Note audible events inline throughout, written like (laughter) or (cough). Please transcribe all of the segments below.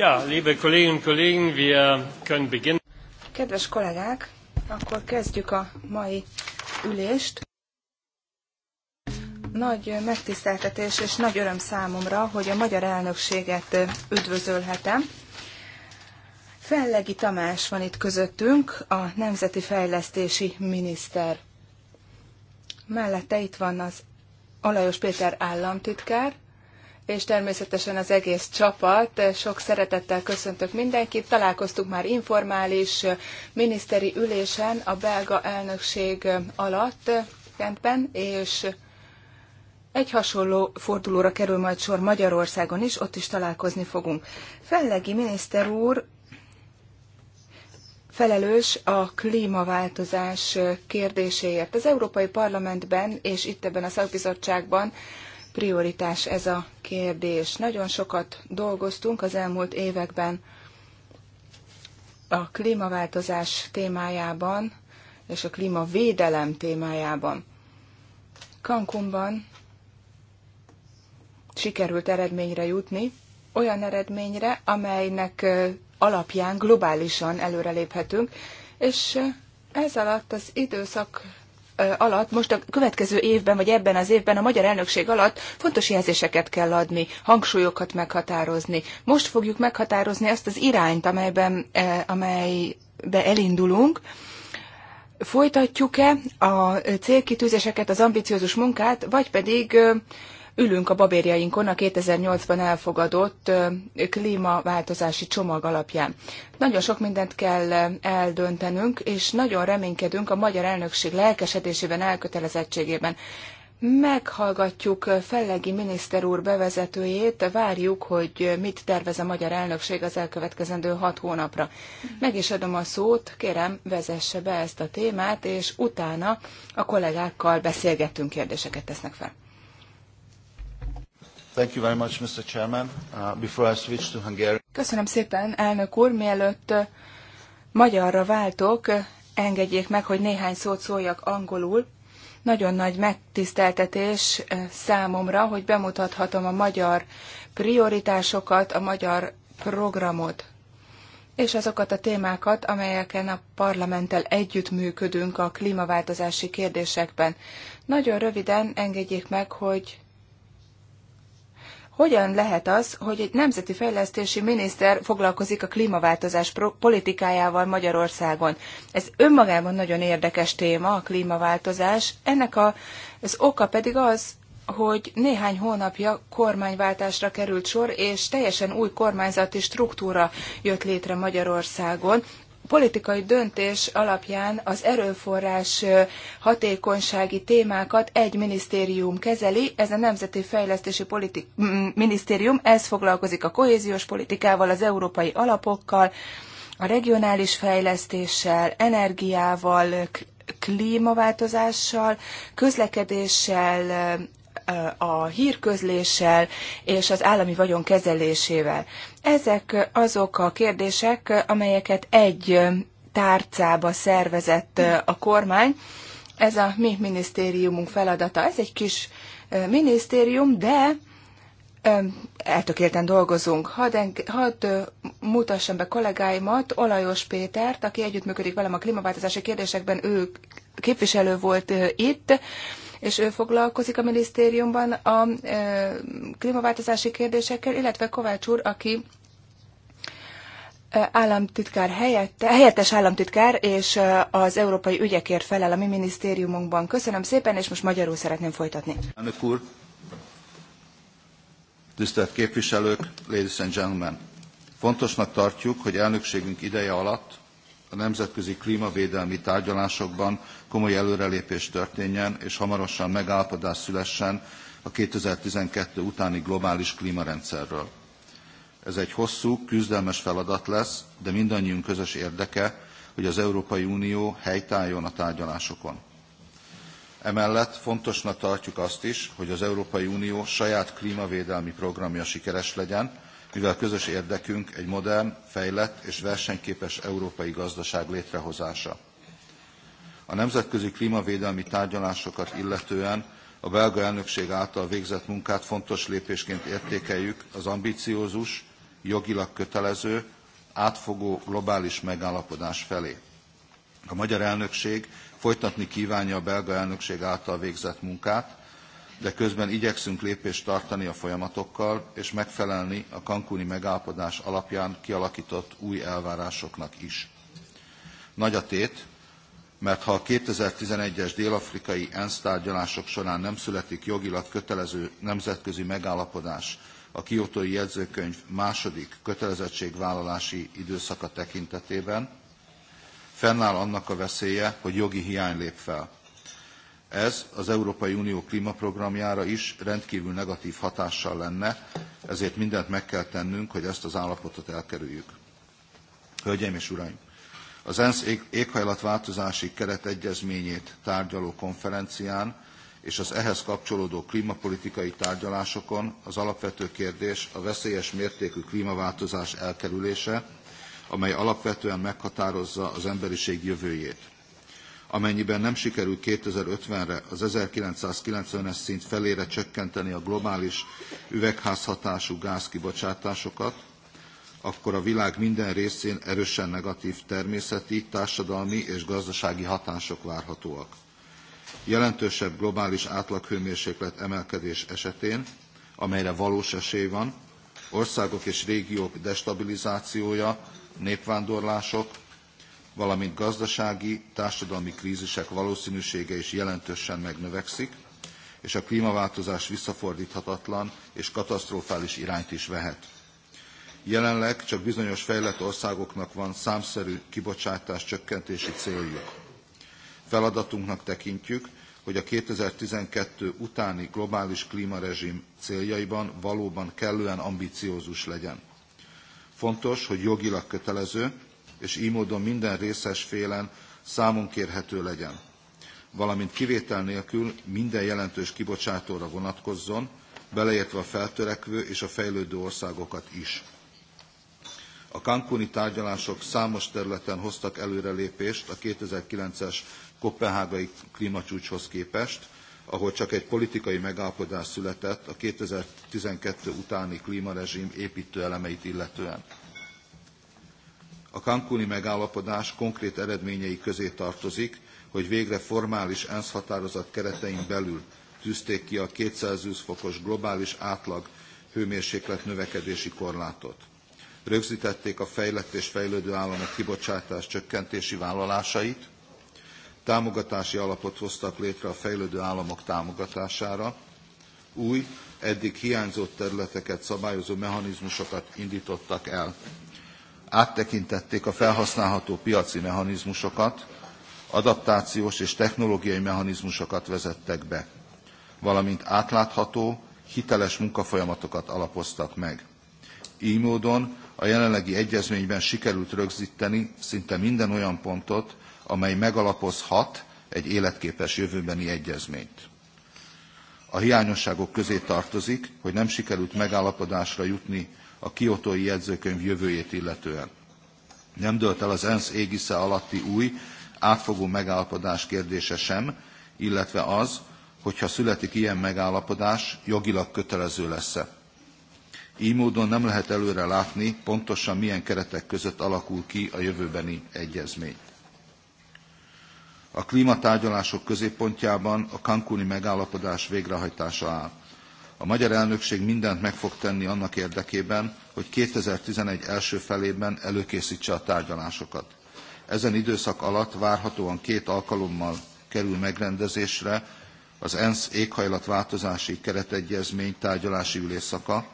Ja, liebe Kolleginnen Kollegen, wir können beginnen. Kedves kollégák, akkor kezdjük a mai ülést. Nagy megtiszteltetés és nagy öröm számomra, hogy a magyar elnökséget üdvözölhetem. Fellegi Tamás van itt közöttünk, a Nemzeti Fejlesztési Miniszter. Mellette itt van az Alajos Péter államtitkár, és természetesen az egész csapat. Sok szeretettel köszöntök mindenkit. Találkoztuk már informális miniszteri ülésen a belga elnökség alatt Kentben, és egy hasonló fordulóra kerül majd sor Magyarországon is, ott is találkozni fogunk. Fellegi miniszter úr felelős a klímaváltozás kérdéséért. Az Európai Parlamentben és itt ebben a szakbizottságban prioritás ez a kérdés. Nagyon sokat dolgoztunk az elmúlt években a klímaváltozás témájában és a klímavédelem témájában. Cancunban sikerült eredményre jutni, olyan eredményre, amelynek alapján globálisan előreléphetünk, és ez alatt az időszak alatt, most a következő évben, vagy ebben az évben a magyar elnökség alatt fontos jelzéseket kell adni, hangsúlyokat meghatározni. Most fogjuk meghatározni azt az irányt, amelyben, amelybe elindulunk, Folytatjuk-e a célkitűzéseket, az ambiciózus munkát, vagy pedig ülünk a babérjainkon a 2008-ban elfogadott klímaváltozási csomag alapján. Nagyon sok mindent kell eldöntenünk, és nagyon reménykedünk a magyar elnökség lelkesedésében, elkötelezettségében. Meghallgatjuk Fellegi miniszter úr bevezetőjét, várjuk, hogy mit tervez a magyar elnökség az elkövetkezendő hat hónapra. Meg is adom a szót, kérem, vezesse be ezt a témát, és utána a kollégákkal beszélgetünk, kérdéseket tesznek fel. Thank you very much, Mr. Chairman. Uh, before I switch to Hungarian... Köszönöm szépen, elnök úr. Mielőtt uh, magyarra váltok, uh, engedjék meg, hogy néhány szót szóljak angolul. Nagyon nagy megtiszteltetés uh, számomra, hogy bemutathatom a magyar prioritásokat, a magyar programot, és azokat a témákat, amelyeken a parlamenttel együttműködünk a klímaváltozási kérdésekben. Nagyon röviden engedjék meg, hogy hogyan lehet az, hogy egy nemzeti fejlesztési miniszter foglalkozik a klímaváltozás politikájával Magyarországon? Ez önmagában nagyon érdekes téma, a klímaváltozás. Ennek a, az oka pedig az, hogy néhány hónapja kormányváltásra került sor, és teljesen új kormányzati struktúra jött létre Magyarországon, politikai döntés alapján az erőforrás hatékonysági témákat egy minisztérium kezeli, ez a Nemzeti Fejlesztési Politi- Minisztérium, ez foglalkozik a kohéziós politikával, az európai alapokkal, a regionális fejlesztéssel, energiával, klímaváltozással, közlekedéssel, a hírközléssel és az állami vagyon kezelésével. Ezek azok a kérdések, amelyeket egy tárcába szervezett a kormány. Ez a mi minisztériumunk feladata. Ez egy kis minisztérium, de eltökélten dolgozunk. Hadd, hadd mutassam be kollégáimat, Olajos Pétert, aki együttműködik velem a klímaváltozási kérdésekben, ő képviselő volt itt, és ő foglalkozik a minisztériumban a e, klímaváltozási kérdésekkel, illetve Kovács úr, aki e, államtitkár helyette, helyettes államtitkár, és e, az európai ügyekért felel a mi minisztériumunkban. Köszönöm szépen, és most magyarul szeretném folytatni. Elnök úr, tisztelt képviselők, ladies and gentlemen! Fontosnak tartjuk, hogy elnökségünk ideje alatt a nemzetközi klímavédelmi tárgyalásokban komoly előrelépés történjen, és hamarosan megállapodás szülessen a 2012 utáni globális klímarendszerről. Ez egy hosszú, küzdelmes feladat lesz, de mindannyiunk közös érdeke, hogy az Európai Unió helytálljon a tárgyalásokon. Emellett fontosnak tartjuk azt is, hogy az Európai Unió saját klímavédelmi programja sikeres legyen, mivel közös érdekünk egy modern, fejlett és versenyképes európai gazdaság létrehozása. A nemzetközi klímavédelmi tárgyalásokat illetően a belga elnökség által végzett munkát fontos lépésként értékeljük az ambiciózus, jogilag kötelező, átfogó globális megállapodás felé. A magyar elnökség folytatni kívánja a belga elnökség által végzett munkát, de közben igyekszünk lépést tartani a folyamatokkal, és megfelelni a kankúni megállapodás alapján kialakított új elvárásoknak is. Nagy a tét, mert ha a 2011-es dél-afrikai ENSZ tárgyalások során nem születik jogilag kötelező nemzetközi megállapodás a kiotói jegyzőkönyv második kötelezettségvállalási időszaka tekintetében, fennáll annak a veszélye, hogy jogi hiány lép fel. Ez az Európai Unió klímaprogramjára is rendkívül negatív hatással lenne, ezért mindent meg kell tennünk, hogy ezt az állapotot elkerüljük. Hölgyeim és Uraim! Az ENSZ éghajlatváltozási keretegyezményét tárgyaló konferencián és az ehhez kapcsolódó klímapolitikai tárgyalásokon az alapvető kérdés a veszélyes mértékű klímaváltozás elkerülése, amely alapvetően meghatározza az emberiség jövőjét amennyiben nem sikerül 2050-re az 1990-es szint felére csökkenteni a globális üvegházhatású gázkibocsátásokat, akkor a világ minden részén erősen negatív természeti, társadalmi és gazdasági hatások várhatóak. Jelentősebb globális átlaghőmérséklet emelkedés esetén, amelyre valós esély van, országok és régiók destabilizációja, népvándorlások, valamint gazdasági, társadalmi krízisek valószínűsége is jelentősen megnövekszik, és a klímaváltozás visszafordíthatatlan és katasztrofális irányt is vehet. Jelenleg csak bizonyos fejlett országoknak van számszerű kibocsátás csökkentési céljuk. Feladatunknak tekintjük, hogy a 2012 utáni globális klímarezsim céljaiban valóban kellően ambiciózus legyen. Fontos, hogy jogilag kötelező, és így módon minden részes félen számon kérhető legyen, valamint kivétel nélkül minden jelentős kibocsátóra vonatkozzon, beleértve a feltörekvő és a fejlődő országokat is. A Cancúni tárgyalások számos területen hoztak előrelépést a 2009-es kopenhágai klímacsúcshoz képest, ahol csak egy politikai megállapodás született a 2012 utáni klímarezsim építő elemeit illetően. A Cancúni megállapodás konkrét eredményei közé tartozik, hogy végre formális ENSZ határozat keretein belül tűzték ki a 220 fokos globális átlag hőmérséklet növekedési korlátot. Rögzítették a fejlett és fejlődő államok kibocsátás csökkentési vállalásait, támogatási alapot hoztak létre a fejlődő államok támogatására, új, eddig hiányzott területeket szabályozó mechanizmusokat indítottak el áttekintették a felhasználható piaci mechanizmusokat, adaptációs és technológiai mechanizmusokat vezettek be, valamint átlátható, hiteles munkafolyamatokat alapoztak meg. Így módon a jelenlegi egyezményben sikerült rögzíteni szinte minden olyan pontot, amely megalapozhat egy életképes jövőbeni egyezményt. A hiányosságok közé tartozik, hogy nem sikerült megállapodásra jutni a kiotói jegyzőkönyv jövőjét illetően. Nem dölt el az ENSZ égisze alatti új, átfogó megállapodás kérdése sem, illetve az, hogyha születik ilyen megállapodás, jogilag kötelező lesz-e. Így módon nem lehet előre látni, pontosan milyen keretek között alakul ki a jövőbeni egyezmény. A klímatárgyalások középpontjában a Cancúni megállapodás végrehajtása áll. A magyar elnökség mindent meg fog tenni annak érdekében, hogy 2011 első felében előkészítse a tárgyalásokat. Ezen időszak alatt várhatóan két alkalommal kerül megrendezésre az ENSZ éghajlatváltozási keretegyezmény tárgyalási ülésszaka,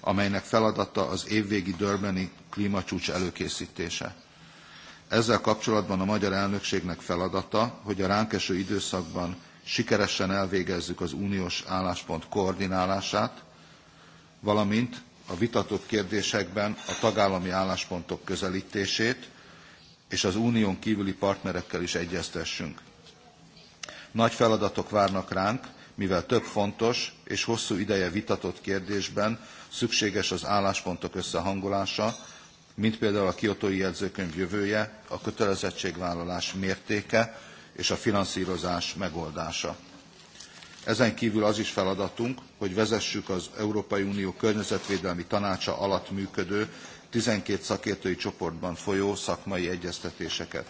amelynek feladata az évvégi Durbani klímacsúcs előkészítése. Ezzel kapcsolatban a magyar elnökségnek feladata, hogy a ránk eső időszakban sikeresen elvégezzük az uniós álláspont koordinálását, valamint a vitatott kérdésekben a tagállami álláspontok közelítését, és az unión kívüli partnerekkel is egyeztessünk. Nagy feladatok várnak ránk, mivel több fontos és hosszú ideje vitatott kérdésben szükséges az álláspontok összehangolása, mint például a kiotói jegyzőkönyv jövője, a kötelezettségvállalás mértéke, és a finanszírozás megoldása. Ezen kívül az is feladatunk, hogy vezessük az Európai Unió Környezetvédelmi Tanácsa alatt működő 12 szakértői csoportban folyó szakmai egyeztetéseket.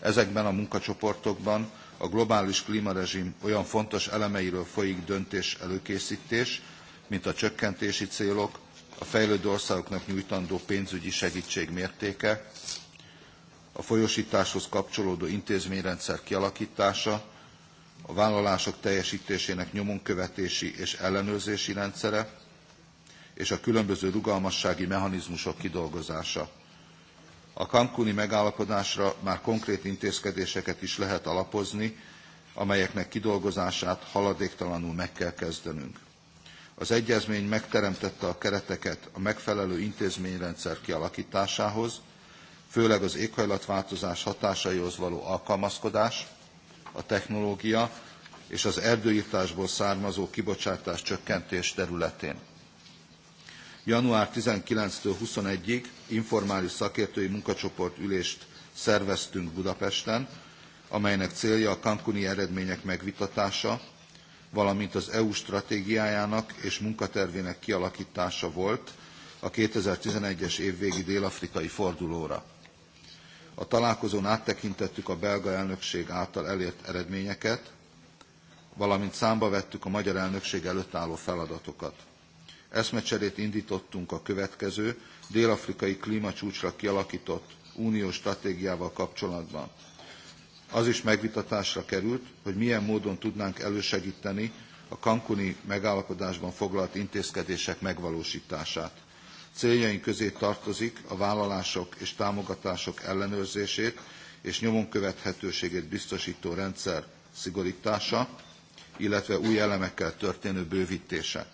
Ezekben a munkacsoportokban a globális klímarezsim olyan fontos elemeiről folyik döntés előkészítés, mint a csökkentési célok, a fejlődő országoknak nyújtandó pénzügyi segítség mértéke, a folyosításhoz kapcsolódó intézményrendszer kialakítása, a vállalások teljesítésének nyomonkövetési és ellenőrzési rendszere, és a különböző rugalmassági mechanizmusok kidolgozása. A Cancúni megállapodásra már konkrét intézkedéseket is lehet alapozni, amelyeknek kidolgozását haladéktalanul meg kell kezdenünk. Az egyezmény megteremtette a kereteket a megfelelő intézményrendszer kialakításához, főleg az éghajlatváltozás hatásaihoz való alkalmazkodás, a technológia és az erdőirtásból származó kibocsátás csökkentés területén. Január 19-től 21-ig informális szakértői munkacsoport ülést szerveztünk Budapesten, amelynek célja a Cancúni eredmények megvitatása, valamint az EU stratégiájának és munkatervének kialakítása volt a 2011-es évvégi dél-afrikai fordulóra. A találkozón áttekintettük a belga elnökség által elért eredményeket, valamint számba vettük a magyar elnökség előtt álló feladatokat. Eszmecserét indítottunk a következő dél-afrikai klímacsúcsra kialakított uniós stratégiával kapcsolatban. Az is megvitatásra került, hogy milyen módon tudnánk elősegíteni a Cancuni megállapodásban foglalt intézkedések megvalósítását. Céljaink közé tartozik a vállalások és támogatások ellenőrzését és nyomon követhetőségét biztosító rendszer szigorítása, illetve új elemekkel történő bővítése.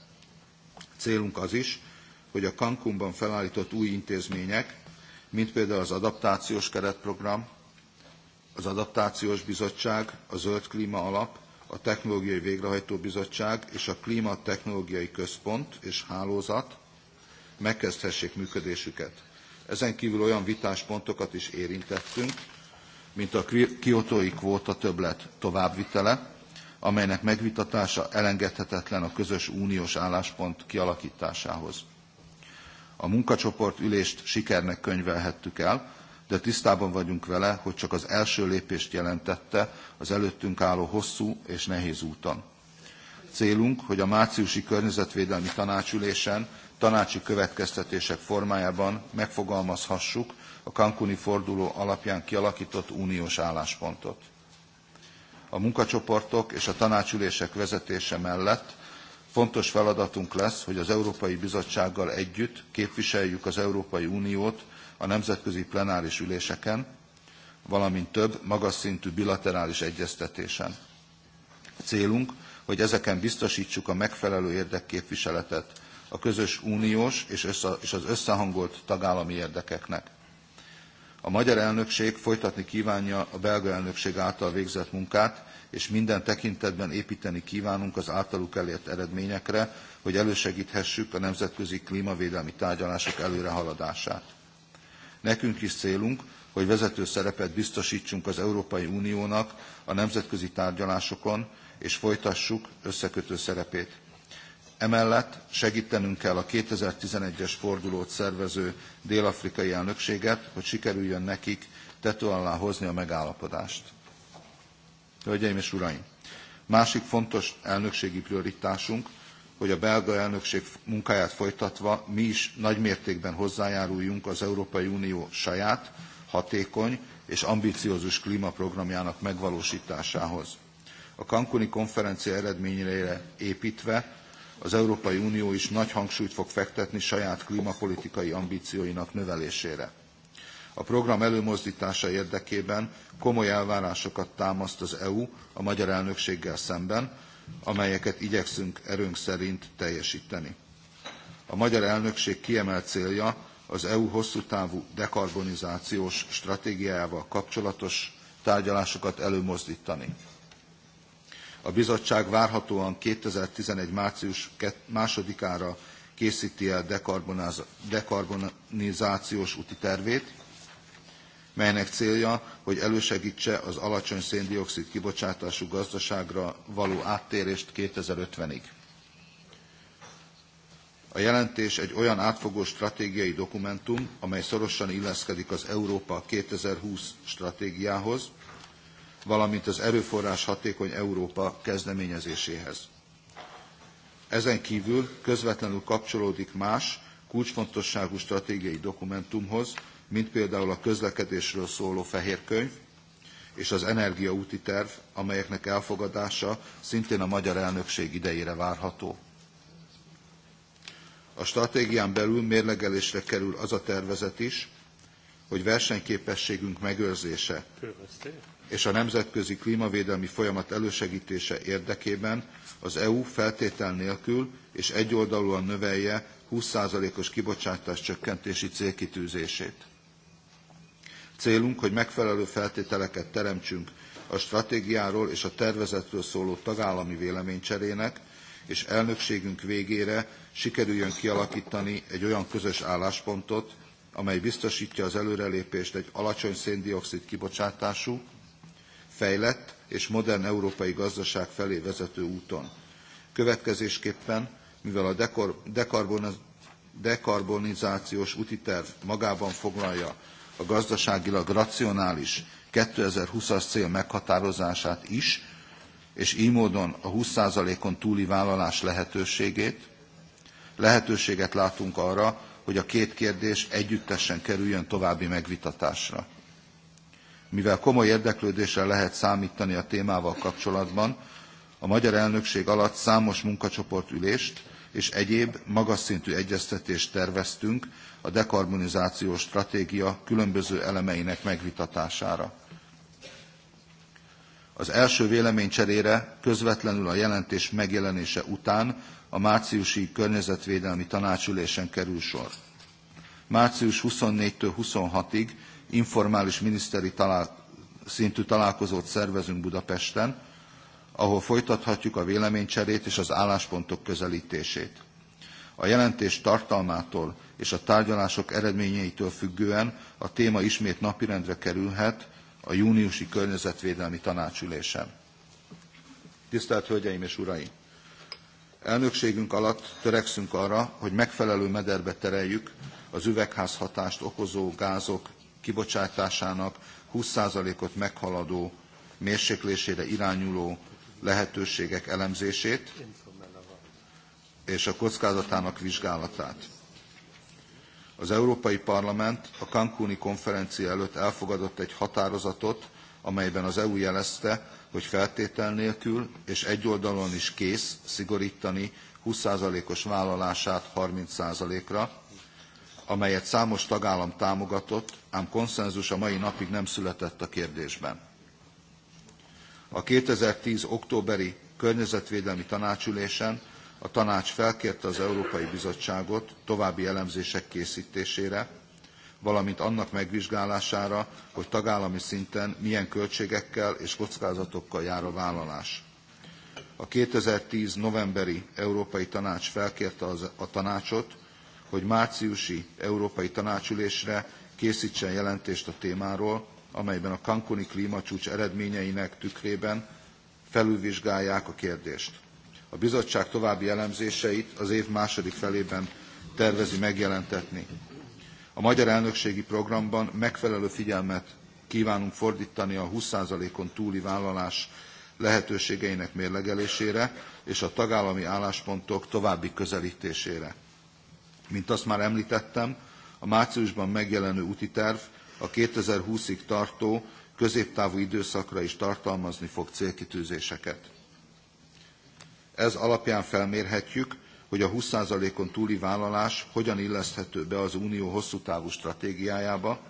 Célunk az is, hogy a Cancúnban felállított új intézmények, mint például az adaptációs keretprogram, az adaptációs bizottság, a zöld klíma alap, a technológiai végrehajtó bizottság és a Technológiai központ és hálózat megkezdhessék működésüket. Ezen kívül olyan vitáspontokat is érintettünk, mint a kiotói kvóta többlet továbbvitele, amelynek megvitatása elengedhetetlen a közös uniós álláspont kialakításához. A munkacsoport ülést sikernek könyvelhettük el, de tisztában vagyunk vele, hogy csak az első lépést jelentette az előttünk álló hosszú és nehéz úton. Célunk, hogy a márciusi környezetvédelmi tanácsülésen tanácsi következtetések formájában megfogalmazhassuk a Cancuni forduló alapján kialakított uniós álláspontot. A munkacsoportok és a tanácsülések vezetése mellett fontos feladatunk lesz, hogy az Európai Bizottsággal együtt képviseljük az Európai Uniót a nemzetközi plenáris üléseken, valamint több magas szintű bilaterális egyeztetésen. Célunk, hogy ezeken biztosítsuk a megfelelő érdekképviseletet a közös uniós és az összehangolt tagállami érdekeknek. A magyar elnökség folytatni kívánja a belga elnökség által végzett munkát, és minden tekintetben építeni kívánunk az általuk elért eredményekre, hogy elősegíthessük a nemzetközi klímavédelmi tárgyalások előrehaladását. Nekünk is célunk, hogy vezető szerepet biztosítsunk az Európai Uniónak a nemzetközi tárgyalásokon, és folytassuk összekötő szerepét. Emellett segítenünk kell a 2011-es fordulót szervező dél-afrikai elnökséget, hogy sikerüljön nekik tető alá hozni a megállapodást. Hölgyeim és Uraim! Másik fontos elnökségi prioritásunk, hogy a belga elnökség munkáját folytatva mi is nagy mértékben hozzájáruljunk az Európai Unió saját, hatékony és ambiciózus klímaprogramjának megvalósításához. A Cancuni konferencia eredményére építve az Európai Unió is nagy hangsúlyt fog fektetni saját klímapolitikai ambícióinak növelésére. A program előmozdítása érdekében komoly elvárásokat támaszt az EU a magyar elnökséggel szemben, amelyeket igyekszünk erőnk szerint teljesíteni. A magyar elnökség kiemelt célja az EU hosszú távú dekarbonizációs stratégiájával kapcsolatos tárgyalásokat előmozdítani. A bizottság várhatóan 2011. március 2-ára készíti el dekarbonizációs úti tervét, melynek célja, hogy elősegítse az alacsony széndiokszid kibocsátású gazdaságra való áttérést 2050-ig. A jelentés egy olyan átfogó stratégiai dokumentum, amely szorosan illeszkedik az Európa 2020 stratégiához, valamint az erőforrás hatékony Európa kezdeményezéséhez. Ezen kívül közvetlenül kapcsolódik más kulcsfontosságú stratégiai dokumentumhoz, mint például a közlekedésről szóló fehérkönyv és az energia úti terv, amelyeknek elfogadása szintén a magyar elnökség idejére várható. A stratégián belül mérlegelésre kerül az a tervezet is, hogy versenyképességünk megőrzése és a nemzetközi klímavédelmi folyamat elősegítése érdekében az EU feltétel nélkül és egyoldalúan növelje 20%-os kibocsátás csökkentési célkitűzését. Célunk, hogy megfelelő feltételeket teremtsünk a stratégiáról és a tervezetről szóló tagállami véleménycserének, és elnökségünk végére sikerüljön kialakítani egy olyan közös álláspontot, amely biztosítja az előrelépést egy alacsony széndiokszid kibocsátású, fejlett és modern európai gazdaság felé vezető úton. Következésképpen, mivel a dekarbonizációs útiterv magában foglalja a gazdaságilag racionális 2020-as cél meghatározását is, és így módon a 20%-on túli vállalás lehetőségét. Lehetőséget látunk arra, hogy a két kérdés együttesen kerüljön további megvitatásra mivel komoly érdeklődésre lehet számítani a témával kapcsolatban, a magyar elnökség alatt számos munkacsoportülést és egyéb magas szintű egyeztetést terveztünk a dekarbonizációs stratégia különböző elemeinek megvitatására. Az első véleménycserére közvetlenül a jelentés megjelenése után a márciusi környezetvédelmi tanácsülésen kerül sor. Március 24-től 26-ig informális miniszteri talál, szintű találkozót szervezünk Budapesten, ahol folytathatjuk a véleménycserét és az álláspontok közelítését. A jelentés tartalmától és a tárgyalások eredményeitől függően a téma ismét napirendre kerülhet a júniusi környezetvédelmi tanácsülésen. Tisztelt Hölgyeim és Uraim! Elnökségünk alatt törekszünk arra, hogy megfelelő mederbe tereljük az üvegházhatást okozó gázok kibocsátásának 20%-ot meghaladó mérséklésére irányuló lehetőségek elemzését és a kockázatának vizsgálatát. Az Európai Parlament a Cancúni konferencia előtt elfogadott egy határozatot, amelyben az EU jelezte, hogy feltétel nélkül és egyoldalon is kész szigorítani 20%-os vállalását 30%-ra, amelyet számos tagállam támogatott, ám konszenzus a mai napig nem született a kérdésben. A 2010. októberi környezetvédelmi tanácsülésen a tanács felkérte az Európai Bizottságot további elemzések készítésére, valamint annak megvizsgálására, hogy tagállami szinten milyen költségekkel és kockázatokkal jár a vállalás. A 2010. novemberi Európai Tanács felkérte a tanácsot, hogy márciusi Európai Tanácsülésre készítsen jelentést a témáról, amelyben a Cancuni klímacsúcs eredményeinek tükrében felülvizsgálják a kérdést. A bizottság további elemzéseit az év második felében tervezi megjelentetni. A magyar elnökségi programban megfelelő figyelmet kívánunk fordítani a 20%-on túli vállalás lehetőségeinek mérlegelésére és a tagállami álláspontok további közelítésére. Mint azt már említettem, a márciusban megjelenő útiterv a 2020-ig tartó középtávú időszakra is tartalmazni fog célkitűzéseket. Ez alapján felmérhetjük, hogy a 20%-on túli vállalás hogyan illeszthető be az Unió hosszú távú stratégiájába,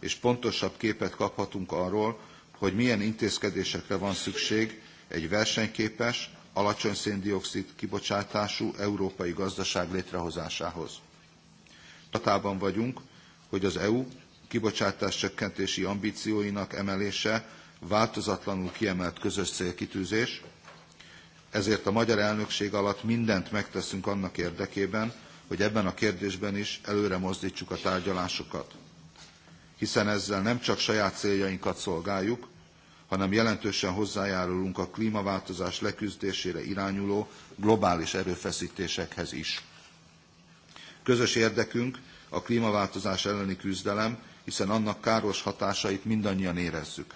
és pontosabb képet kaphatunk arról, hogy milyen intézkedésekre van szükség egy versenyképes, alacsony széndiokszid kibocsátású európai gazdaság létrehozásához. Tatában vagyunk, hogy az EU kibocsátás csökkentési ambícióinak emelése változatlanul kiemelt közös célkitűzés, ezért a magyar elnökség alatt mindent megteszünk annak érdekében, hogy ebben a kérdésben is előre mozdítsuk a tárgyalásokat. Hiszen ezzel nem csak saját céljainkat szolgáljuk, hanem jelentősen hozzájárulunk a klímaváltozás leküzdésére irányuló globális erőfeszítésekhez is. Közös érdekünk a klímaváltozás elleni küzdelem, hiszen annak káros hatásait mindannyian érezzük.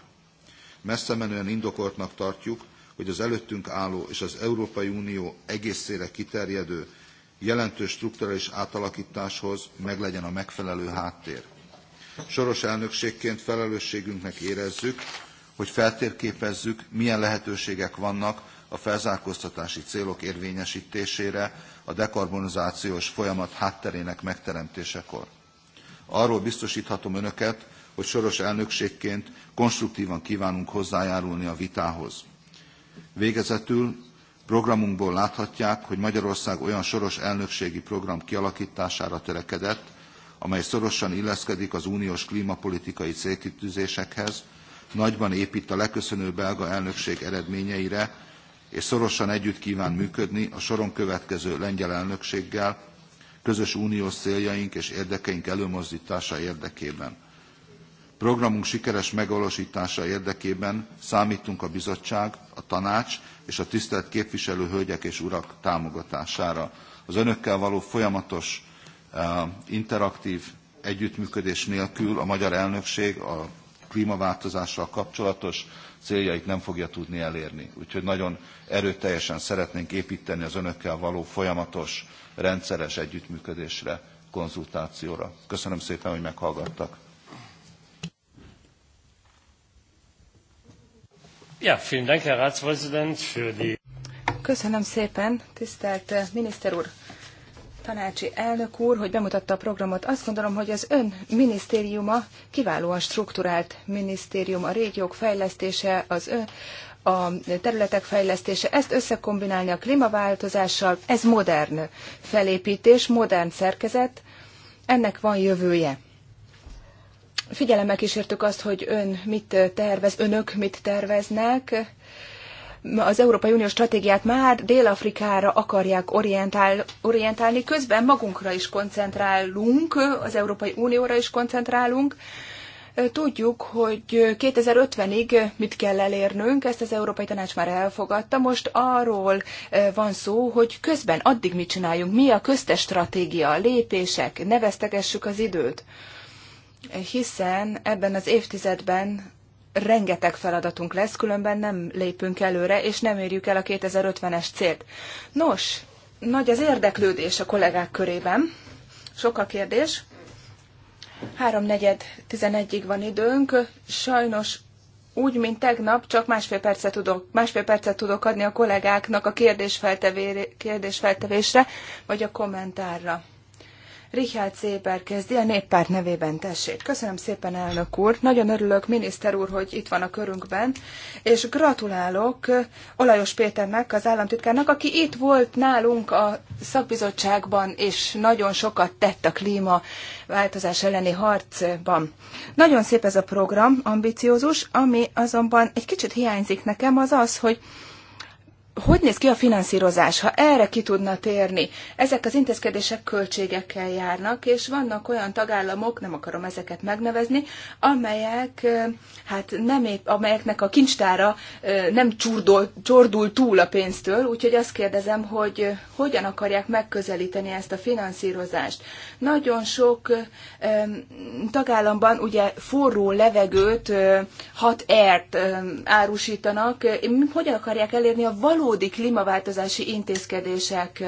Messze menően indokoltnak tartjuk, hogy az előttünk álló és az Európai Unió egészére kiterjedő jelentős strukturális átalakításhoz meglegyen a megfelelő háttér. Soros elnökségként felelősségünknek érezzük, hogy feltérképezzük, milyen lehetőségek vannak a felzárkóztatási célok érvényesítésére a dekarbonizációs folyamat hátterének megteremtésekor. Arról biztosíthatom Önöket, hogy soros elnökségként konstruktívan kívánunk hozzájárulni a vitához. Végezetül programunkból láthatják, hogy Magyarország olyan soros elnökségi program kialakítására törekedett, amely szorosan illeszkedik az uniós klímapolitikai célkitűzésekhez, nagyban épít a leköszönő belga elnökség eredményeire, és szorosan együtt kíván működni a soron következő lengyel elnökséggel, közös uniós céljaink és érdekeink előmozdítása érdekében. Programunk sikeres megvalósítása érdekében számítunk a bizottság, a tanács és a tisztelt képviselő hölgyek és urak támogatására. Az önökkel való folyamatos eh, interaktív együttműködés nélkül a magyar elnökség, a klímaváltozással kapcsolatos céljait nem fogja tudni elérni. Úgyhogy nagyon erőteljesen szeretnénk építeni az önökkel való folyamatos, rendszeres együttműködésre, konzultációra. Köszönöm szépen, hogy meghallgattak. Ja, vielen Dank, Herr Ratsvorsitzender, für die Köszönöm szépen, tisztelt eh, miniszter úr! tanácsi elnök úr, hogy bemutatta a programot. Azt gondolom, hogy az ön minisztériuma kiválóan strukturált minisztérium, a régiók fejlesztése, az ön, a területek fejlesztése, ezt összekombinálni a klímaváltozással, ez modern felépítés, modern szerkezet, ennek van jövője. Figyelemmel kísértük azt, hogy ön mit tervez, önök mit terveznek, az Európai Unió stratégiát már Dél-Afrikára akarják orientál, orientálni, közben magunkra is koncentrálunk, az Európai Unióra is koncentrálunk. Tudjuk, hogy 2050-ig mit kell elérnünk, ezt az Európai Tanács már elfogadta. Most arról van szó, hogy közben addig mit csináljunk, mi a köztes stratégia, lépések, neveztegessük az időt. Hiszen ebben az évtizedben rengeteg feladatunk lesz, különben nem lépünk előre, és nem érjük el a 2050-es célt. Nos, nagy az érdeklődés a kollégák körében. Sok a kérdés. Háromnegyed, ig van időnk. Sajnos úgy, mint tegnap, csak másfél percet tudok, másfél percet tudok adni a kollégáknak a kérdésfeltevésre, vagy a kommentárra. Richard Széber kezdi a néppárt nevében, tessék. Köszönöm szépen, elnök úr. Nagyon örülök, miniszter úr, hogy itt van a körünkben, és gratulálok Olajos Péternek, az államtitkárnak, aki itt volt nálunk a szakbizottságban, és nagyon sokat tett a változás elleni harcban. Nagyon szép ez a program, ambiciózus, ami azonban egy kicsit hiányzik nekem, az az, hogy hogy néz ki a finanszírozás, ha erre ki tudna térni? Ezek az intézkedések költségekkel járnak, és vannak olyan tagállamok, nem akarom ezeket megnevezni, amelyek, hát nem épp, amelyeknek a kincstára nem csurdol, csordul túl a pénztől, úgyhogy azt kérdezem, hogy hogyan akarják megközelíteni ezt a finanszírozást. Nagyon sok tagállamban ugye forró levegőt, hat ért árusítanak, hogyan akarják elérni a való valódi klímaváltozási intézkedések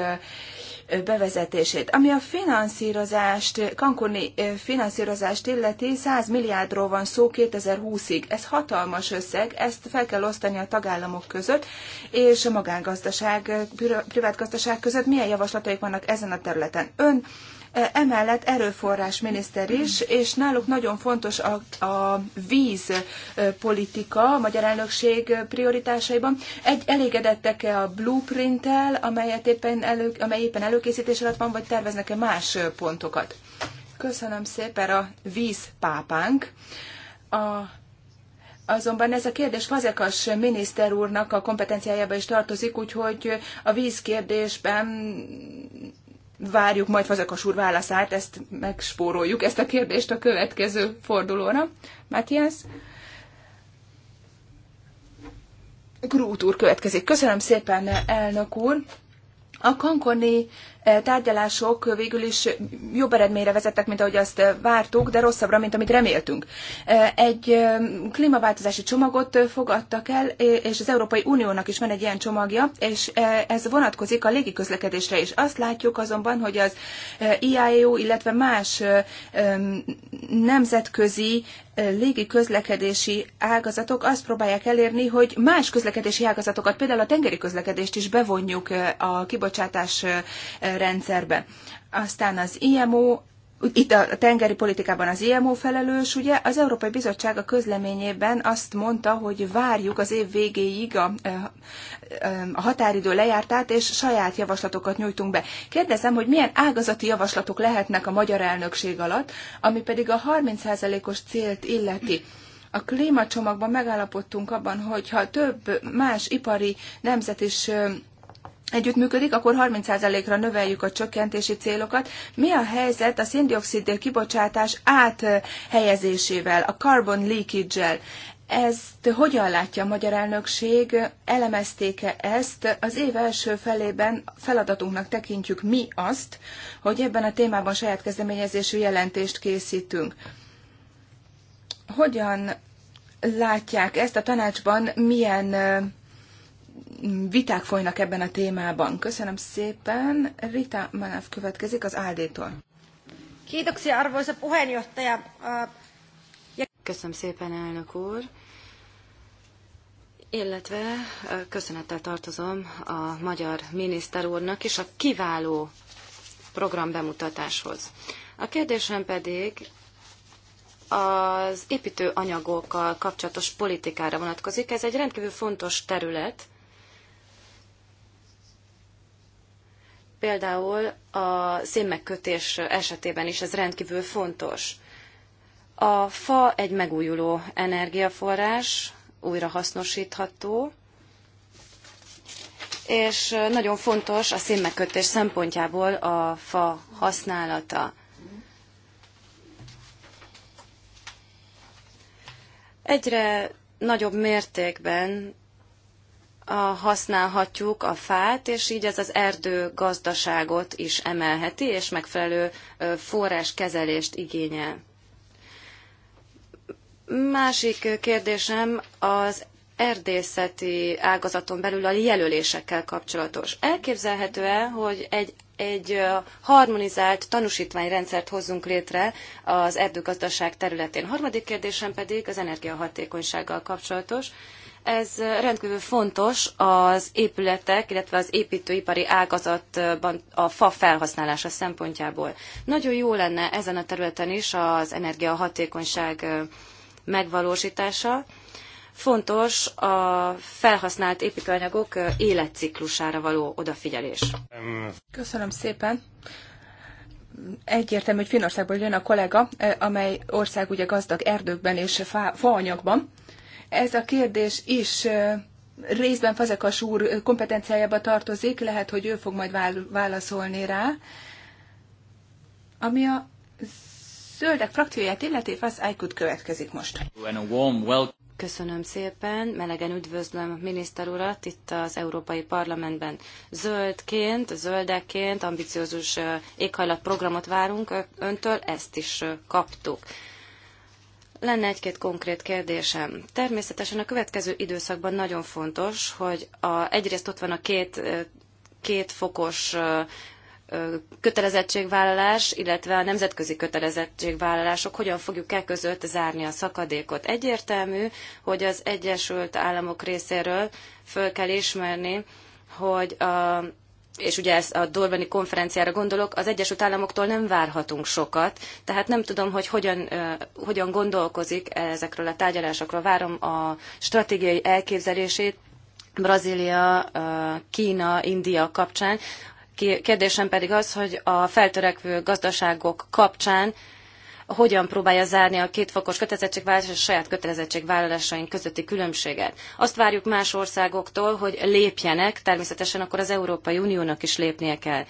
bevezetését. Ami a finanszírozást, kankoni finanszírozást illeti, 100 milliárdról van szó 2020-ig. Ez hatalmas összeg, ezt fel kell osztani a tagállamok között, és a magángazdaság, gazdaság között milyen javaslataik vannak ezen a területen. Ön emellett erőforrás miniszter is, és náluk nagyon fontos a, a vízpolitika a magyar elnökség prioritásaiban. Egy elégedettek-e a blueprinttel, amelyet éppen elő, amely éppen előkészítés alatt van, vagy terveznek-e más pontokat? Köszönöm szépen a vízpápánk. A Azonban ez a kérdés Fazekas miniszter úrnak a kompetenciájába is tartozik, úgyhogy a vízkérdésben várjuk majd Fazekas úr válaszát, ezt megspóroljuk, ezt a kérdést a következő fordulóra. Matthias? Grút úr következik. Köszönöm szépen, elnök úr! A kankoni tárgyalások végül is jobb eredményre vezettek, mint ahogy azt vártuk, de rosszabbra, mint amit reméltünk. Egy klímaváltozási csomagot fogadtak el, és az Európai Uniónak is van egy ilyen csomagja, és ez vonatkozik a légiközlekedésre is. Azt látjuk azonban, hogy az IAEO, illetve más nemzetközi légi közlekedési ágazatok azt próbálják elérni, hogy más közlekedési ágazatokat, például a tengeri közlekedést is bevonjuk a kibocsátás rendszerbe. Aztán az IMO, itt a tengeri politikában az IMO felelős, ugye az Európai Bizottság a közleményében azt mondta, hogy várjuk az év végéig a, a határidő lejártát, és saját javaslatokat nyújtunk be. Kérdezem, hogy milyen ágazati javaslatok lehetnek a magyar elnökség alatt, ami pedig a 30%-os célt illeti. A klímacsomagban megállapodtunk abban, hogy ha több más ipari nemzet is együttműködik, akkor 30%-ra növeljük a csökkentési célokat. Mi a helyzet a széndiokszid kibocsátás áthelyezésével, a carbon leakage-el? Ezt hogyan látja a magyar elnökség? Elemezték-e ezt? Az év első felében feladatunknak tekintjük mi azt, hogy ebben a témában saját kezdeményezésű jelentést készítünk. Hogyan látják ezt a tanácsban, milyen viták folynak ebben a témában. Köszönöm szépen. Rita Manav következik az Áldétól. Kiitoksia, arvoisa puheenjohtaja. Köszönöm szépen, elnök úr. Illetve köszönettel tartozom a magyar miniszter úrnak is a kiváló program bemutatáshoz. A kérdésem pedig az építőanyagokkal kapcsolatos politikára vonatkozik. Ez egy rendkívül fontos terület, Például a szénmegkötés esetében is ez rendkívül fontos. A fa egy megújuló energiaforrás, újrahasznosítható, és nagyon fontos a szénmegkötés szempontjából a fa használata. Egyre nagyobb mértékben használhatjuk a fát, és így ez az erdő gazdaságot is emelheti, és megfelelő forráskezelést igényel. Másik kérdésem az erdészeti ágazaton belül a jelölésekkel kapcsolatos. Elképzelhető-e, hogy egy, egy harmonizált tanúsítványrendszert hozzunk létre az erdőgazdaság területén? Harmadik kérdésem pedig az energiahatékonysággal kapcsolatos. Ez rendkívül fontos az épületek, illetve az építőipari ágazatban a fa felhasználása szempontjából. Nagyon jó lenne ezen a területen is az energiahatékonyság megvalósítása. Fontos a felhasznált építőanyagok életciklusára való odafigyelés. Köszönöm szépen egyértelmű, hogy Finnországból jön a kollega, amely ország ugye gazdag erdőkben és fa, faanyagban, ez a kérdés is részben Fazekas úr kompetenciájába tartozik, lehet, hogy ő fog majd válaszolni rá. Ami a zöldek frakcióját illeti, az Aykut következik most. Köszönöm szépen, melegen üdvözlöm miniszter urat itt az Európai Parlamentben. Zöldként, zöldekként ambiciózus éghajlatprogramot várunk öntől, ezt is kaptuk. Lenne egy-két konkrét kérdésem. Természetesen a következő időszakban nagyon fontos, hogy a, egyrészt ott van a két, két fokos kötelezettségvállalás, illetve a nemzetközi kötelezettségvállalások, hogyan fogjuk e között zárni a szakadékot. Egyértelmű, hogy az Egyesült Államok részéről föl kell ismerni, hogy a és ugye ezt a Dorbani konferenciára gondolok, az Egyesült Államoktól nem várhatunk sokat, tehát nem tudom, hogy hogyan, hogyan gondolkozik ezekről a tárgyalásokról. Várom a stratégiai elképzelését Brazília, Kína, India kapcsán. Kérdésem pedig az, hogy a feltörekvő gazdaságok kapcsán hogyan próbálja zárni a kétfokos kötelezettségvállalás és a saját kötelezettségvállalásaink közötti különbséget. Azt várjuk más országoktól, hogy lépjenek, természetesen akkor az Európai Uniónak is lépnie kell.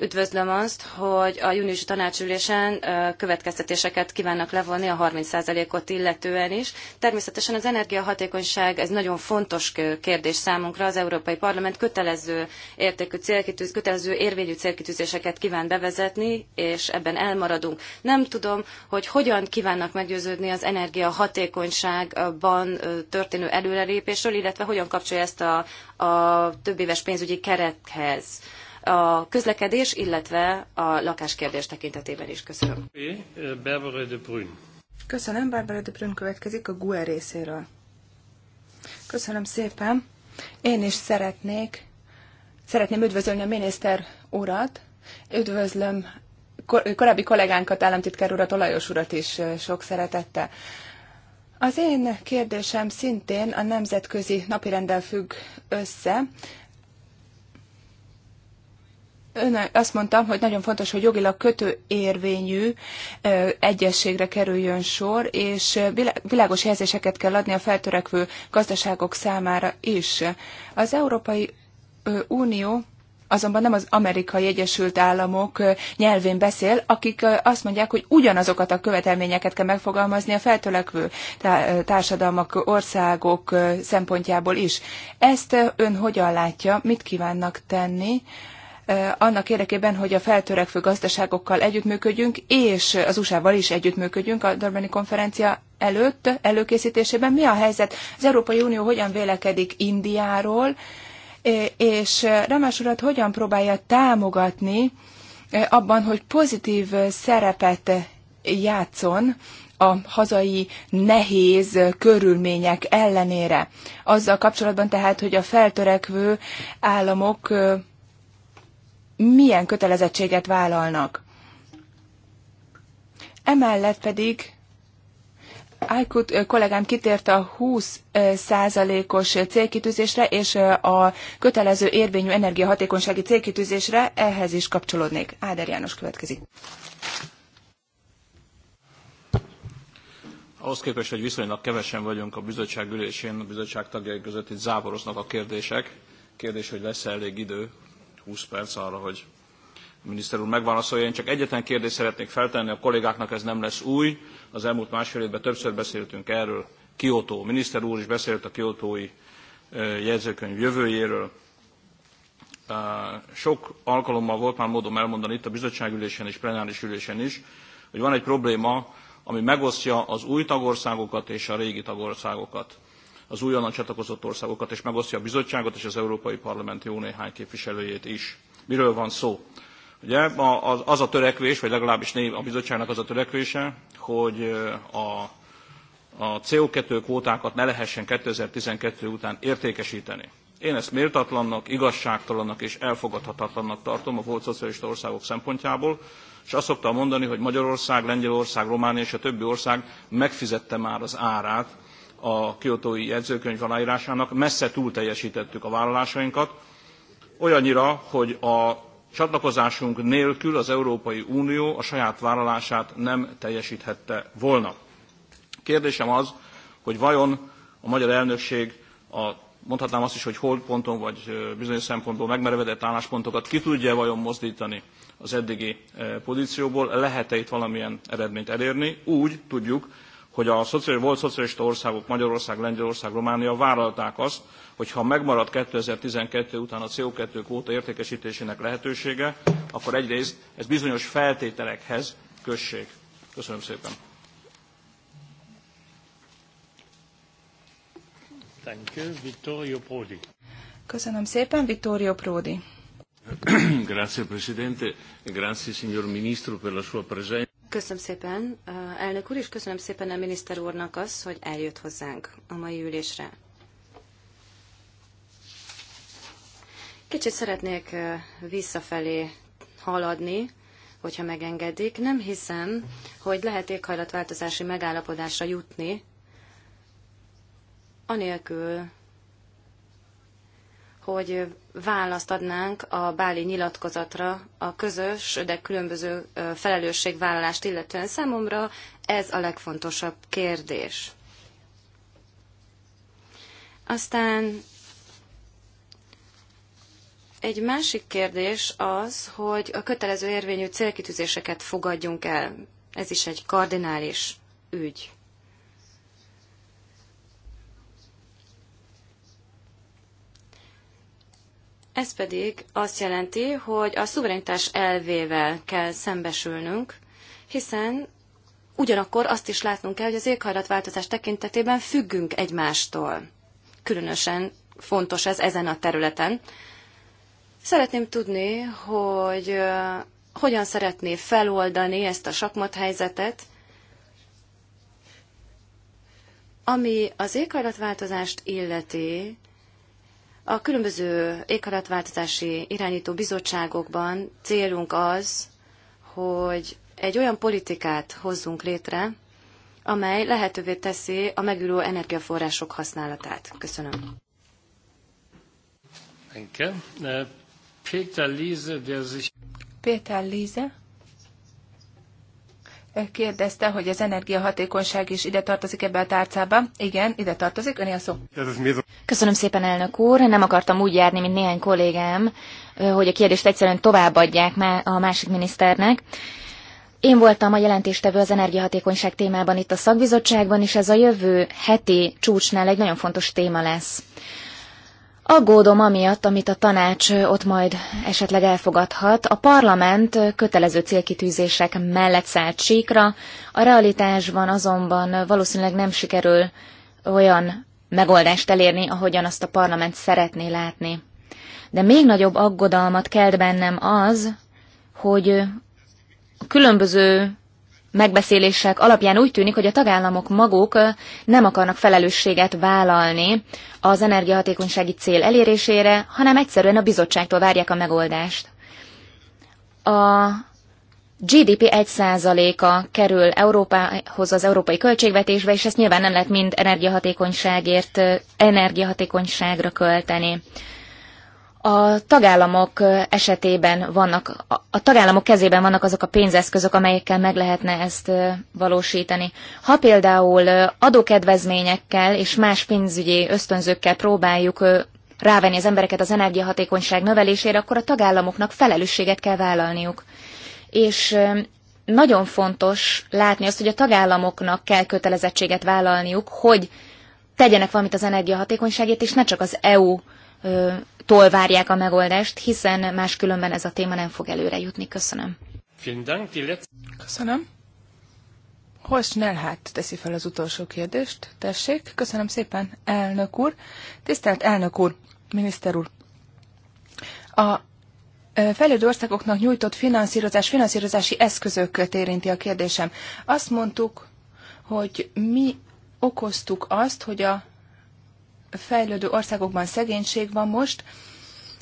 Üdvözlöm azt, hogy a júniusi tanácsülésen következtetéseket kívánnak levonni a 30%-ot illetően is. Természetesen az energiahatékonyság ez nagyon fontos kérdés számunkra. Az Európai Parlament kötelező értékű célkitűz, kötelező érvényű célkitűzéseket kíván bevezetni, és ebben elmaradunk. Nem tudom, hogy hogyan kívánnak meggyőződni az energiahatékonyságban történő előrelépésről, illetve hogyan kapcsolja ezt a, a több éves pénzügyi kerethez a közlekedés, illetve a lakáskérdés tekintetében is. Köszönöm. Barbara de Köszönöm, Barbara de Brun következik a GUE részéről. Köszönöm szépen. Én is szeretnék, szeretném üdvözölni a miniszter urat. Üdvözlöm kor, korábbi kollégánkat, államtitkár urat, Olajos urat is sok szeretettel. Az én kérdésem szintén a nemzetközi napirenddel függ össze. Ön azt mondtam, hogy nagyon fontos, hogy jogilag kötő érvényű egyességre kerüljön sor, és világos jelzéseket kell adni a feltörekvő gazdaságok számára is. Az Európai Unió azonban nem az amerikai Egyesült Államok nyelvén beszél, akik azt mondják, hogy ugyanazokat a követelményeket kell megfogalmazni a feltölekvő társadalmak, országok szempontjából is. Ezt ön hogyan látja, mit kívánnak tenni annak érdekében, hogy a feltörekvő gazdaságokkal együttműködjünk, és az USA-val is együttműködjünk a Durbani konferencia előtt, előkészítésében. Mi a helyzet? Az Európai Unió hogyan vélekedik Indiáról, és Ramás urat hogyan próbálja támogatni abban, hogy pozitív szerepet játszon a hazai nehéz körülmények ellenére. Azzal kapcsolatban tehát, hogy a feltörekvő államok milyen kötelezettséget vállalnak. Emellett pedig Ájkut kollégám kitért a 20 százalékos célkitűzésre és a kötelező érvényű energiahatékonysági célkitűzésre, ehhez is kapcsolódnék. Áder János következik. Ahhoz képest, hogy viszonylag kevesen vagyunk a bizottság ülésén, a bizottság tagjai között itt záboroznak a kérdések. Kérdés, hogy lesz -e elég idő, 20 perc arra, hogy a miniszter úr megválaszolja. Én csak egyetlen kérdést szeretnék feltenni a kollégáknak, ez nem lesz új. Az elmúlt másfél évben többször beszéltünk erről. Kiotó. A miniszter úr is beszélt a kiotói jegyzőkönyv jövőjéről. Sok alkalommal volt már módom elmondani itt a bizottságülésen és plenáris ülésen is, hogy van egy probléma, ami megosztja az új tagországokat és a régi tagországokat az újonnan csatlakozott országokat, és megosztja a bizottságot és az Európai Parlament jó néhány képviselőjét is. Miről van szó? Ugye az a törekvés, vagy legalábbis a bizottságnak az a törekvése, hogy a a CO2 kvótákat ne lehessen 2012 után értékesíteni. Én ezt méltatlannak, igazságtalannak és elfogadhatatlannak tartom a volt szocialista országok szempontjából, és azt szoktam mondani, hogy Magyarország, Lengyelország, Románia és a többi ország megfizette már az árát a kiotói jegyzőkönyv aláírásának messze túl teljesítettük a vállalásainkat, olyannyira, hogy a csatlakozásunk nélkül az Európai Unió a saját vállalását nem teljesíthette volna. Kérdésem az, hogy vajon a magyar elnökség a mondhatnám azt is, hogy ponton vagy bizonyos szempontból megmerevedett álláspontokat ki tudja vajon mozdítani az eddigi pozícióból, lehet-e itt valamilyen eredményt elérni? Úgy tudjuk, hogy a szociális, volt szocialista országok, Magyarország, Lengyelország, Románia vállalták azt, hogy ha megmarad 2012 után a CO2 kvóta értékesítésének lehetősége, akkor egyrészt ez bizonyos feltételekhez kössék. Köszönöm szépen. Vittorio Prodi. Köszönöm szépen, Vittorio Prodi. Grazie Presidente, grazie signor Ministro per la sua presenza. Köszönöm szépen, elnök úr, és köszönöm szépen a miniszter úrnak az, hogy eljött hozzánk a mai ülésre. Kicsit szeretnék visszafelé haladni, hogyha megengedik. Nem hiszem, hogy lehet éghajlatváltozási megállapodásra jutni, anélkül, hogy választ adnánk a báli nyilatkozatra a közös, de különböző felelősségvállalást illetően számomra ez a legfontosabb kérdés. Aztán egy másik kérdés az, hogy a kötelező érvényű célkitűzéseket fogadjunk el. Ez is egy kardinális ügy. Ez pedig azt jelenti, hogy a szuverenitás elvével kell szembesülnünk, hiszen ugyanakkor azt is látnunk kell, hogy az éghajlatváltozás tekintetében függünk egymástól. Különösen fontos ez ezen a területen. Szeretném tudni, hogy hogyan szeretné feloldani ezt a sakmat helyzetet, ami az éghajlatváltozást illeti, a különböző éghajlatváltozási irányító bizottságokban célunk az, hogy egy olyan politikát hozzunk létre, amely lehetővé teszi a megülő energiaforrások használatát. Köszönöm. Péter Líze, der sich... Peter Líze, kérdezte, hogy az energiahatékonyság is ide tartozik ebbe a tárcába. Igen, ide tartozik. Öné a szó. Köszönöm szépen, elnök úr. Nem akartam úgy járni, mint néhány kollégám, hogy a kérdést egyszerűen továbbadják a másik miniszternek. Én voltam a jelentéstevő az energiahatékonyság témában itt a szakbizottságban, és ez a jövő heti csúcsnál egy nagyon fontos téma lesz. Aggódom amiatt, amit a tanács ott majd esetleg elfogadhat. A parlament kötelező célkitűzések mellett szállt síkra, a realitásban azonban valószínűleg nem sikerül olyan megoldást elérni, ahogyan azt a parlament szeretné látni. De még nagyobb aggodalmat kelt bennem az, hogy a különböző megbeszélések alapján úgy tűnik, hogy a tagállamok maguk nem akarnak felelősséget vállalni az energiahatékonysági cél elérésére, hanem egyszerűen a bizottságtól várják a megoldást. A GDP 1%-a kerül Európához az európai költségvetésbe, és ezt nyilván nem lehet mind energiahatékonyságért, energiahatékonyságra költeni a tagállamok esetében vannak, a tagállamok kezében vannak azok a pénzeszközök, amelyekkel meg lehetne ezt valósítani. Ha például adókedvezményekkel és más pénzügyi ösztönzőkkel próbáljuk rávenni az embereket az energiahatékonyság növelésére, akkor a tagállamoknak felelősséget kell vállalniuk. És nagyon fontos látni azt, hogy a tagállamoknak kell kötelezettséget vállalniuk, hogy tegyenek valamit az energiahatékonyságért, és ne csak az EU várják a megoldást, hiszen máskülönben ez a téma nem fog előre jutni. Köszönöm. Köszönöm. Horst Nelhát teszi fel az utolsó kérdést. Tessék, köszönöm szépen, elnök úr. Tisztelt elnök úr, miniszter úr. A fejlődő országoknak nyújtott finanszírozás, finanszírozási eszközöket érinti a kérdésem. Azt mondtuk, hogy mi okoztuk azt, hogy a fejlődő országokban szegénység van most,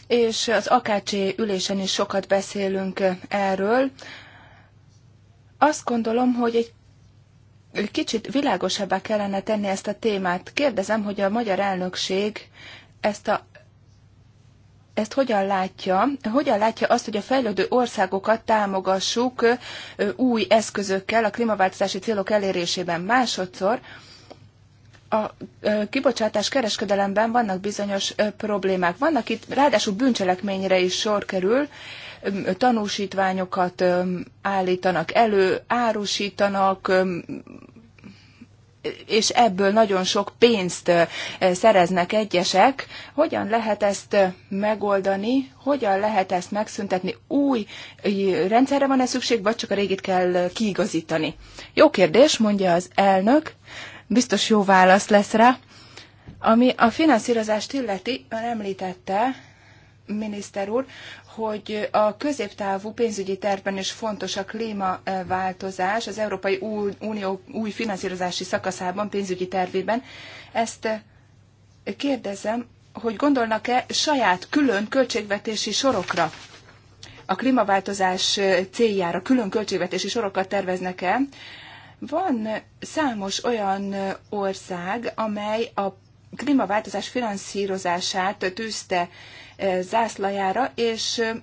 és az AKC ülésen is sokat beszélünk erről. Azt gondolom, hogy egy kicsit világosabbá kellene tenni ezt a témát. Kérdezem, hogy a magyar elnökség ezt a ezt hogyan látja? Hogyan látja azt, hogy a fejlődő országokat támogassuk új eszközökkel a klímaváltozási célok elérésében másodszor? a kibocsátás kereskedelemben vannak bizonyos problémák. Vannak itt, ráadásul bűncselekményre is sor kerül, tanúsítványokat állítanak elő, árusítanak, és ebből nagyon sok pénzt szereznek egyesek. Hogyan lehet ezt megoldani, hogyan lehet ezt megszüntetni? Új rendszerre van-e szükség, vagy csak a régit kell kiigazítani? Jó kérdés, mondja az elnök biztos jó válasz lesz rá. Ami a finanszírozást illeti, ön említette, miniszter úr, hogy a középtávú pénzügyi tervben is fontos a klímaváltozás az Európai Unió új finanszírozási szakaszában, pénzügyi tervében. Ezt kérdezem, hogy gondolnak-e saját külön költségvetési sorokra? A klímaváltozás céljára külön költségvetési sorokat terveznek-e van számos olyan ország, amely a klímaváltozás finanszírozását tűzte e, zászlajára, és e,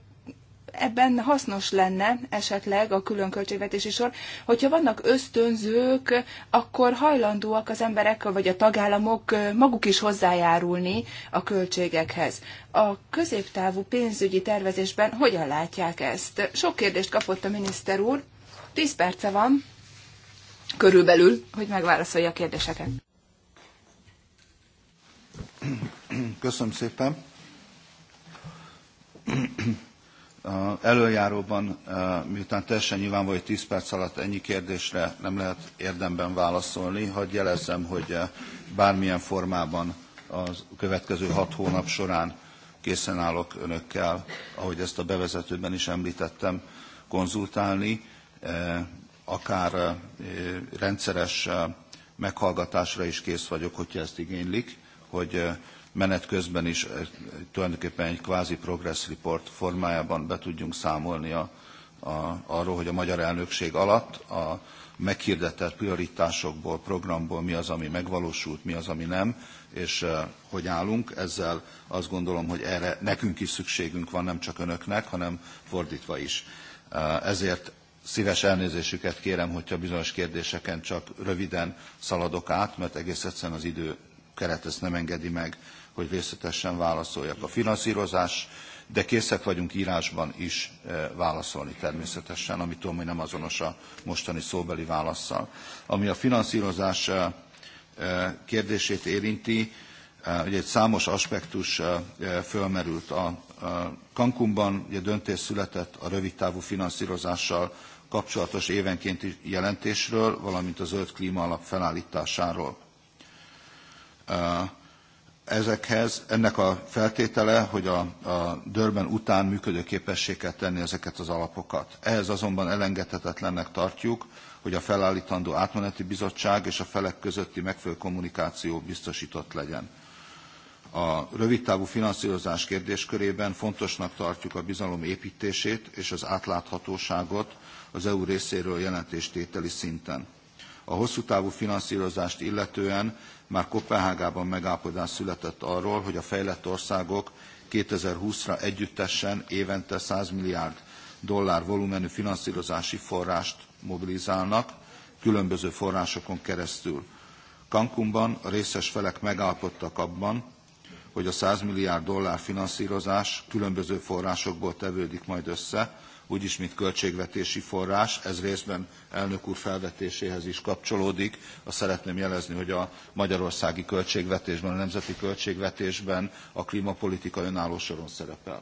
ebben hasznos lenne esetleg a külön költségvetési sor, hogyha vannak ösztönzők, akkor hajlandóak az emberek vagy a tagállamok e, maguk is hozzájárulni a költségekhez. A középtávú pénzügyi tervezésben hogyan látják ezt? Sok kérdést kapott a miniszter úr, Tíz perce van körülbelül, hogy megválaszolja a kérdéseket. Köszönöm szépen. Előjáróban, e, miután teljesen nyilvánvaló, hogy 10 perc alatt ennyi kérdésre nem lehet érdemben válaszolni, hagyj jelezzem, hogy e, bármilyen formában a következő hat hónap során készen állok önökkel, ahogy ezt a bevezetőben is említettem, konzultálni e, akár rendszeres meghallgatásra is kész vagyok, hogyha ezt igénylik, hogy menet közben is tulajdonképpen egy kvázi progress report formájában be tudjunk számolni a, a, arról, hogy a magyar elnökség alatt a meghirdetett prioritásokból, programból mi az, ami megvalósult, mi az, ami nem, és hogy állunk. Ezzel azt gondolom, hogy erre nekünk is szükségünk van, nem csak önöknek, hanem fordítva is. Ezért szíves elnézésüket kérem, hogyha bizonyos kérdéseken csak röviden szaladok át, mert egész egyszerűen az idő keret ezt nem engedi meg, hogy részletesen válaszoljak. A finanszírozás, de készek vagyunk írásban is eh, válaszolni természetesen, amit tudom, hogy nem azonos a mostani szóbeli válaszsal. Ami a finanszírozás eh, eh, kérdését érinti, ugye egy számos aspektus fölmerült a Cancunban, ugye döntés született a rövidtávú finanszírozással kapcsolatos évenkénti jelentésről, valamint a Zöld klímaalap felállításáról. Ezekhez, ennek a feltétele, hogy a, a Dörben után működőképessé kell tenni ezeket az alapokat. Ehhez azonban elengedhetetlennek tartjuk, hogy a felállítandó átmeneti bizottság és a felek közötti megfelelő kommunikáció biztosított legyen. A rövidtávú finanszírozás kérdéskörében fontosnak tartjuk a bizalom építését és az átláthatóságot az EU részéről jelentéstételi szinten. A hosszú távú finanszírozást illetően már Kopenhágában megállapodás született arról, hogy a fejlett országok 2020-ra együttesen évente 100 milliárd dollár volumenű finanszírozási forrást mobilizálnak különböző forrásokon keresztül. Cancúnban a részes felek megállapodtak abban, hogy a 100 milliárd dollár finanszírozás különböző forrásokból tevődik majd össze, úgyis, mint költségvetési forrás. Ez részben elnök úr felvetéséhez is kapcsolódik. Azt szeretném jelezni, hogy a magyarországi költségvetésben, a nemzeti költségvetésben a klímapolitika önálló soron szerepel.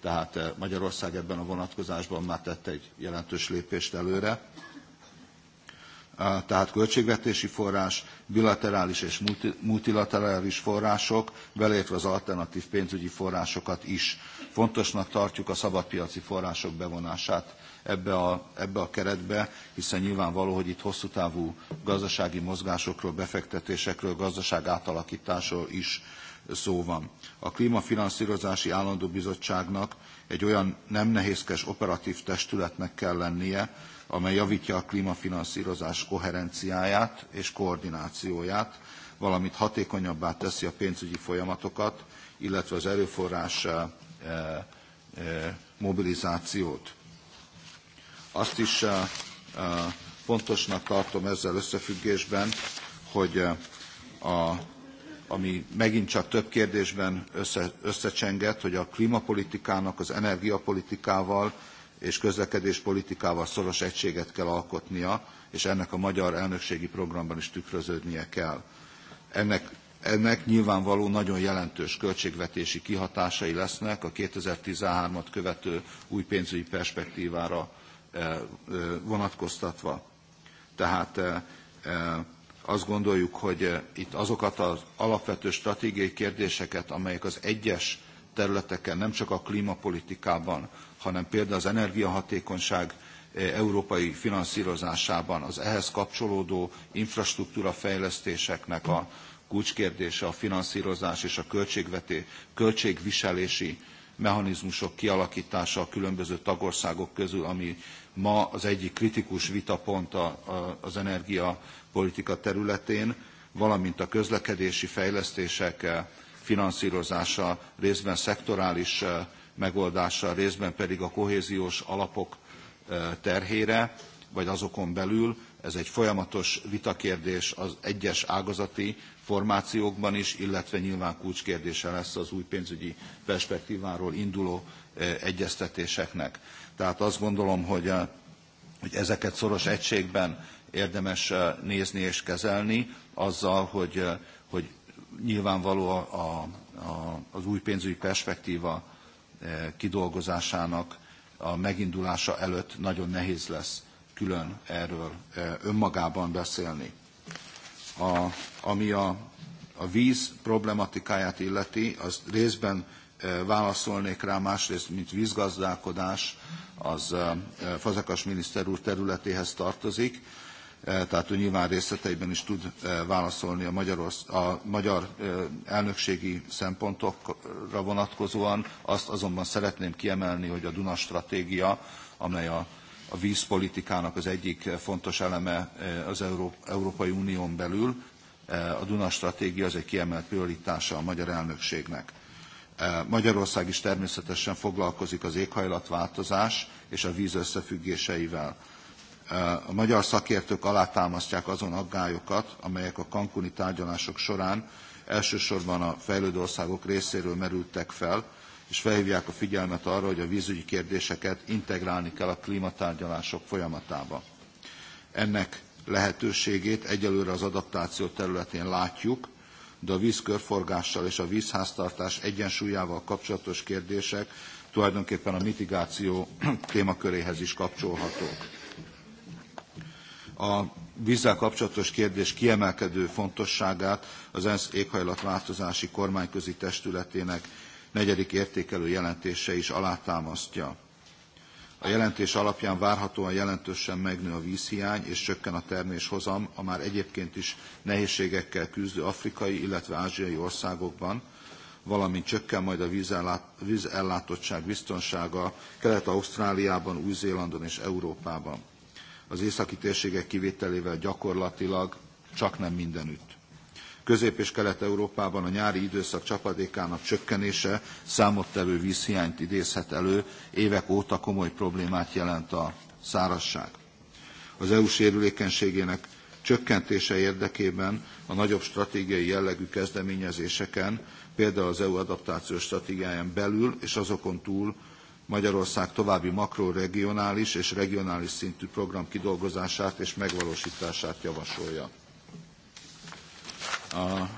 Tehát eh, Magyarország ebben a vonatkozásban már tett egy jelentős lépést előre eh, tehát költségvetési forrás, bilaterális és multilaterális források, beleértve az alternatív pénzügyi forrásokat is. Fontosnak tartjuk a szabadpiaci források bevonását ebbe a, ebbe a keretbe, hiszen nyilvánvaló, hogy itt hosszú távú gazdasági mozgásokról, befektetésekről, gazdaság átalakításról is szó van. A Klímafinanszírozási Állandó Bizottságnak egy olyan nem nehézkes operatív testületnek kell lennie, amely javítja a klímafinanszírozás koherenciáját és koordinációját, valamint hatékonyabbá teszi a pénzügyi folyamatokat, illetve az erőforrás mobilizációt. Azt is fontosnak tartom ezzel összefüggésben, hogy a, ami megint csak több kérdésben össze, összecsengett, hogy a klímapolitikának az energiapolitikával és közlekedéspolitikával szoros egységet kell alkotnia, és ennek a magyar elnökségi programban is tükröződnie kell. Ennek ennek nyilvánvaló nagyon jelentős költségvetési kihatásai lesznek a 2013-at követő új pénzügyi perspektívára eh, eh, vonatkoztatva. Tehát eh, azt gondoljuk, hogy itt azokat az alapvető stratégiai kérdéseket, amelyek az egyes területeken, nem csak a klímapolitikában, hanem például az energiahatékonyság európai finanszírozásában, az ehhez kapcsolódó infrastruktúrafejlesztéseknek a kulcskérdése a finanszírozás és a költségveté, költségviselési mechanizmusok kialakítása a különböző tagországok közül, ami ma az egyik kritikus vitapont az energiapolitika területén, valamint a közlekedési fejlesztések eh, finanszírozása, részben szektorális eh, megoldása, részben pedig a kohéziós alapok eh, terhére, vagy azokon belül. Ez egy folyamatos vitakérdés az egyes ágazati formációkban is, illetve nyilván kulcskérdése lesz az új pénzügyi perspektíváról induló egyeztetéseknek. Tehát azt gondolom, hogy, hogy ezeket szoros egységben érdemes nézni és kezelni, azzal, hogy, hogy nyilvánvaló a, a, az új pénzügyi perspektíva kidolgozásának a megindulása előtt nagyon nehéz lesz külön erről önmagában beszélni a, ami a, a víz problematikáját illeti, az részben e, válaszolnék rá, másrészt, mint vízgazdálkodás, az e, e, Fazekas miniszter úr területéhez tartozik, tehát ő nyilván részleteiben is tud válaszolni a, magyar, a magyar elnökségi szempontokra vonatkozóan. Azt azonban szeretném kiemelni, hogy a Duna stratégia, amely a a vízpolitikának az egyik eh, fontos eleme eh, az Európai Unión belül. Eh, a Duna stratégia az egy kiemelt prioritása a magyar elnökségnek. Magyarország is természetesen foglalkozik az éghajlatváltozás és a víz összefüggéseivel. A magyar szakértők alátámasztják azon aggályokat, amelyek a kankuni tárgyalások során elsősorban a fejlődő országok részéről merültek fel, és felhívják a figyelmet arra, hogy a vízügyi kérdéseket integrálni kell a klímatárgyalások folyamatába. Ennek lehetőségét egyelőre az adaptáció területén látjuk, de a vízkörforgással és a vízháztartás egyensúlyával kapcsolatos kérdések tulajdonképpen a mitigáció témaköréhez is kapcsolhatók. A vízzel kapcsolatos kérdés kiemelkedő fontosságát az ENSZ éghajlatváltozási kormányközi testületének negyedik értékelő jelentése is alátámasztja. A jelentés alapján várhatóan jelentősen megnő a vízhiány és csökken a terméshozam a már egyébként is nehézségekkel küzdő afrikai, illetve ázsiai országokban, valamint csökken majd a vízellátottság biztonsága Kelet-Ausztráliában, Új-Zélandon és Európában. Az északi térségek kivételével gyakorlatilag csak nem mindenütt. Közép- és Kelet-Európában a nyári időszak csapadékának csökkenése számottevő vízhiányt idézhet elő, évek óta komoly problémát jelent a szárazság. Az EU sérülékenységének csökkentése érdekében a nagyobb stratégiai jellegű kezdeményezéseken, például az EU adaptációs stratégiáján belül és azokon túl Magyarország további makroregionális és regionális szintű program kidolgozását és megvalósítását javasolja a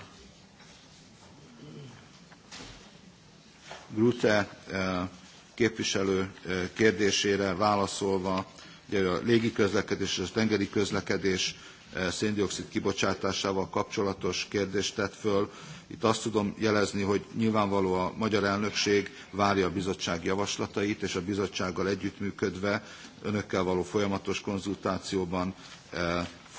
Grute eh, képviselő eh, kérdésére válaszolva, ugye a légiközlekedés és a tengeri közlekedés eh, széndiokszid kibocsátásával kapcsolatos kérdést tett föl. Itt azt tudom jelezni, hogy nyilvánvaló a magyar elnökség várja a bizottság javaslatait, és a bizottsággal együttműködve önökkel való folyamatos konzultációban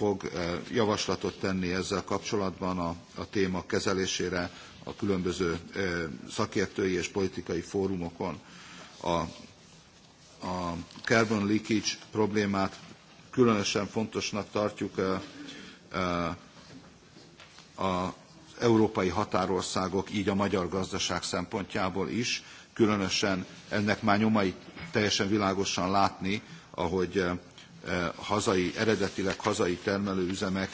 fog eh, javaslatot tenni ezzel kapcsolatban a, a téma kezelésére a különböző eh, szakértői és politikai fórumokon. A, a carbon leakage problémát különösen fontosnak tartjuk eh, az európai határországok, így a magyar gazdaság szempontjából is, különösen ennek már nyomait teljesen világosan látni, ahogy hazai, eredetileg hazai termelőüzemek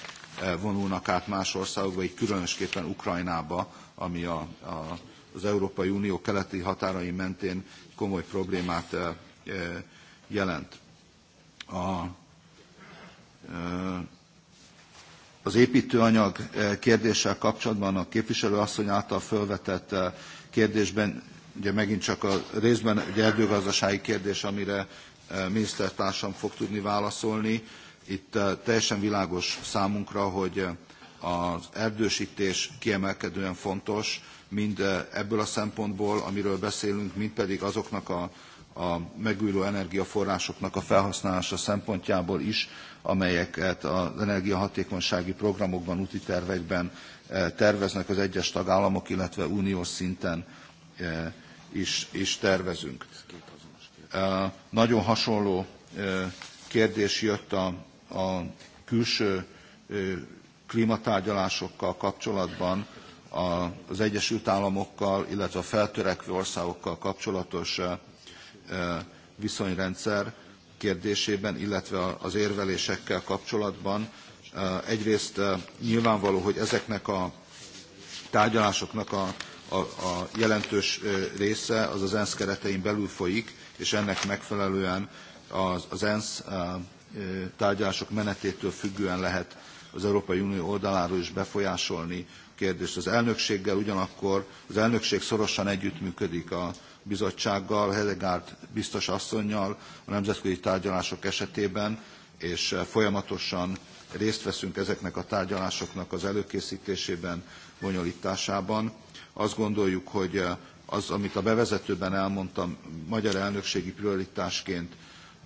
vonulnak át más országokba, így különösképpen Ukrajnába, ami a, a, az Európai Unió keleti határai mentén komoly problémát jelent. A, az építőanyag kérdéssel kapcsolatban a képviselő asszony által felvetett kérdésben, ugye megint csak a részben egy erdőgazdasági kérdés, amire Eh, minisztertársam fog tudni válaszolni. Itt eh, teljesen világos számunkra, hogy eh, az erdősítés kiemelkedően fontos, mind ebből a szempontból, amiről beszélünk, mind pedig azoknak a, a megújuló energiaforrásoknak a felhasználása szempontjából is, amelyeket az energiahatékonysági programokban, úti tervekben terveznek az egyes tagállamok, illetve uniós szinten is, is tervezünk. Nagyon hasonló kérdés jött a, a külső klímatárgyalásokkal kapcsolatban az Egyesült Államokkal, illetve a feltörekvő országokkal kapcsolatos viszonyrendszer kérdésében, illetve az érvelésekkel kapcsolatban. Egyrészt nyilvánvaló, hogy ezeknek a tárgyalásoknak a, a, a jelentős része az az ENSZ keretein belül folyik, és ennek megfelelően az, az ENSZ uh, uh, tárgyalások menetétől függően lehet az Európai Unió oldaláról is befolyásolni a kérdést az elnökséggel, ugyanakkor az elnökség szorosan együttműködik a bizottsággal, Hedegaard biztos asszonynal a nemzetközi tárgyalások esetében, és uh, folyamatosan részt veszünk ezeknek a tárgyalásoknak az előkészítésében, bonyolításában. Azt gondoljuk, hogy az, amit a bevezetőben elmondtam, magyar elnökségi prioritásként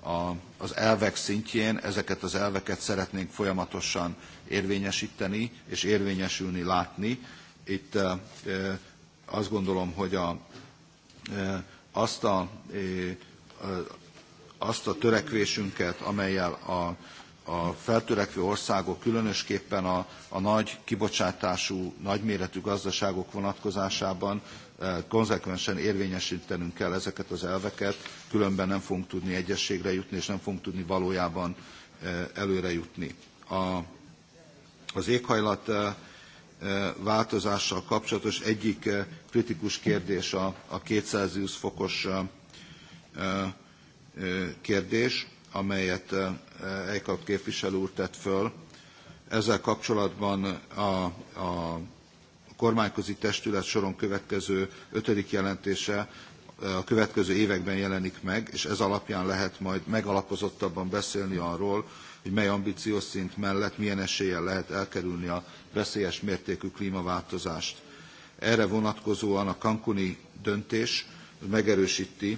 a, az elvek szintjén, ezeket az elveket szeretnénk folyamatosan érvényesíteni és érvényesülni, látni. Itt e, e azt gondolom, hogy a, e, azt, a, e, azt a törekvésünket, amelyel a, a feltörekvő országok, különösképpen a, a nagy kibocsátású, nagyméretű gazdaságok vonatkozásában Eh, konzekvensen érvényesítenünk kell ezeket az elveket, különben nem fogunk tudni egyességre jutni, és nem fogunk tudni valójában eh, előre jutni. A, az éghajlat eh, változással kapcsolatos egyik kritikus kérdés a, a 220 fokos kérdés, amelyet Eikap képviselő úr tett föl. Ezzel kapcsolatban a, a kormányközi testület soron következő ötödik jelentése a következő években jelenik meg, és ez alapján lehet majd megalapozottabban beszélni arról, hogy mely ambíciós szint mellett milyen eséllyel lehet elkerülni a veszélyes mértékű klímaváltozást. Erre vonatkozóan a Cancúni döntés megerősíti,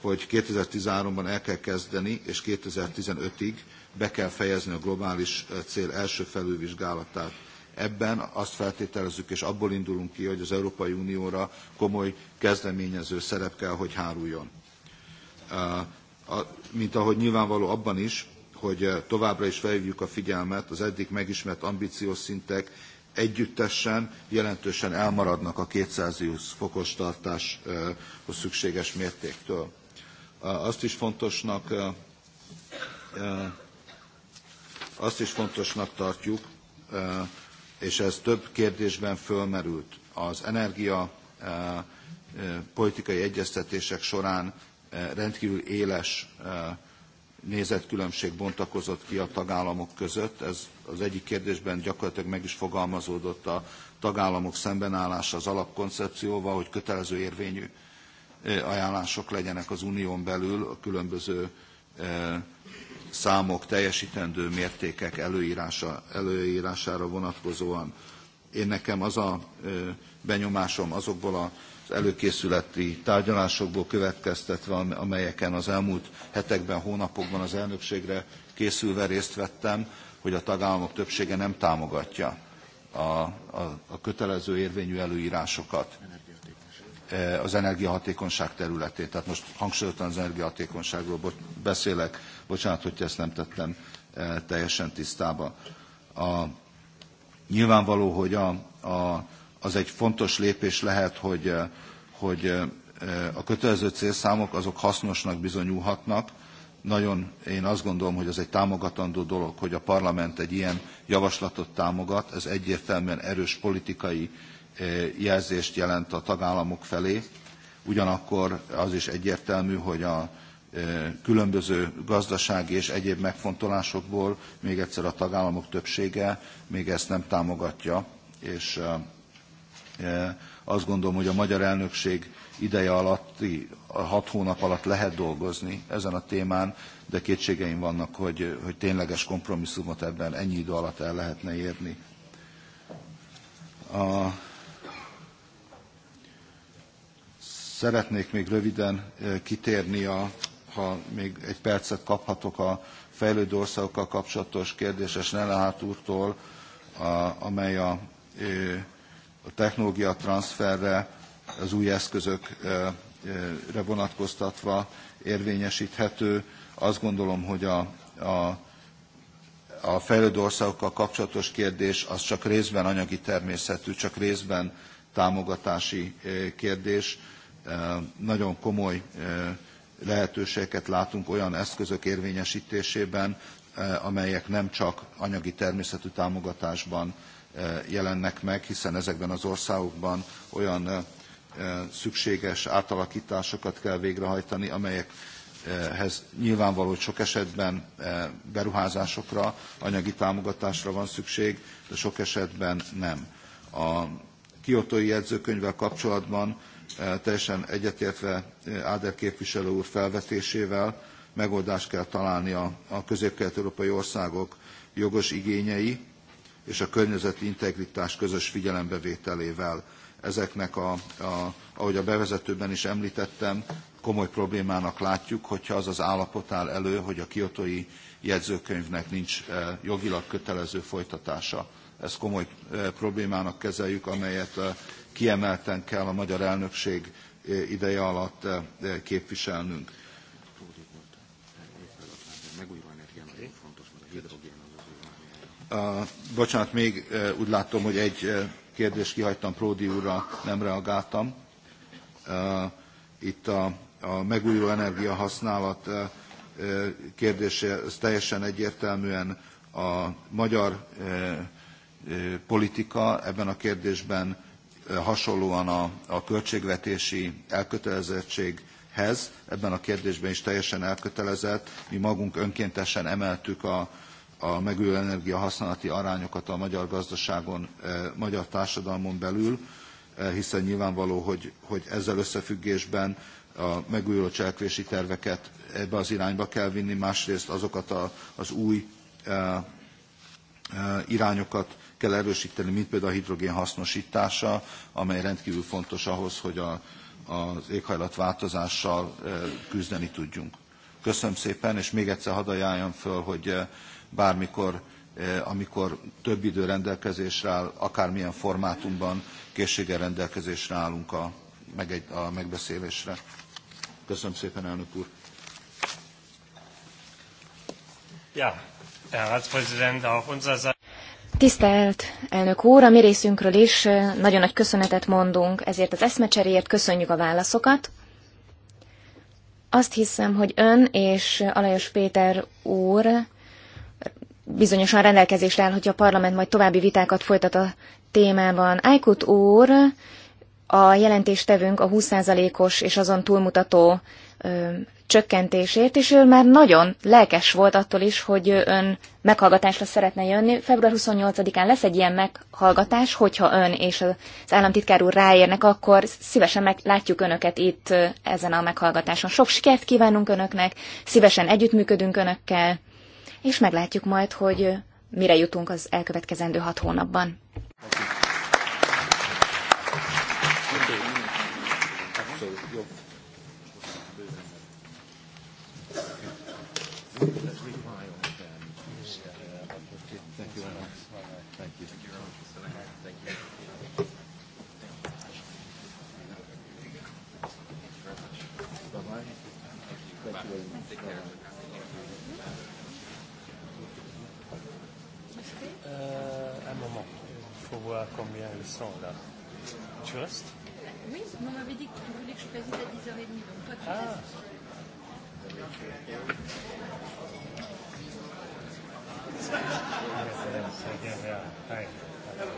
hogy 2013-ban el kell kezdeni, és 2015-ig be kell fejezni a globális cél első felülvizsgálatát. Ebben azt feltételezzük, és abból indulunk ki, hogy az Európai Unióra komoly kezdeményező szerep kell, hogy háruljon. Mint ahogy nyilvánvaló abban is, hogy továbbra is felhívjuk a figyelmet, az eddig megismert ambíciós szintek együttesen jelentősen elmaradnak a 220 fokos tartáshoz szükséges mértéktől. Azt is fontosnak, azt is fontosnak tartjuk, és ez több kérdésben fölmerült. Az energia eh, eh, politikai egyeztetések során eh, rendkívül éles nézetkülönbség bontakozott ki a tagállamok között. Ez az egyik kérdésben gyakorlatilag meg is fogalmazódott a tagállamok szembenállása az alapkoncepcióval, hogy kötelező érvényű ajánlások legyenek az unión belül a különböző számok teljesítendő mértékek előírása, előírására vonatkozóan. Én nekem az a benyomásom azokból az előkészületi tárgyalásokból következtetve, amelyeken az elmúlt hetekben, hónapokban az elnökségre készülve részt vettem, hogy a tagállamok többsége nem támogatja a, a, a kötelező érvényű előírásokat az energiahatékonyság területén. Tehát most hangsúlyozottan az energiahatékonyságról beszélek. Bocsánat, hogy ezt nem tettem eh, teljesen tisztába. A, nyilvánvaló, hogy a, a, az egy fontos lépés lehet, hogy, eh, hogy eh, a kötelező célszámok azok hasznosnak bizonyulhatnak. Nagyon én azt gondolom, hogy az egy támogatandó dolog, hogy a parlament egy ilyen javaslatot támogat. Ez egyértelműen erős politikai jelzést jelent a tagállamok felé. Ugyanakkor az is egyértelmű, hogy a, különböző gazdasági és egyéb megfontolásokból, még egyszer a tagállamok többsége még ezt nem támogatja, és azt gondolom, hogy a magyar elnökség ideje alatt, hat hónap alatt lehet dolgozni ezen a témán, de kétségeim vannak, hogy, hogy tényleges kompromisszumot ebben ennyi idő alatt el lehetne érni. A... Szeretnék még röviden kitérni a, ha még egy percet kaphatok a fejlődő országokkal kapcsolatos kérdéses Nelehát úrtól, a, amely a, a technológia transferre, az új eszközökre vonatkoztatva érvényesíthető. Azt gondolom, hogy a, a a fejlődő országokkal kapcsolatos kérdés az csak részben anyagi természetű, csak részben támogatási kérdés. Nagyon komoly lehetőségeket látunk olyan eszközök érvényesítésében, eh, amelyek nem csak anyagi természetű támogatásban eh, jelennek meg, hiszen ezekben az országokban olyan eh, szükséges átalakításokat kell végrehajtani, amelyekhez nyilvánvaló hogy sok esetben beruházásokra, anyagi támogatásra van szükség, de sok esetben nem. A kiotói jegyzőkönyvvel kapcsolatban teljesen egyetértve Áder képviselő úr felvetésével megoldást kell találni a, a közép-kelet-európai országok jogos igényei és a környezeti integritás közös figyelembevételével. Ezeknek, a, a, ahogy a bevezetőben is említettem, komoly problémának látjuk, hogyha az az állapot áll elő, hogy a kiotói jegyzőkönyvnek nincs jogilag kötelező folytatása. Ezt komoly problémának kezeljük, amelyet kiemelten kell a magyar elnökség eh, ideje alatt eh, eh, képviselnünk. Bocsánat, még úgy látom, hogy egy kérdést kihagytam, Pródi úrra nem reagáltam. Itt a, a megújuló energiahasználat kérdése ez teljesen egyértelműen a magyar politika ebben a kérdésben hasonlóan a, a költségvetési elkötelezettséghez ebben a kérdésben is teljesen elkötelezett. Mi magunk önkéntesen emeltük a, a megújuló energia használati arányokat a magyar gazdaságon, e, magyar társadalmon belül, e, hiszen nyilvánvaló, hogy, hogy ezzel összefüggésben a megújuló cselekvési terveket ebbe az irányba kell vinni, másrészt azokat a, az új e, irányokat kell erősíteni, mint például a hidrogén hasznosítása, amely rendkívül fontos ahhoz, hogy a, az éghajlatváltozással eh, küzdeni tudjunk. Köszönöm szépen, és még egyszer hadd ajánljam föl, hogy eh, bármikor, eh, amikor több idő rendelkezésre áll, akármilyen formátumban készséggel rendelkezésre állunk a, meg egy, a megbeszélésre. Köszönöm szépen, elnök úr. Ja, Herr Ratspräsident, auch unser Tisztelt elnök úr, a mi részünkről is nagyon nagy köszönetet mondunk ezért az eszmecseréért, köszönjük a válaszokat. Azt hiszem, hogy ön és Alajos Péter úr bizonyosan rendelkezésre áll, hogy a parlament majd további vitákat folytat a témában. Ájkut úr, a jelentéstevünk a 20%-os és azon túlmutató csökkentésért, és ő már nagyon lelkes volt attól is, hogy ön meghallgatásra szeretne jönni. Február 28-án lesz egy ilyen meghallgatás, hogyha ön és az államtitkár úr ráérnek, akkor szívesen meglátjuk önöket itt ezen a meghallgatáson. Sok sikert kívánunk önöknek, szívesen együttműködünk önökkel, és meglátjuk majd, hogy mire jutunk az elkövetkezendő hat hónapban. Köszönöm. intéressant là. Tu restes Oui, on m'avait dit que tu voulais que je préside à 10h30, donc toi tu ah. restes. Ah.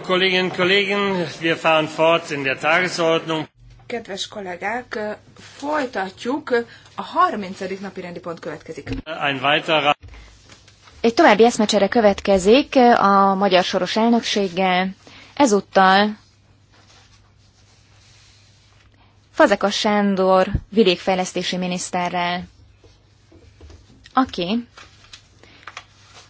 Kolleginnen und Kollegen, wir fahren fort in der Tagesordnung. Kedves kollégák, folytatjuk. A 30. napi rendi pont következik. Ein weiterer... Egy további eszmecsere következik a Magyar Soros elnökséggel. Ezúttal Fazekas Sándor vidékfejlesztési miniszterrel, aki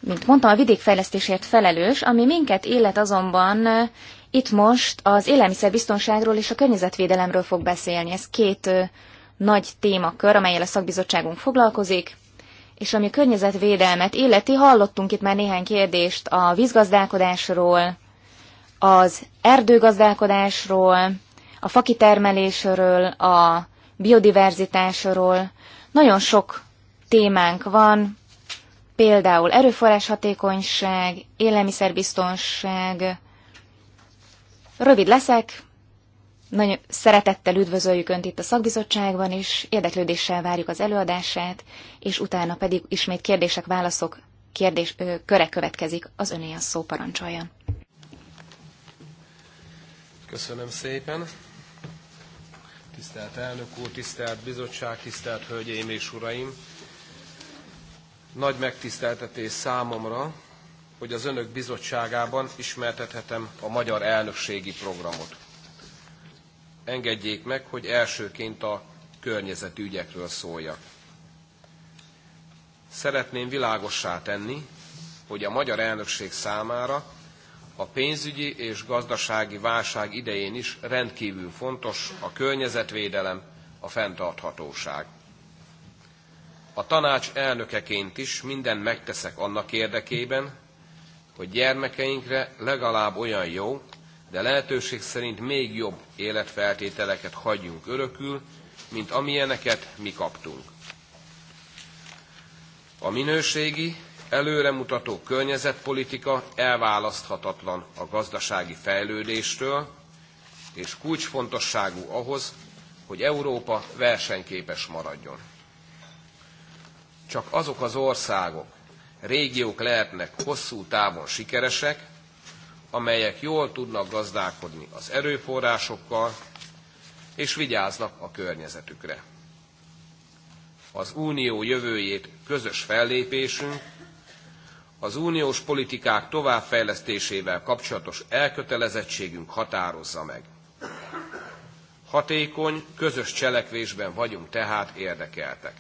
mint mondtam, a vidékfejlesztésért felelős, ami minket illet azonban itt most az élelmiszerbiztonságról és a környezetvédelemről fog beszélni. Ez két nagy témakör, amelyel a szakbizottságunk foglalkozik, és ami a környezetvédelmet illeti, hallottunk itt már néhány kérdést a vízgazdálkodásról, az erdőgazdálkodásról, a fakitermelésről, a biodiverzitásról. Nagyon sok témánk van, például erőforráshatékonyság, élelmiszerbiztonság. Rövid leszek, nagyon szeretettel üdvözöljük Önt itt a szakbizottságban, is érdeklődéssel várjuk az előadását, és utána pedig ismét kérdések, válaszok kérdés, ö, köre következik. Az Öné a szó parancsolja. Köszönöm szépen. Tisztelt elnök úr, tisztelt bizottság, tisztelt hölgyeim és uraim! Nagy megtiszteltetés számomra, hogy az Önök bizottságában ismertethetem a magyar elnökségi programot. Engedjék meg, hogy elsőként a környezeti ügyekről szóljak. Szeretném világossá tenni, hogy a magyar elnökség számára a pénzügyi és gazdasági válság idején is rendkívül fontos a környezetvédelem, a fenntarthatóság. A tanács elnökeként is minden megteszek annak érdekében, hogy gyermekeinkre legalább olyan jó, de lehetőség szerint még jobb életfeltételeket hagyjunk örökül, mint amilyeneket mi kaptunk. A minőségi, előremutató környezetpolitika elválaszthatatlan a gazdasági fejlődéstől, és kulcsfontosságú ahhoz, hogy Európa versenyképes maradjon. Csak azok az országok, régiók lehetnek hosszú távon sikeresek, amelyek jól tudnak gazdálkodni az erőforrásokkal, és vigyáznak a környezetükre. Az unió jövőjét közös fellépésünk, az uniós politikák továbbfejlesztésével kapcsolatos elkötelezettségünk határozza meg. Hatékony, közös cselekvésben vagyunk tehát érdekeltek.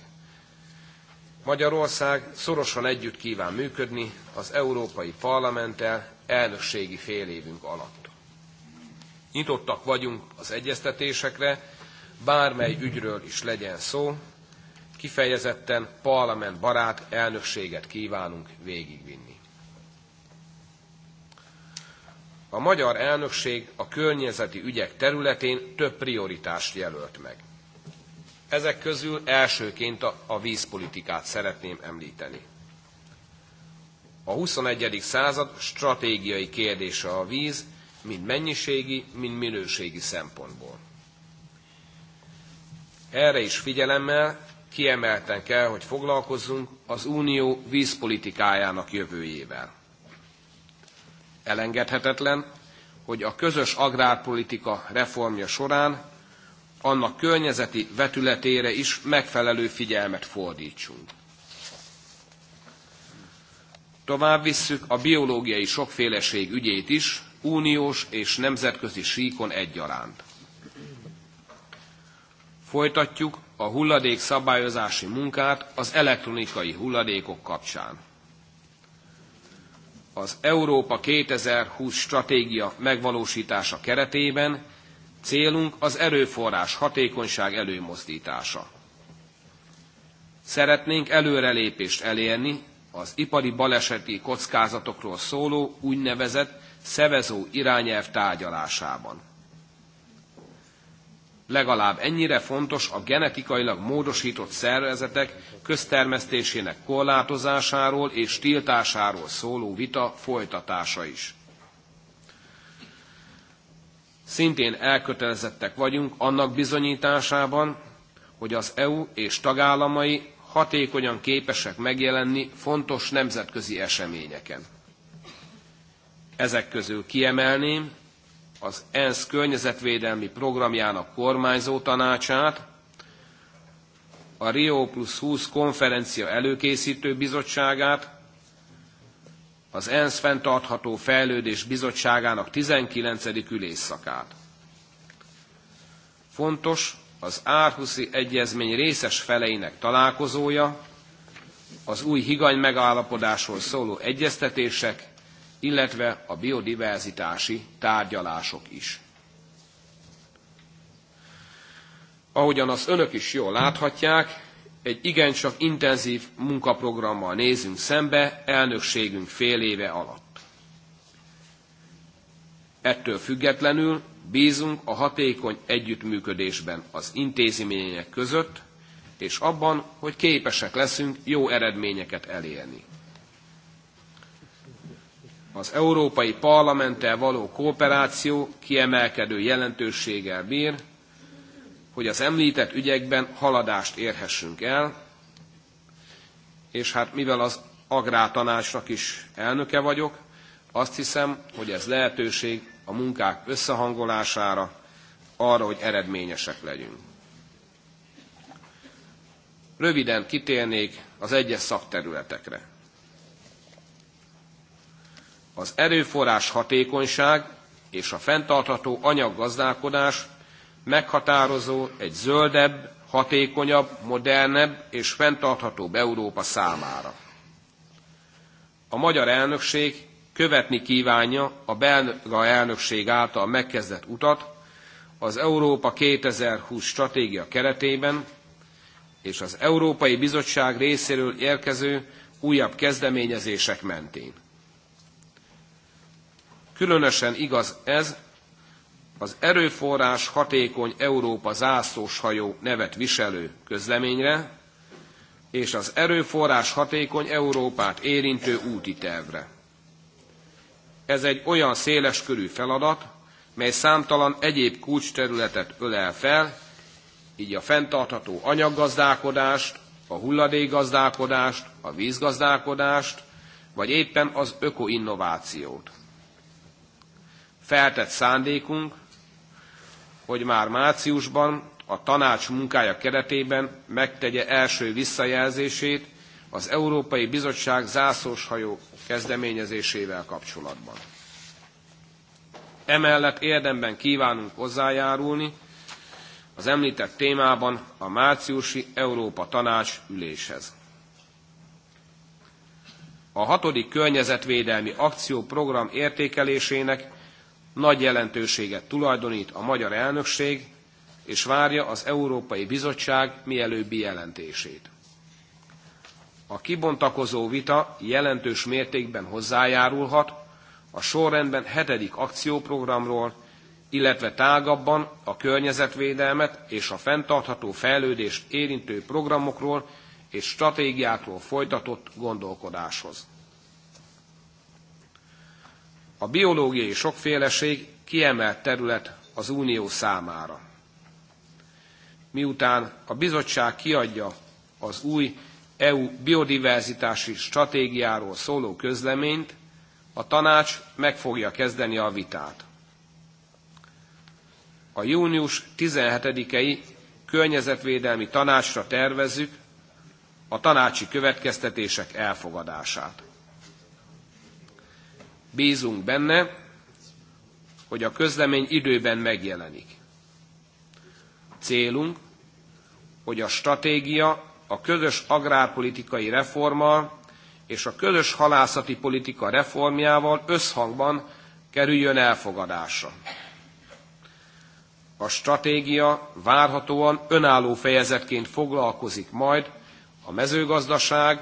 Magyarország szorosan együtt kíván működni az Európai Parlamenttel elnökségi félévünk alatt. Nyitottak vagyunk az egyeztetésekre, bármely ügyről is legyen szó, kifejezetten parlamentbarát elnökséget kívánunk végigvinni. A magyar elnökség a környezeti ügyek területén több prioritást jelölt meg. Ezek közül elsőként a, vízpolitikát szeretném említeni. A 21. század stratégiai kérdése a víz, mind mennyiségi, mind minőségi szempontból. Erre is figyelemmel kiemelten kell, hogy foglalkozzunk az unió vízpolitikájának jövőjével. Elengedhetetlen, hogy a közös agrárpolitika reformja során annak környezeti vetületére is megfelelő figyelmet fordítsunk. Tovább visszük a biológiai sokféleség ügyét is, uniós és nemzetközi síkon egyaránt. Folytatjuk a hulladék szabályozási munkát az elektronikai hulladékok kapcsán. Az Európa 2020 stratégia megvalósítása keretében Célunk az erőforrás hatékonyság előmozdítása. Szeretnénk előrelépést elérni az ipari baleseti kockázatokról szóló úgynevezett szevezó irányelv tárgyalásában. Legalább ennyire fontos a genetikailag módosított szervezetek köztermesztésének korlátozásáról és tiltásáról szóló vita folytatása is. Szintén elkötelezettek vagyunk annak bizonyításában, hogy az EU és tagállamai hatékonyan képesek megjelenni fontos nemzetközi eseményeken. Ezek közül kiemelném az ENSZ környezetvédelmi programjának kormányzó tanácsát, a Rio plusz 20 konferencia előkészítő bizottságát, az ENSZ fenntartható fejlődés bizottságának 19. ülésszakát. Fontos az Árhuszi Egyezmény részes feleinek találkozója, az új higany megállapodásról szóló egyeztetések, illetve a biodiverzitási tárgyalások is. Ahogyan az önök is jól láthatják, egy igencsak intenzív munkaprogrammal nézünk szembe elnökségünk fél éve alatt. Ettől függetlenül bízunk a hatékony együttműködésben az intézmények között, és abban, hogy képesek leszünk jó eredményeket elérni. Az Európai Parlamenttel való kooperáció kiemelkedő jelentőséggel bír, hogy az említett ügyekben haladást érhessünk el, és hát mivel az agrártanácsnak is elnöke vagyok, azt hiszem, hogy ez lehetőség a munkák összehangolására, arra, hogy eredményesek legyünk. Röviden kitérnék az egyes szakterületekre. Az erőforrás hatékonyság és a fenntartható anyaggazdálkodás meghatározó egy zöldebb, hatékonyabb, modernebb és fenntarthatóbb Európa számára. A magyar elnökség követni kívánja a belga elnökség által megkezdett utat az Európa 2020 stratégia keretében, és az Európai Bizottság részéről érkező újabb kezdeményezések mentén. Különösen igaz ez az erőforrás hatékony Európa zászlóshajó nevet viselő közleményre, és az erőforrás hatékony Európát érintő úti tervre. Ez egy olyan széleskörű feladat, mely számtalan egyéb kulcsterületet ölel fel, így a fenntartható anyaggazdálkodást, a hulladékgazdálkodást, a vízgazdálkodást, vagy éppen az ökoinnovációt. Feltett szándékunk, hogy már márciusban a tanács munkája keretében megtegye első visszajelzését az Európai Bizottság zászlóshajó kezdeményezésével kapcsolatban. Emellett érdemben kívánunk hozzájárulni az említett témában a márciusi Európa Tanács üléshez. A hatodik környezetvédelmi akcióprogram értékelésének nagy jelentőséget tulajdonít a magyar elnökség, és várja az Európai Bizottság mielőbbi jelentését. A kibontakozó vita jelentős mértékben hozzájárulhat a sorrendben hetedik akcióprogramról, illetve tágabban a környezetvédelmet és a fenntartható fejlődést érintő programokról és stratégiákról folytatott gondolkodáshoz. A biológiai sokféleség kiemelt terület az Unió számára. Miután a bizottság kiadja az új EU biodiverzitási stratégiáról szóló közleményt, a tanács meg fogja kezdeni a vitát. A június 17-i környezetvédelmi tanácsra tervezzük a tanácsi következtetések elfogadását. Bízunk benne, hogy a közlemény időben megjelenik. Célunk, hogy a stratégia a közös agrárpolitikai reformmal és a közös halászati politika reformjával összhangban kerüljön elfogadásra. A stratégia várhatóan önálló fejezetként foglalkozik majd a mezőgazdaság,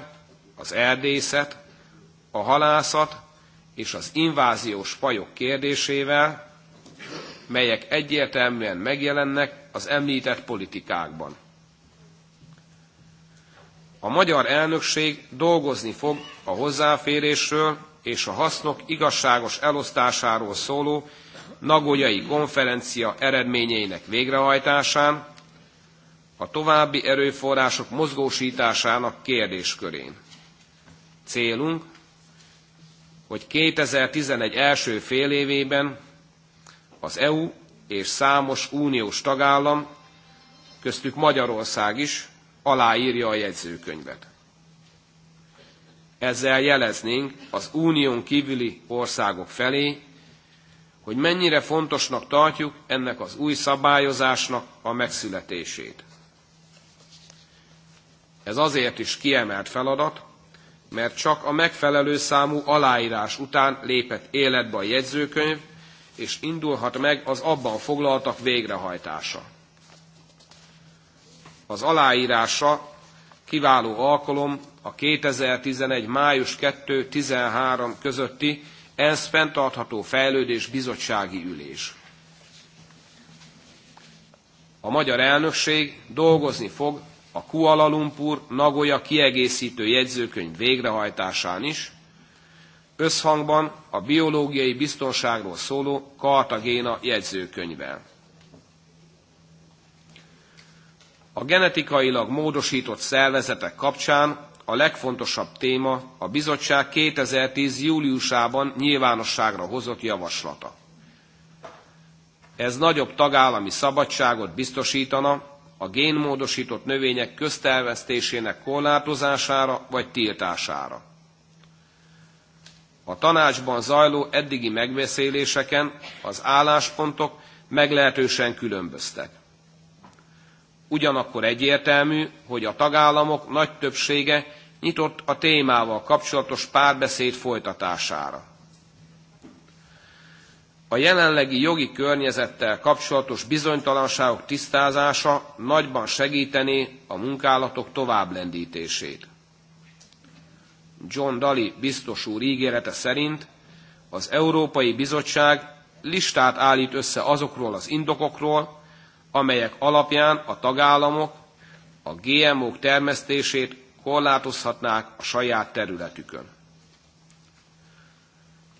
az erdészet, a halászat és az inváziós fajok kérdésével, melyek egyértelműen megjelennek az említett politikákban. A magyar elnökség dolgozni fog a hozzáférésről és a hasznok igazságos elosztásáról szóló Nagoyai konferencia eredményeinek végrehajtásán, a további erőforrások mozgósításának kérdéskörén. Célunk, hogy 2011 első félévében az EU és számos uniós tagállam, köztük Magyarország is aláírja a jegyzőkönyvet. Ezzel jeleznénk az unión kívüli országok felé, hogy mennyire fontosnak tartjuk ennek az új szabályozásnak a megszületését. Ez azért is kiemelt feladat, mert csak a megfelelő számú aláírás után lépett életbe a jegyzőkönyv, és indulhat meg az abban foglaltak végrehajtása. Az aláírása kiváló alkalom a 2011. május 2-13 közötti ENSZ fenntartható fejlődés bizottsági ülés. A magyar elnökség dolgozni fog a Kuala Lumpur Nagoya kiegészítő jegyzőkönyv végrehajtásán is, összhangban a biológiai biztonságról szóló Kartagéna jegyzőkönyvvel. A genetikailag módosított szervezetek kapcsán a legfontosabb téma a bizottság 2010. júliusában nyilvánosságra hozott javaslata. Ez nagyobb tagállami szabadságot biztosítana a génmódosított növények köztelvesztésének korlátozására vagy tiltására. A tanácsban zajló eddigi megbeszéléseken az álláspontok meglehetősen különböztek. Ugyanakkor egyértelmű, hogy a tagállamok nagy többsége nyitott a témával kapcsolatos párbeszéd folytatására. A jelenlegi jogi környezettel kapcsolatos bizonytalanságok tisztázása nagyban segítené a munkálatok továbblendítését. John Daly biztos úr ígérete szerint az Európai Bizottság listát állít össze azokról az indokokról, amelyek alapján a tagállamok a GMO-k termesztését korlátozhatnák a saját területükön.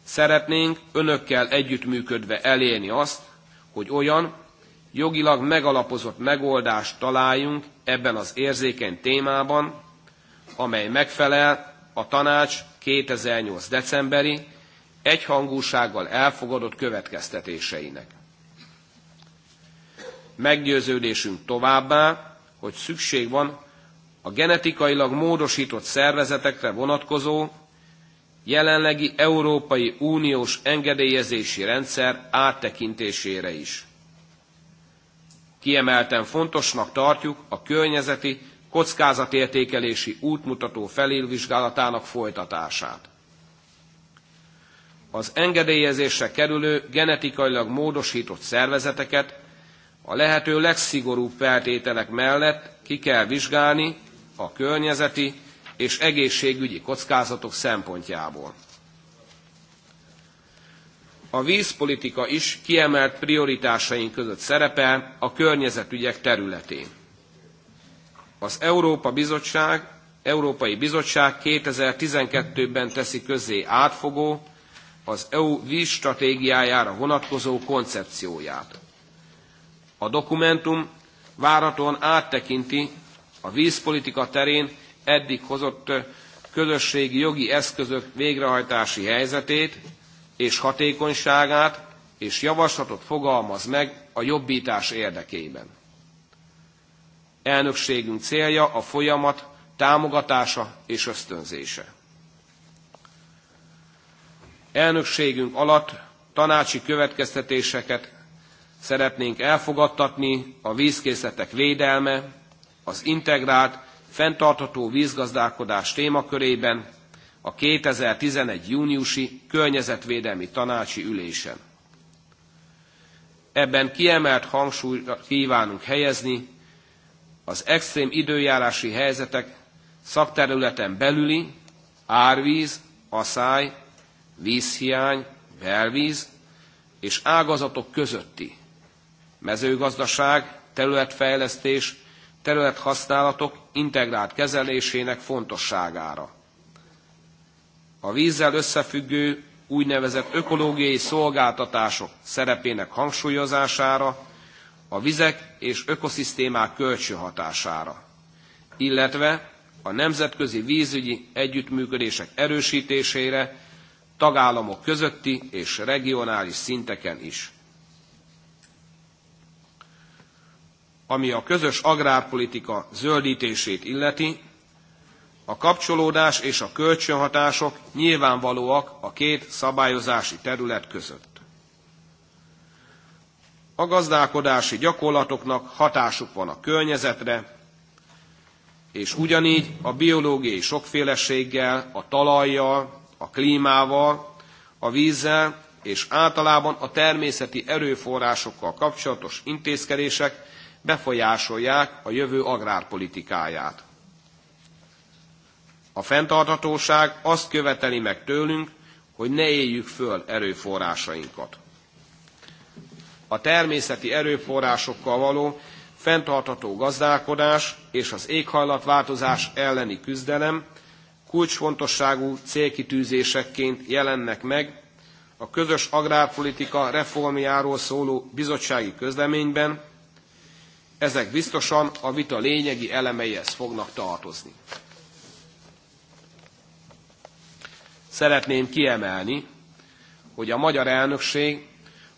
Szeretnénk önökkel együttműködve elérni azt, hogy olyan jogilag megalapozott megoldást találjunk ebben az érzékeny témában, amely megfelel a tanács 2008. decemberi egyhangúsággal elfogadott következtetéseinek. Meggyőződésünk továbbá, hogy szükség van a genetikailag módosított szervezetekre vonatkozó jelenlegi Európai Uniós engedélyezési rendszer áttekintésére is. Kiemelten fontosnak tartjuk a környezeti kockázatértékelési útmutató felülvizsgálatának folytatását. Az engedélyezésre kerülő genetikailag módosított szervezeteket a lehető legszigorúbb feltételek mellett ki kell vizsgálni a környezeti és egészségügyi kockázatok szempontjából. A vízpolitika is kiemelt prioritásaink között szerepel a környezetügyek területén. Az Európa Bizottság, Európai Bizottság 2012-ben teszi közzé átfogó, az EU vízstratégiájára vonatkozó koncepcióját. A dokumentum váraton áttekinti a vízpolitika terén eddig hozott közösségi jogi eszközök végrehajtási helyzetét és hatékonyságát, és javaslatot fogalmaz meg a jobbítás érdekében. Elnökségünk célja a folyamat támogatása és ösztönzése. Elnökségünk alatt tanácsi következtetéseket szeretnénk elfogadtatni a vízkészletek védelme, az integrált fenntartható vízgazdálkodás témakörében a 2011. júniusi környezetvédelmi tanácsi ülésen. Ebben kiemelt hangsúlyt kívánunk helyezni az extrém időjárási helyzetek szakterületen belüli árvíz, aszály, vízhiány, belvíz és ágazatok közötti mezőgazdaság, területfejlesztés, területhasználatok integrált kezelésének fontosságára. A vízzel összefüggő úgynevezett ökológiai szolgáltatások szerepének hangsúlyozására, a vizek és ökoszisztémák kölcsönhatására, illetve a nemzetközi vízügyi együttműködések erősítésére tagállamok közötti és regionális szinteken is. ami a közös agrárpolitika zöldítését illeti, a kapcsolódás és a kölcsönhatások nyilvánvalóak a két szabályozási terület között. A gazdálkodási gyakorlatoknak hatásuk van a környezetre, és ugyanígy a biológiai sokféleséggel, a talajjal, a klímával, a vízzel és általában a természeti erőforrásokkal kapcsolatos intézkedések befolyásolják a jövő agrárpolitikáját. A fenntarthatóság azt követeli meg tőlünk, hogy ne éljük föl erőforrásainkat. A természeti erőforrásokkal való fenntartható gazdálkodás és az éghajlatváltozás elleni küzdelem kulcsfontosságú célkitűzésekként jelennek meg a közös agrárpolitika reformjáról szóló bizottsági közleményben, ezek biztosan a vita lényegi elemeihez fognak tartozni. Szeretném kiemelni, hogy a magyar elnökség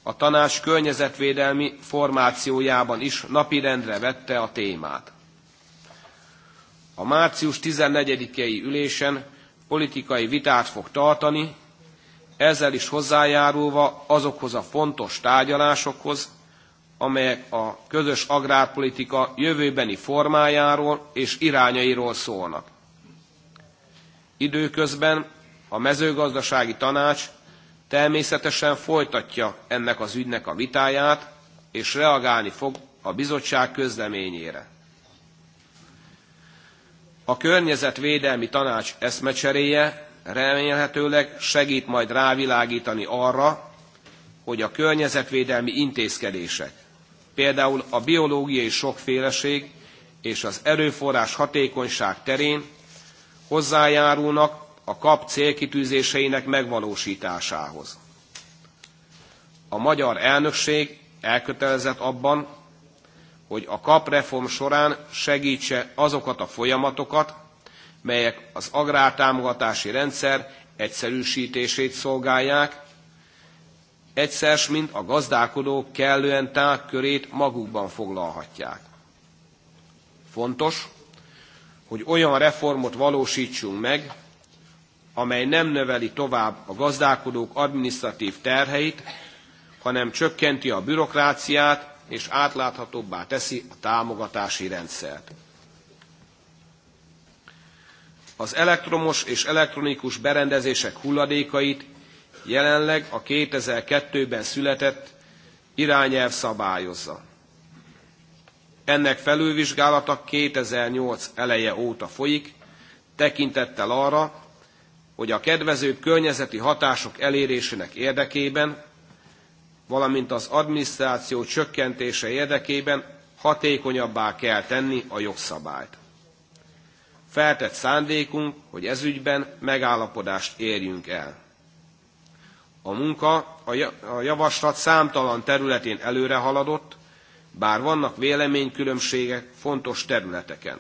a tanács környezetvédelmi formációjában is napirendre vette a témát. A március 14-i ülésen politikai vitát fog tartani, ezzel is hozzájárulva azokhoz a fontos tárgyalásokhoz, amelyek a közös agrárpolitika jövőbeni formájáról és irányairól szólnak. Időközben a mezőgazdasági tanács természetesen folytatja ennek az ügynek a vitáját, és reagálni fog a bizottság közleményére. A környezetvédelmi tanács eszmecseréje remélhetőleg segít majd rávilágítani arra, hogy a környezetvédelmi intézkedések például a biológiai sokféleség és az erőforrás hatékonyság terén hozzájárulnak a kap célkitűzéseinek megvalósításához. A magyar elnökség elkötelezett abban, hogy a kap reform során segítse azokat a folyamatokat, melyek az agrártámogatási rendszer egyszerűsítését szolgálják, egyszers mint a gazdálkodók kellően tág körét magukban foglalhatják. Fontos, hogy olyan reformot valósítsunk meg, amely nem növeli tovább a gazdálkodók adminisztratív terheit, hanem csökkenti a bürokráciát és átláthatóbbá teszi a támogatási rendszert. Az elektromos és elektronikus berendezések hulladékait jelenleg a 2002-ben született irányelv szabályozza. Ennek felülvizsgálata 2008 eleje óta folyik, tekintettel arra, hogy a kedvező környezeti hatások elérésének érdekében, valamint az adminisztráció csökkentése érdekében hatékonyabbá kell tenni a jogszabályt. Feltett szándékunk, hogy ezügyben megállapodást érjünk el. A munka a javaslat számtalan területén előre haladott, bár vannak véleménykülönbségek fontos területeken.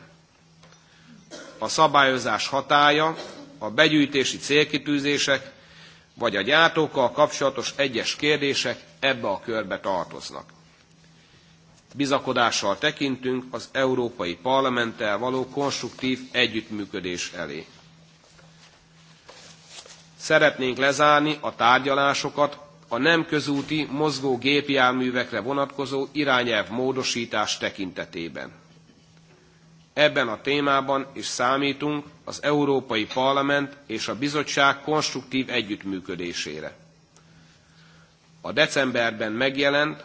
A szabályozás hatája, a begyűjtési célkitűzések vagy a gyártókkal kapcsolatos egyes kérdések ebbe a körbe tartoznak. Bizakodással tekintünk az Európai Parlamenttel való konstruktív együttműködés elé szeretnénk lezárni a tárgyalásokat a nem közúti mozgó gépjárművekre vonatkozó irányelv módosítás tekintetében. Ebben a témában is számítunk az Európai Parlament és a Bizottság konstruktív együttműködésére. A decemberben megjelent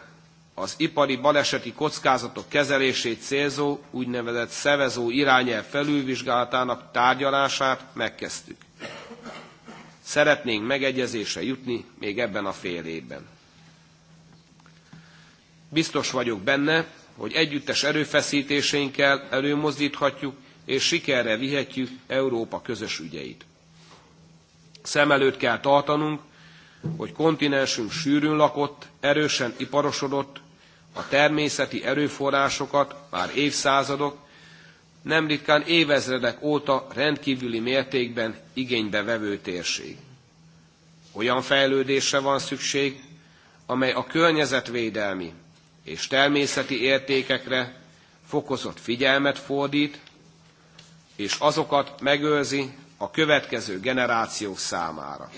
az ipari baleseti kockázatok kezelését célzó úgynevezett szevezó irányelv felülvizsgálatának tárgyalását megkezdtük. Szeretnénk megegyezésre jutni még ebben a fél évben. Biztos vagyok benne, hogy együttes erőfeszítéseinkkel előmozdíthatjuk és sikerre vihetjük Európa közös ügyeit. Szem előtt kell tartanunk, hogy kontinensünk sűrűn lakott, erősen iparosodott, a természeti erőforrásokat már évszázadok, nem ritkán évezredek óta rendkívüli mértékben igénybe vevő térség. Olyan fejlődésre van szükség, amely a környezetvédelmi és természeti értékekre fokozott figyelmet fordít, és azokat megőrzi a következő generációk számára.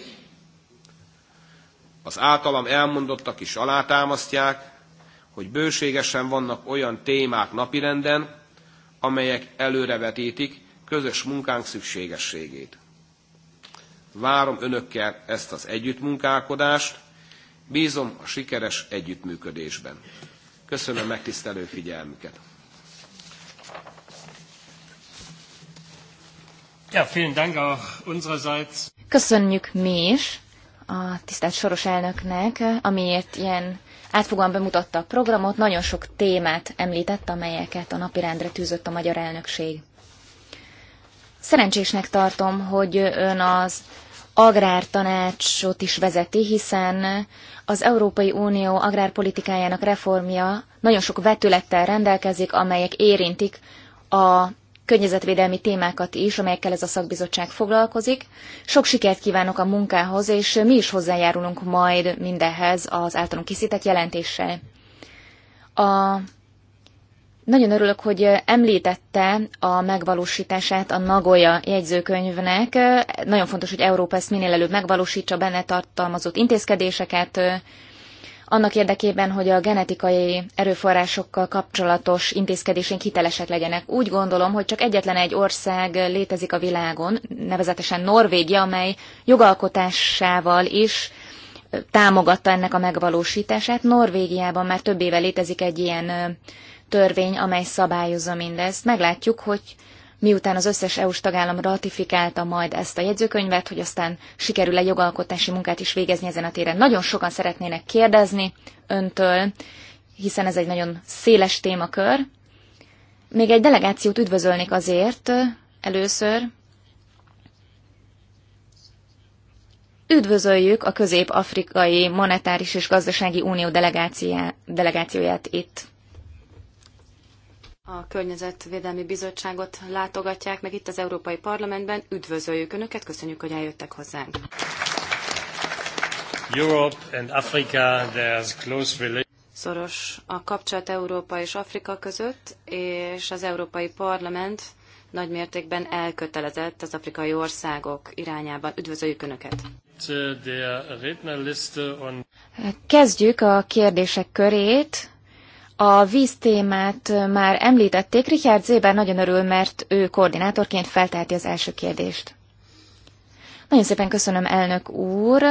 Az általam elmondottak is alátámasztják, hogy bőségesen vannak olyan témák napirenden, amelyek előrevetítik közös munkánk szükségességét. Várom önökkel ezt az együttmunkálkodást, bízom a sikeres együttműködésben. Köszönöm megtisztelő figyelmüket! Ja, vielen Dank auch unsererseits. Köszönjük mi is a tisztelt soros elnöknek, amiért ilyen átfogóan bemutatta a programot, nagyon sok témát említett, amelyeket a napirendre tűzött a magyar elnökség. Szerencsésnek tartom, hogy ön az agrártanácsot is vezeti, hiszen az Európai Unió agrárpolitikájának reformja nagyon sok vetülettel rendelkezik, amelyek érintik a környezetvédelmi témákat is, amelyekkel ez a szakbizottság foglalkozik. Sok sikert kívánok a munkához, és mi is hozzájárulunk majd mindehhez az általunk készített jelentéssel. A nagyon örülök, hogy említette a megvalósítását a Nagoya jegyzőkönyvnek. Nagyon fontos, hogy Európa ezt minél előbb megvalósítsa, benne tartalmazott intézkedéseket, annak érdekében, hogy a genetikai erőforrásokkal kapcsolatos intézkedésén hitelesek legyenek. Úgy gondolom, hogy csak egyetlen egy ország létezik a világon, nevezetesen Norvégia, amely jogalkotásával is támogatta ennek a megvalósítását. Norvégiában már több éve létezik egy ilyen törvény, amely szabályozza mindezt. Meglátjuk, hogy miután az összes EU-s tagállam ratifikálta majd ezt a jegyzőkönyvet, hogy aztán sikerül-e jogalkotási munkát is végezni ezen a téren. Nagyon sokan szeretnének kérdezni öntől, hiszen ez egy nagyon széles témakör. Még egy delegációt üdvözölnék azért először. Üdvözöljük a Közép-Afrikai Monetáris és Gazdasági Unió delegációját itt a Környezetvédelmi Bizottságot látogatják meg itt az Európai Parlamentben. Üdvözöljük Önöket, köszönjük, hogy eljöttek hozzánk. Europe and Africa, there's close relation. Szoros a kapcsolat Európa és Afrika között, és az Európai Parlament nagy mértékben elkötelezett az afrikai országok irányában. Üdvözöljük Önöket! Kezdjük a kérdések körét. A víztémát már említették, Richard Zéber nagyon örül, mert ő koordinátorként felteheti az első kérdést. Nagyon szépen köszönöm, elnök úr.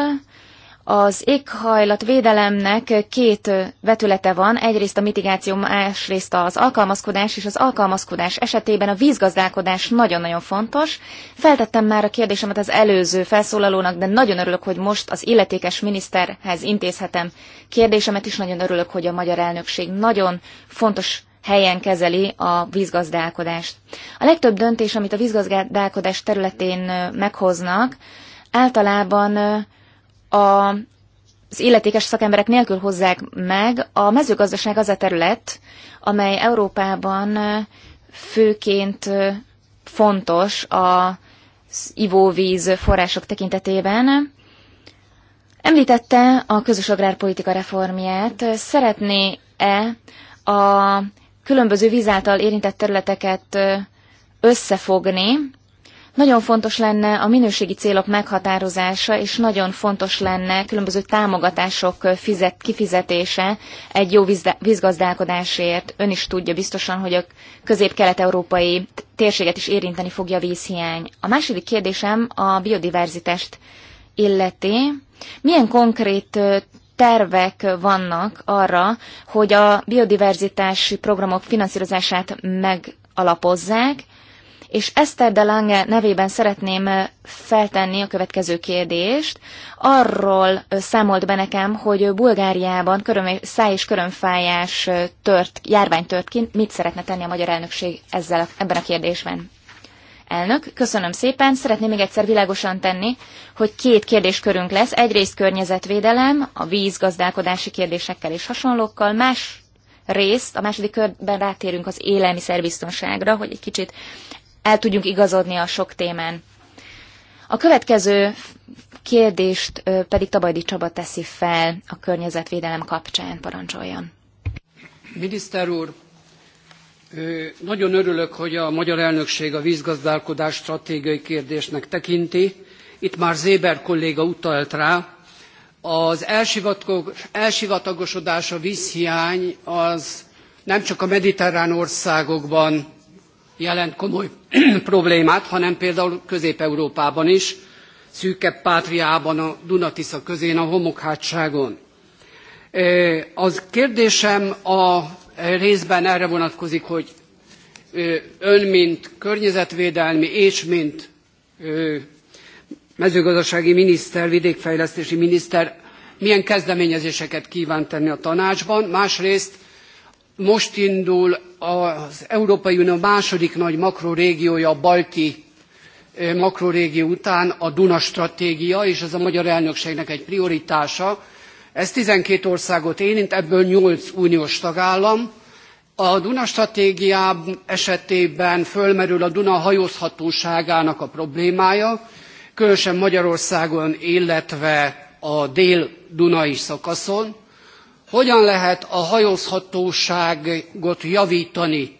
Az éghajlatvédelemnek két vetülete van, egyrészt a mitigáció, másrészt az alkalmazkodás, és az alkalmazkodás esetében a vízgazdálkodás nagyon-nagyon fontos. Feltettem már a kérdésemet az előző felszólalónak, de nagyon örülök, hogy most az illetékes miniszterhez intézhetem kérdésemet, is nagyon örülök, hogy a magyar elnökség nagyon fontos helyen kezeli a vízgazdálkodást. A legtöbb döntés, amit a vízgazdálkodás területén meghoznak, általában a az illetékes szakemberek nélkül hozzák meg. A mezőgazdaság az a terület, amely Európában főként fontos az ivóvíz források tekintetében. Említette a közös agrárpolitika reformját. Szeretné-e a különböző víz által érintett területeket összefogni, nagyon fontos lenne a minőségi célok meghatározása, és nagyon fontos lenne különböző támogatások fizet, kifizetése egy jó vízgazdálkodásért. Ön is tudja biztosan, hogy a közép-kelet-európai térséget is érinteni fogja a vízhiány. A második kérdésem a biodiverzitást illeti. Milyen konkrét tervek vannak arra, hogy a biodiverzitási programok finanszírozását megalapozzák, és Eszter de Lange nevében szeretném feltenni a következő kérdést. Arról számolt be nekem, hogy Bulgáriában köröm, száj és körömfájás tört, járvány tört ki. Mit szeretne tenni a magyar elnökség ezzel, ebben a kérdésben? Elnök, köszönöm szépen. Szeretném még egyszer világosan tenni, hogy két kérdéskörünk lesz. Egyrészt környezetvédelem, a vízgazdálkodási kérdésekkel és hasonlókkal, más részt, a második körben rátérünk az élelmiszerbiztonságra, hogy egy kicsit el tudjunk igazodni a sok témán. A következő kérdést pedig Tabajdi Csaba teszi fel a környezetvédelem kapcsán, parancsoljon. Miniszter úr, nagyon örülök, hogy a magyar elnökség a vízgazdálkodás stratégiai kérdésnek tekinti. Itt már Zéber kolléga utalt rá. Az elsivatagosodás, a vízhiány az nem csak a mediterrán országokban jelent komoly (clears throat) problémát, hanem például Közép-Európában is, szűkebb pátriában a Dunatisza közén, a homokhátságon. Az kérdésem a részben erre vonatkozik, hogy ön, mint környezetvédelmi és mint mezőgazdasági miniszter, vidékfejlesztési miniszter, milyen kezdeményezéseket kíván tenni a tanácsban, másrészt most indul az Európai Unió második nagy makrorégiója, a balti makrorégió után a Duna stratégia, és ez a magyar elnökségnek egy prioritása. Ez 12 országot érint, ebből 8 uniós tagállam. A Duna stratégia esetében fölmerül a Duna hajózhatóságának a problémája, különösen Magyarországon, illetve a dél-dunai szakaszon. Hogyan lehet a hajózhatóságot javítani,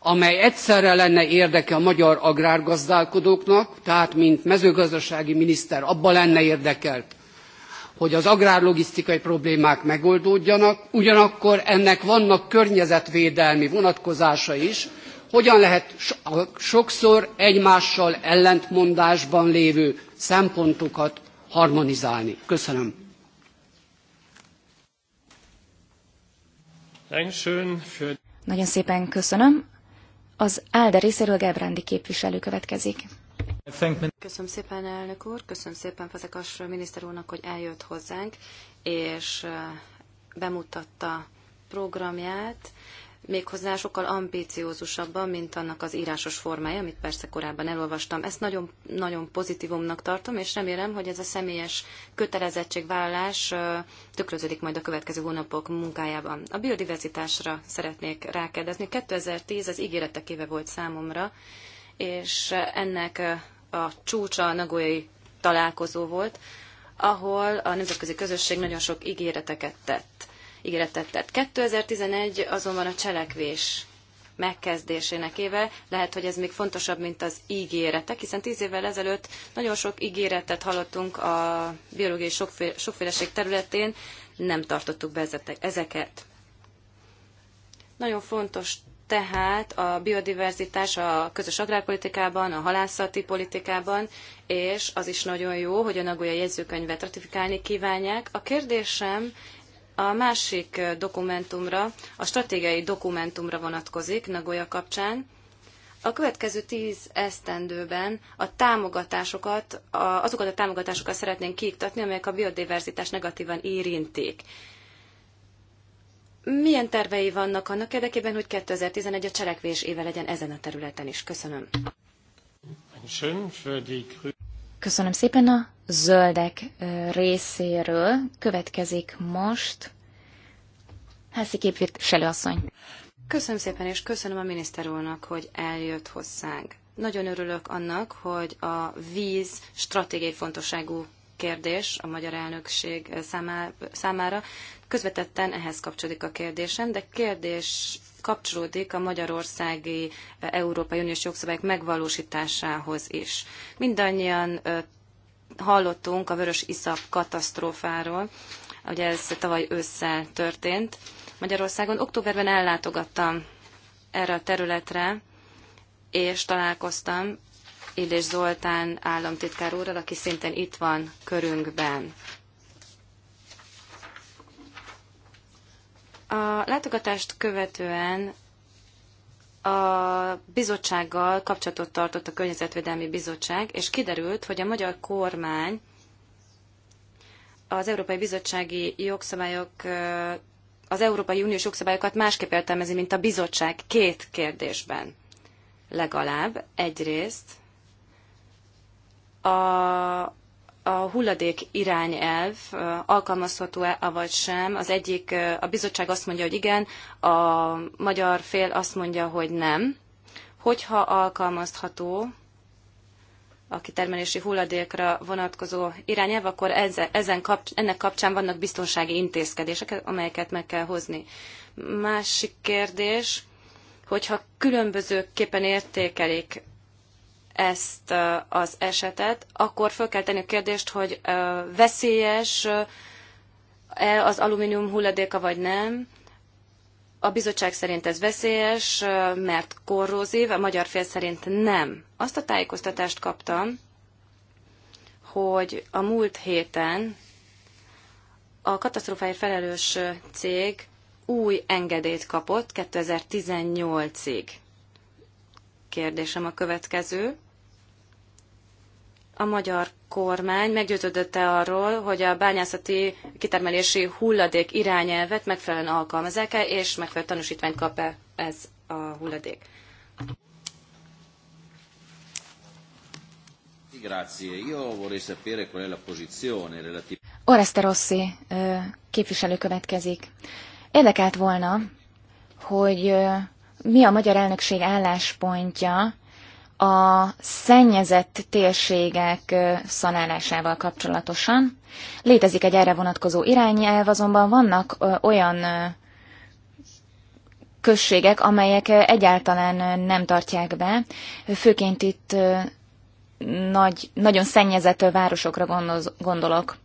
amely egyszerre lenne érdeke a magyar agrárgazdálkodóknak, tehát mint mezőgazdasági miniszter abban lenne érdekelt, hogy az agrárlogisztikai problémák megoldódjanak, ugyanakkor ennek vannak környezetvédelmi vonatkozása is, hogyan lehet sokszor egymással ellentmondásban lévő szempontokat harmonizálni. Köszönöm. Nagyon szépen köszönöm. Az Álda részéről Gebrandi képviselő következik. Köszönöm szépen, elnök úr, köszönöm szépen Fazekas miniszter úrnak, hogy eljött hozzánk, és eh, bemutatta programját, méghozzá sokkal ambíciózusabban, mint annak az írásos formája, amit persze korábban elolvastam. Ezt nagyon, nagyon pozitívumnak tartom, és remélem, hogy ez a személyes kötelezettségvállalás tükröződik majd a következő hónapok munkájában. A biodiverzitásra szeretnék rákérdezni. 2010 az ígéretek éve volt számomra, és ennek a csúcsa a nagolyai találkozó volt, ahol a nemzetközi közösség nagyon sok ígéreteket tett ígéretet tett. 2011 azonban a cselekvés megkezdésének éve. Lehet, hogy ez még fontosabb, mint az ígéretek, hiszen tíz évvel ezelőtt nagyon sok ígéretet hallottunk a biológiai sokféleség területén, nem tartottuk be ezeket. Nagyon fontos tehát a biodiverzitás a közös agrárpolitikában, a halászati politikában, és az is nagyon jó, hogy a Nagoya jegyzőkönyvet ratifikálni kívánják. A kérdésem a másik dokumentumra, a stratégiai dokumentumra vonatkozik Nagoya kapcsán. A következő tíz esztendőben a támogatásokat, azokat a támogatásokat szeretnénk kiiktatni, amelyek a biodiverzitás negatívan érintik. Milyen tervei vannak annak érdekében, hogy 2011 a cselekvés éve legyen ezen a területen is? Köszönöm. Köszönöm szépen a zöldek részéről. Következik most Hászi képviselőasszony. Köszönöm szépen, és köszönöm a miniszter úrnak, hogy eljött hozzánk. Nagyon örülök annak, hogy a víz stratégiai fontosságú kérdés a magyar elnökség számára. Közvetetten ehhez kapcsolódik a kérdésem, de kérdés kapcsolódik a magyarországi e, Európai Uniós jogszabályok megvalósításához is. Mindannyian hallottunk a vörös iszap katasztrófáról, ugye ez tavaly ősszel történt Magyarországon. Októberben ellátogattam erre a területre, és találkoztam Illés Zoltán államtitkár úrral, aki szintén itt van körünkben. A látogatást követően a bizottsággal kapcsolatot tartott a Környezetvédelmi Bizottság, és kiderült, hogy a magyar kormány az Európai Bizottsági jogszabályok, az Európai Uniós jogszabályokat másképp értelmezi, mint a bizottság két kérdésben. Legalább egyrészt a a hulladék irányelv alkalmazható-e, avagy sem. Az egyik, a bizottság azt mondja, hogy igen, a magyar fél azt mondja, hogy nem. Hogyha alkalmazható a kitermelési hulladékra vonatkozó irányelv, akkor ezen, ezen ennek kapcsán vannak biztonsági intézkedések, amelyeket meg kell hozni. Másik kérdés, hogyha különbözőképpen értékelik ezt az esetet, akkor föl kell tenni a kérdést, hogy veszélyes -e az alumínium hulladéka vagy nem. A bizottság szerint ez veszélyes, mert korrózív, a magyar fél szerint nem. Azt a tájékoztatást kaptam, hogy a múlt héten a katasztrófáért felelős cég új engedélyt kapott 2018-ig. Kérdésem a következő a magyar kormány meggyőződött-e arról, hogy a bányászati kitermelési hulladék irányelvet megfelelően alkalmazák-e, és megfelelő tanúsítványt kap-e ez a hulladék? Grazie. Io vorrei sapere qual è la posizione relativa... Oreste Rossi képviselő következik. Érdekelt volna, hogy mi a magyar elnökség álláspontja a szennyezett térségek szanálásával kapcsolatosan. Létezik egy erre vonatkozó irányelv, azonban vannak olyan községek, amelyek egyáltalán nem tartják be. Főként itt nagy, nagyon szennyezett városokra gondoz, gondolok.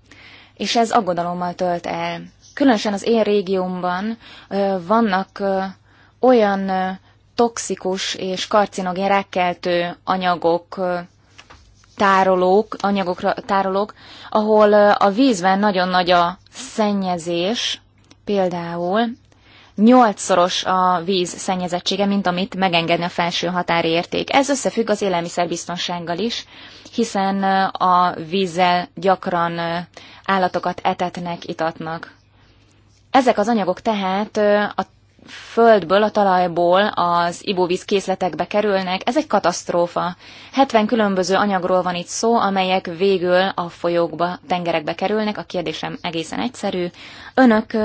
És ez aggodalommal tölt el. Különösen az én régiómban vannak olyan toxikus és karcinogén rákkeltő anyagok tárolók, anyagokra tárolók, ahol a vízben nagyon nagy a szennyezés, például nyolcszoros a víz szennyezettsége, mint amit megengedne a felső határérték. Ez összefügg az élelmiszerbiztonsággal is, hiszen a vízzel gyakran állatokat etetnek, itatnak. Ezek az anyagok tehát a földből, a talajból az ibóvíz készletekbe kerülnek, ez egy katasztrófa. 70 különböző anyagról van itt szó, amelyek végül a folyókba, tengerekbe kerülnek. A kérdésem egészen egyszerű. Önök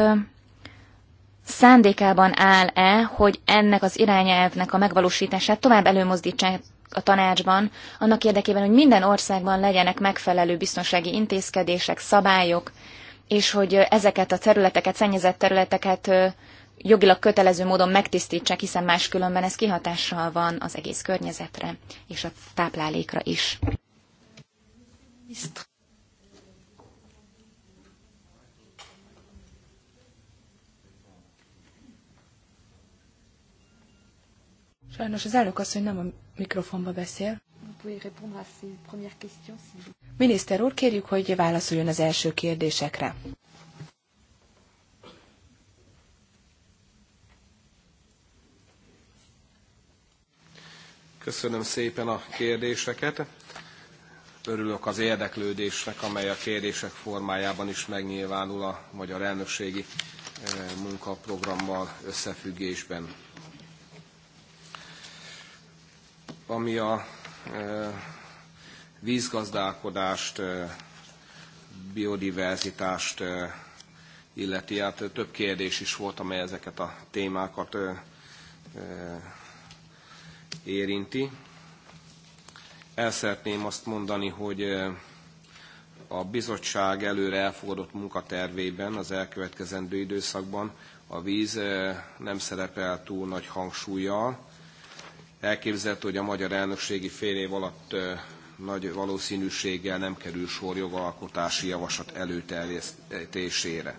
szándékában áll-e, hogy ennek az irányelvnek a megvalósítását tovább előmozdítsák a tanácsban, annak érdekében, hogy minden országban legyenek megfelelő biztonsági intézkedések, szabályok, és hogy ezeket a területeket, szennyezett területeket jogilag kötelező módon megtisztítsák, hiszen máskülönben ez kihatással van az egész környezetre és a táplálékra is. Sajnos az elnök asszony nem a mikrofonba beszél. Miniszter úr, kérjük, hogy válaszoljon az első kérdésekre. Köszönöm szépen a kérdéseket. Örülök az érdeklődésnek, amely a kérdések formájában is megnyilvánul a magyar elnökségi eh, munkaprogrammal összefüggésben. Ami a eh, vízgazdálkodást, eh, biodiverzitást illeti, hát több kérdés is volt, amely ezeket a témákat érinti. El szeretném azt mondani, hogy a bizottság előre elfogadott munkatervében az elkövetkezendő időszakban a víz nem szerepel túl nagy hangsúlyjal. Elképzelhető, hogy a magyar elnökségi fél év alatt nagy valószínűséggel nem kerül sor jogalkotási javaslat előterjesztésére.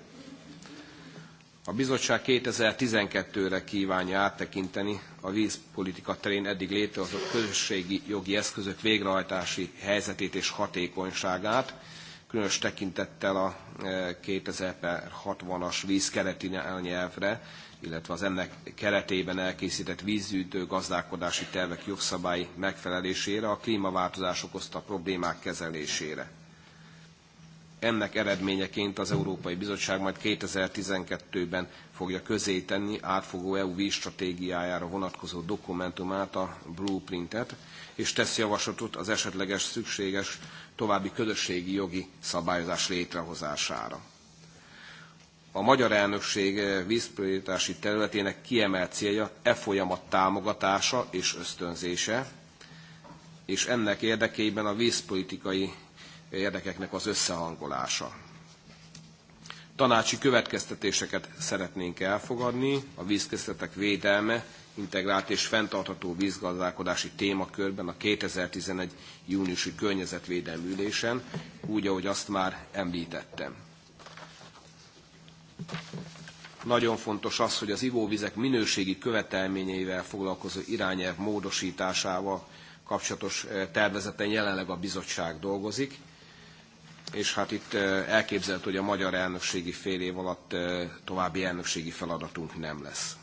A bizottság 2012-re kívánja áttekinteni a vízpolitika terén eddig létrehozott közösségi jogi eszközök végrehajtási helyzetét és hatékonyságát, különös tekintettel a 2060-as e, vízkereti nyelvre, illetve az ennek keretében elkészített vízütő gazdálkodási tervek jogszabályi megfelelésére, a klímaváltozás okozta problémák kezelésére. Ennek eredményeként az Európai Bizottság majd 2012-ben fogja közétenni, átfogó EU vízstratégiájára vonatkozó dokumentumát, a blueprintet, és tesz javaslatot az esetleges szükséges további közösségi jogi szabályozás létrehozására. A magyar elnökség vízprioritási területének kiemelt célja e folyamat támogatása és ösztönzése, és ennek érdekében a vízpolitikai érdekeknek az összehangolása. Tanácsi következtetéseket szeretnénk elfogadni, a vízkészletek védelme, integrált és fenntartható vízgazdálkodási témakörben a 2011. júniusi környezetvédelmi ülésen, úgy, ahogy azt már említettem. Nagyon fontos az, hogy az ivóvizek minőségi követelményeivel foglalkozó irányelv módosításával kapcsolatos eh, tervezeten jelenleg a bizottság dolgozik és hát itt elképzelhető, hogy a magyar elnökségi fél év alatt további elnökségi feladatunk nem lesz.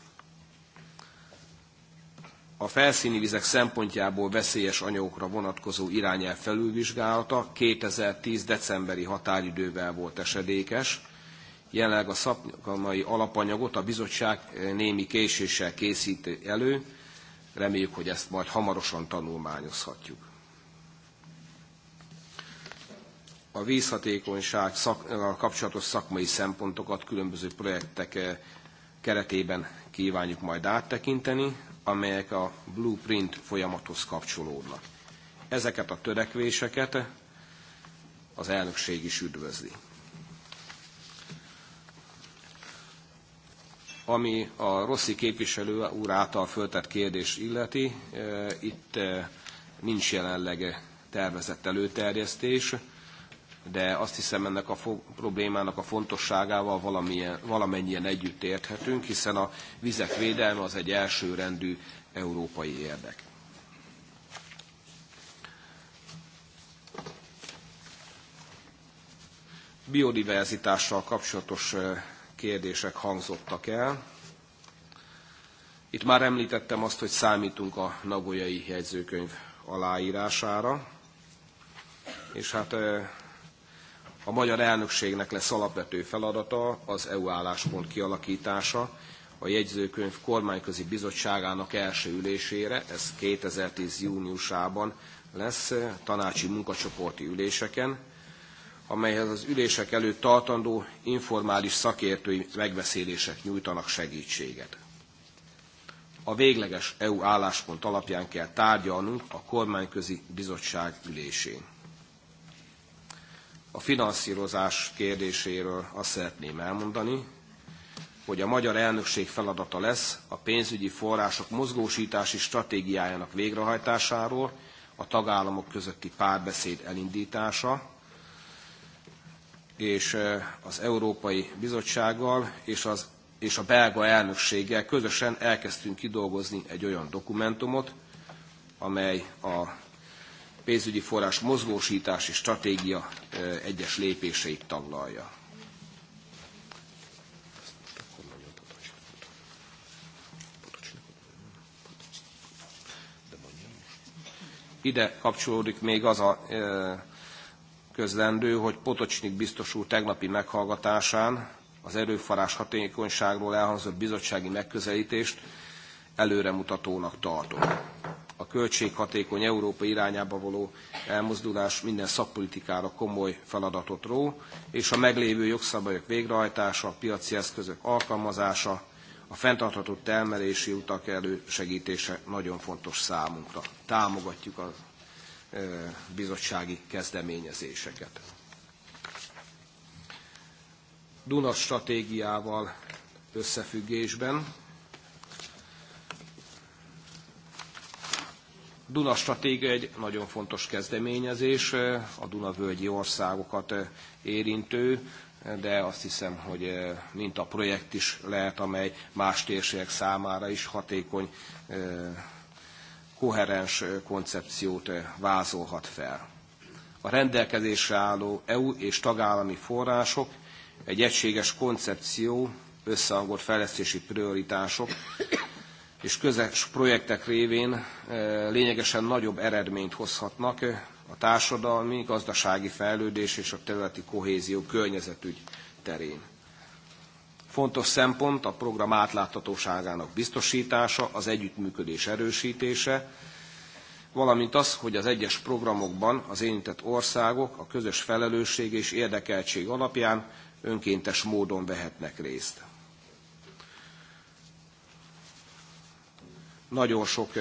A felszíni vizek szempontjából veszélyes anyagokra vonatkozó irányelv felülvizsgálata 2010. decemberi határidővel volt esedékes. Jelenleg a szakmai alapanyagot a bizottság némi késéssel készít elő, reméljük, hogy ezt majd hamarosan tanulmányozhatjuk. a vízhatékonyság kapcsolatos szakmai szempontokat különböző projektek eh, keretében kívánjuk majd áttekinteni, amelyek a blueprint folyamathoz kapcsolódnak. Ezeket a törekvéseket az elnökség is üdvözli. Ami a Rossi képviselő úr által föltett kérdés illeti, eh, itt eh, nincs jelenleg tervezett előterjesztés, de azt hiszem ennek a problémának a fontosságával valamilyen, valamennyien együtt érthetünk, hiszen a vizek védelme az egy elsőrendű európai érdek. Biodiverzitással kapcsolatos kérdések hangzottak el. Itt már említettem azt, hogy számítunk a Nagoyai jegyzőkönyv aláírására, és hát a magyar elnökségnek lesz alapvető feladata az EU álláspont kialakítása a jegyzőkönyv kormányközi bizottságának első ülésére, ez 2010. júniusában lesz tanácsi munkacsoporti üléseken, amelyhez az ülések előtt tartandó informális szakértői megbeszélések nyújtanak segítséget. A végleges EU álláspont alapján kell tárgyalnunk a kormányközi bizottság ülésén. A finanszírozás kérdéséről azt szeretném elmondani, hogy a magyar elnökség feladata lesz a pénzügyi források mozgósítási stratégiájának végrehajtásáról, a tagállamok közötti párbeszéd elindítása, és az Európai Bizottsággal és, az, és a belga elnökséggel közösen elkezdtünk kidolgozni egy olyan dokumentumot, amely a pénzügyi forrás mozgósítási stratégia egyes lépéseit taglalja. Ide kapcsolódik még az a közlendő, hogy Potocsnik biztos úr tegnapi meghallgatásán az erőforrás hatékonyságról elhangzott bizottsági megközelítést előremutatónak tartott a költséghatékony Európa irányába való elmozdulás minden szakpolitikára komoly feladatot ró, és a meglévő jogszabályok végrehajtása, a piaci eszközök alkalmazása, a fenntartható termelési utak elősegítése nagyon fontos számunkra. Támogatjuk a bizottsági kezdeményezéseket. Duna stratégiával összefüggésben Duna stratégia egy nagyon fontos kezdeményezés, a Dunavölgyi országokat érintő, de azt hiszem, hogy mint a projekt is lehet, amely más térségek számára is hatékony, koherens koncepciót vázolhat fel. A rendelkezésre álló EU és tagállami források, egy egységes koncepció, összehangolt fejlesztési prioritások és közös projektek révén e, lényegesen nagyobb eredményt hozhatnak e, a társadalmi, gazdasági fejlődés és a területi kohézió környezetügy terén. Fontos szempont a program átláthatóságának biztosítása, az együttműködés erősítése, valamint az, hogy az egyes programokban az érintett országok a közös felelősség és érdekeltség alapján önkéntes módon vehetnek részt. Nagyon sok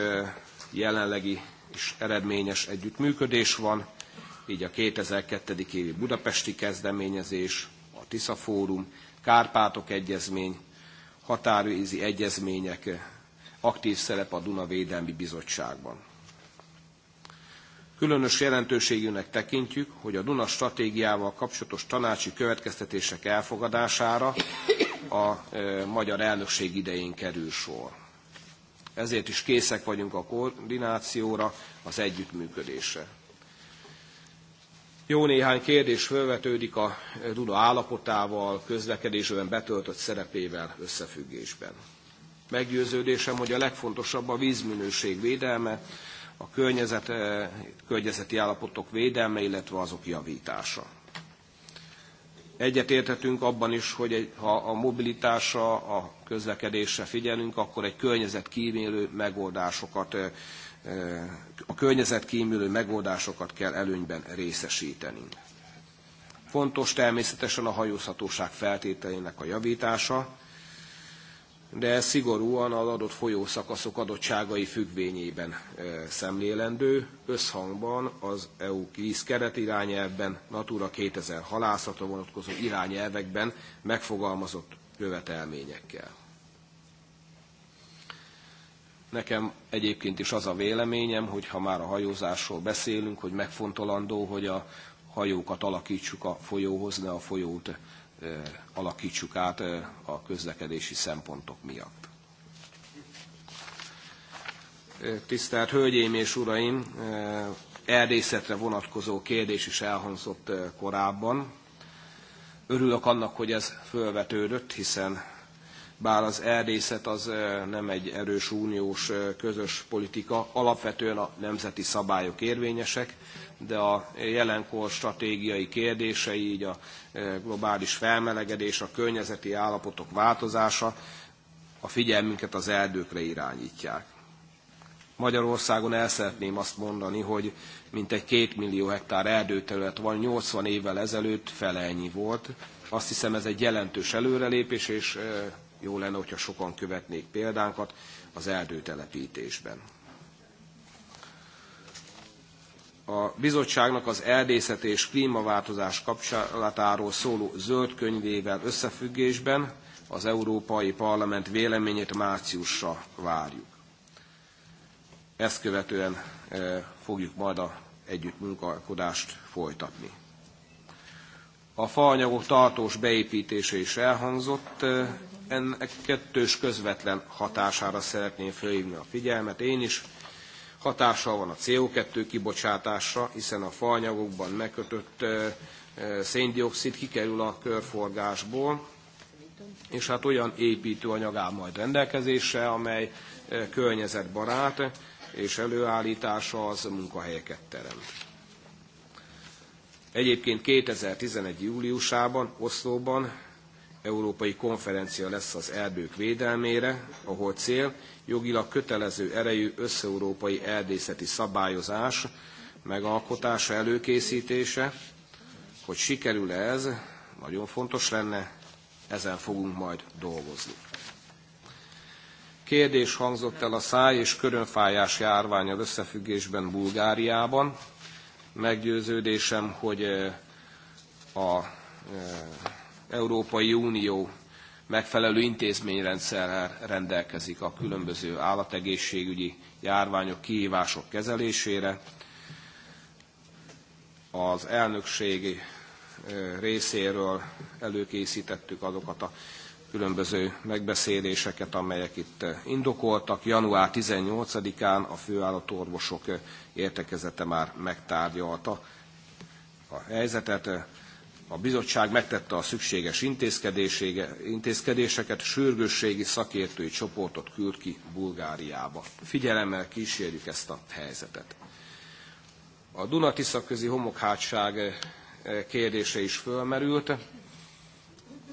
jelenlegi és eredményes együttműködés van, így a 2002. évi budapesti kezdeményezés, a Tisza Fórum, Kárpátok Egyezmény, határvízi egyezmények aktív szerep a Duna Védelmi Bizottságban. Különös jelentőségűnek tekintjük, hogy a Duna stratégiával kapcsolatos tanácsi következtetések elfogadására a magyar elnökség idején kerül sor. Ezért is készek vagyunk a koordinációra, az együttműködésre. Jó néhány kérdés felvetődik a Duna állapotával, közlekedésben betöltött szerepével összefüggésben. Meggyőződésem, hogy a legfontosabb a vízminőség védelme, a környezet, eh, környezeti állapotok védelme, illetve azok javítása. Egyetérthetünk abban is, hogy egy, ha a mobilitásra, a közlekedésre figyelünk, akkor egy környezetkímélő megoldásokat, a környezetkímélő megoldásokat kell előnyben részesíteni. Fontos természetesen a hajózhatóság feltételének a javítása, de szigorúan az adott folyószakaszok adottságai függvényében szemlélendő, összhangban az EU víz keretirányelvben, Natura 2000 halászatra vonatkozó irányelvekben megfogalmazott követelményekkel. Nekem egyébként is az a véleményem, hogy ha már a hajózásról beszélünk, hogy megfontolandó, hogy a hajókat alakítsuk a folyóhoz, ne a folyót alakítsuk át a közlekedési szempontok miatt. Tisztelt Hölgyeim és Uraim, erdészetre vonatkozó kérdés is elhangzott korábban. Örülök annak, hogy ez fölvetődött, hiszen bár az erdészet az nem egy erős uniós közös politika, alapvetően a nemzeti szabályok érvényesek, de a jelenkor stratégiai kérdései, így a e, globális felmelegedés, a környezeti állapotok változása a figyelmünket az erdőkre irányítják. Magyarországon el szeretném azt mondani, hogy mintegy két millió hektár erdőterület van, 80 évvel ezelőtt fele ennyi volt. Azt hiszem ez egy jelentős előrelépés, és e, jó lenne, hogyha sokan követnék példánkat az erdőtelepítésben a bizottságnak az erdészet és klímaváltozás kapcsolatáról szóló zöld könyvével összefüggésben az Európai Parlament véleményét márciusra várjuk. Ezt követően e, fogjuk majd a együttmunkálkodást folytatni. A faanyagok tartós beépítése is elhangzott, e, ennek kettős közvetlen hatására szeretném fölhívni a figyelmet. Én is hatással van a CO2 kibocsátásra, hiszen a faanyagokban megkötött széndiokszid kikerül a körforgásból, és hát olyan építőanyag áll majd rendelkezésre, amely környezetbarát, és előállítása az munkahelyeket teremt. Egyébként 2011. júliusában Oszlóban európai konferencia lesz az erdők védelmére, ahol cél jogilag kötelező erejű összeurópai erdészeti szabályozás megalkotása, előkészítése, hogy sikerül -e ez, nagyon fontos lenne, ezen fogunk majd dolgozni. Kérdés hangzott el a száj és körönfájás járványal összefüggésben Bulgáriában. Meggyőződésem, hogy eh, a eh, Európai Unió megfelelő intézményrendszerrel rendelkezik a különböző állategészségügyi járványok kihívások kezelésére. Az elnökség részéről előkészítettük azokat a különböző megbeszéléseket, amelyek itt indokoltak. Január 18-án a főállatorvosok értekezete már megtárgyalta a helyzetet. A bizottság megtette a szükséges intézkedéseket, sürgősségi szakértői csoportot küld ki Bulgáriába. Figyelemmel kísérjük ezt a helyzetet. A Dunatisza közi homokhátság eh, kérdése is fölmerült.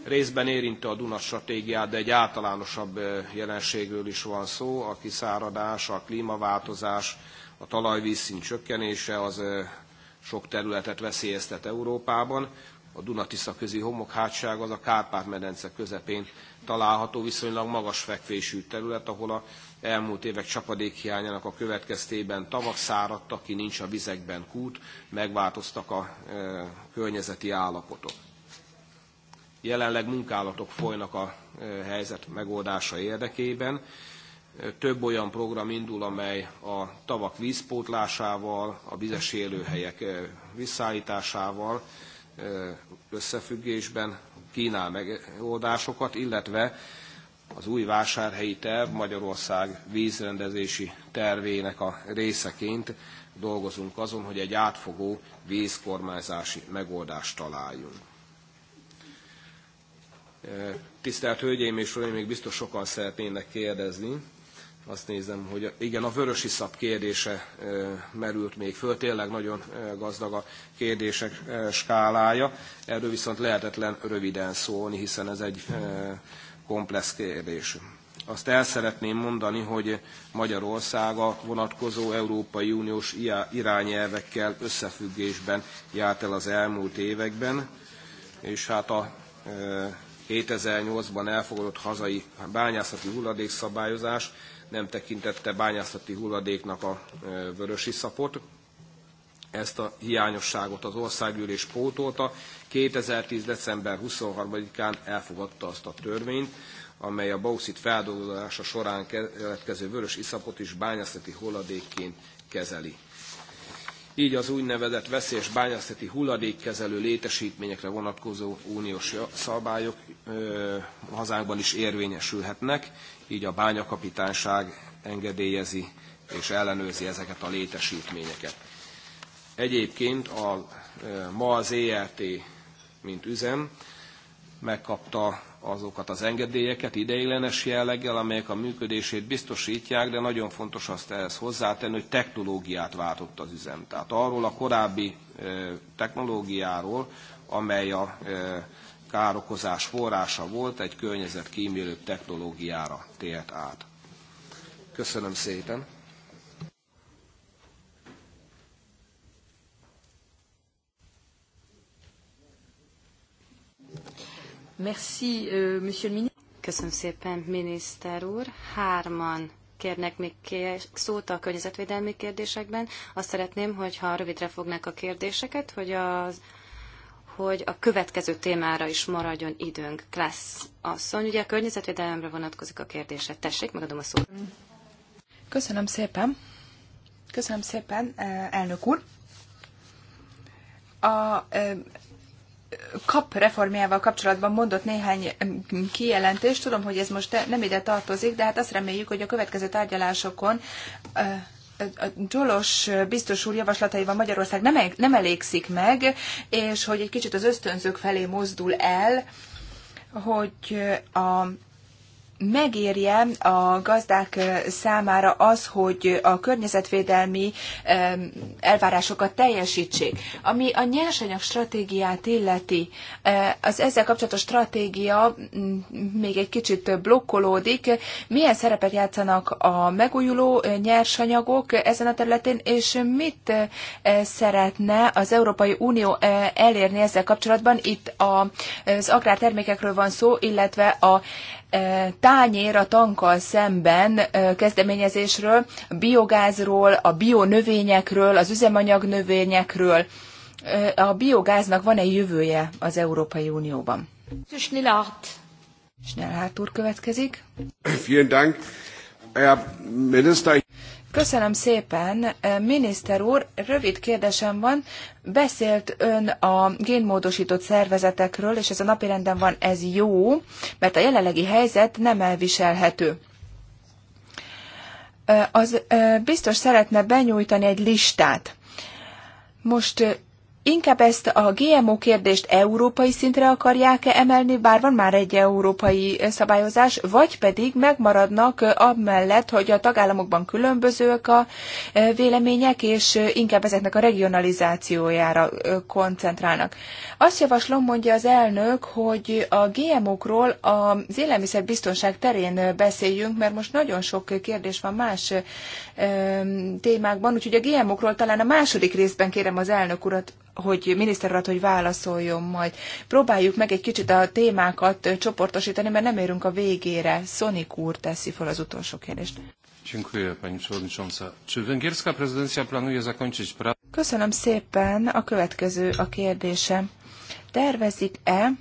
Részben érinti a Duna stratégiát, de egy általánosabb eh, jelenségről is van szó. A kiszáradás, a klímaváltozás, a talajvízszint csökkenése az eh, sok területet veszélyeztet Európában a Dunatisza közi homokhátság az a Kárpát-medence közepén található viszonylag magas fekvésű terület, ahol a elmúlt évek csapadékhiányának a következtében tavak száradtak ki, nincs a vizekben kút, megváltoztak a e, környezeti állapotok. Jelenleg munkálatok folynak a e, helyzet megoldása érdekében. E, több olyan program indul, amely a tavak vízpótlásával, a vizes élőhelyek e, visszaállításával, összefüggésben kínál megoldásokat, illetve az új vásárhelyi terv Magyarország vízrendezési tervének a részeként dolgozunk azon, hogy egy átfogó vízkormányzási megoldást találjunk. Tisztelt Hölgyeim és Uraim, még biztos sokan szeretnének kérdezni, azt nézem, hogy igen, a vörös iszap kérdése merült még föl, tényleg nagyon gazdag a kérdések skálája, erről viszont lehetetlen röviden szólni, hiszen ez egy komplex kérdés. Azt el szeretném mondani, hogy Magyarország a vonatkozó Európai Uniós irányelvekkel összefüggésben járt el az elmúlt években, és hát a 2008-ban elfogadott hazai bányászati hulladékszabályozás nem tekintette bányászati hulladéknak a vörös iszapot. Ezt a hiányosságot az országgyűlés pótolta. 2010. december 23-án elfogadta azt a törvényt, amely a bauxit feldolgozása során keletkező vörös iszapot is bányászati hulladékként kezeli. Így az úgynevezett veszélyes bányászati hulladékkezelő létesítményekre vonatkozó uniós szabályok ö, hazánkban is érvényesülhetnek, így a bányakapitányság engedélyezi és ellenőrzi ezeket a létesítményeket. Egyébként a, e, ma az ERT, mint üzem, megkapta azokat az engedélyeket ideiglenes jelleggel, amelyek a működését biztosítják, de nagyon fontos azt ehhez hozzátenni, hogy technológiát váltott az üzem. Tehát arról a korábbi e, technológiáról, amely a e, károkozás forrása volt, egy környezetkímélőbb technológiára tért át. Köszönöm szépen! Merci, euh, monsieur le Köszönöm szépen, miniszter úr. Hárman kérnek még kér, szót a környezetvédelmi kérdésekben. Azt szeretném, hogyha rövidre fognák a kérdéseket, hogy az hogy a következő témára is maradjon időnk. Klassz asszony, ugye a környezetvédelemre vonatkozik a kérdése. Tessék, megadom a szót. Köszönöm szépen. Köszönöm szépen, e, elnök úr. A e, kap reformjával kapcsolatban mondott néhány e, kijelentést. Tudom, hogy ez most nem ide tartozik, de hát azt reméljük, hogy a következő tárgyalásokon a Csolos biztos úr javaslataival Magyarország nem, nem elégszik meg, és hogy egy kicsit az ösztönzők felé mozdul el, hogy a megérje a gazdák számára az, hogy a környezetvédelmi elvárásokat teljesítsék. Ami a nyersanyag stratégiát illeti, az ezzel kapcsolatos stratégia még egy kicsit blokkolódik. Milyen szerepet játszanak a megújuló nyersanyagok ezen a területén, és mit szeretne az Európai Unió elérni ezzel kapcsolatban? Itt az agrártermékekről van szó, illetve a E, tányér a tankkal szemben e, kezdeményezésről, a biogázról, a bionövényekről, az üzemanyag növényekről. E, a biogáznak van-e jövője az Európai Unióban? Schnellhardt. Schnellhardt úr következik. Vielen Dank, Herr Minister. Köszönöm szépen, miniszter úr, rövid kérdésem van. Beszélt ön a génmódosított szervezetekről, és ez a napirenden van, ez jó, mert a jelenlegi helyzet nem elviselhető. Az biztos szeretne benyújtani egy listát. Most inkább ezt a GMO kérdést európai szintre akarják-e emelni, bár van már egy európai szabályozás, vagy pedig megmaradnak amellett, hogy a tagállamokban különbözőek a vélemények, és inkább ezeknek a regionalizációjára koncentrálnak. Azt javaslom, mondja az elnök, hogy a GMO-król az élelmiszerbiztonság terén beszéljünk, mert most nagyon sok kérdés van más témákban, úgyhogy a GMO-król talán a második részben kérem az elnök urat, hogy miniszter urat, hogy válaszoljon majd. Próbáljuk meg egy kicsit a témákat csoportosítani, mert nem érünk a végére. Szonik úr teszi fel az utolsó kérdést. Köszönöm szépen. A következő a kérdésem. Tervezik-e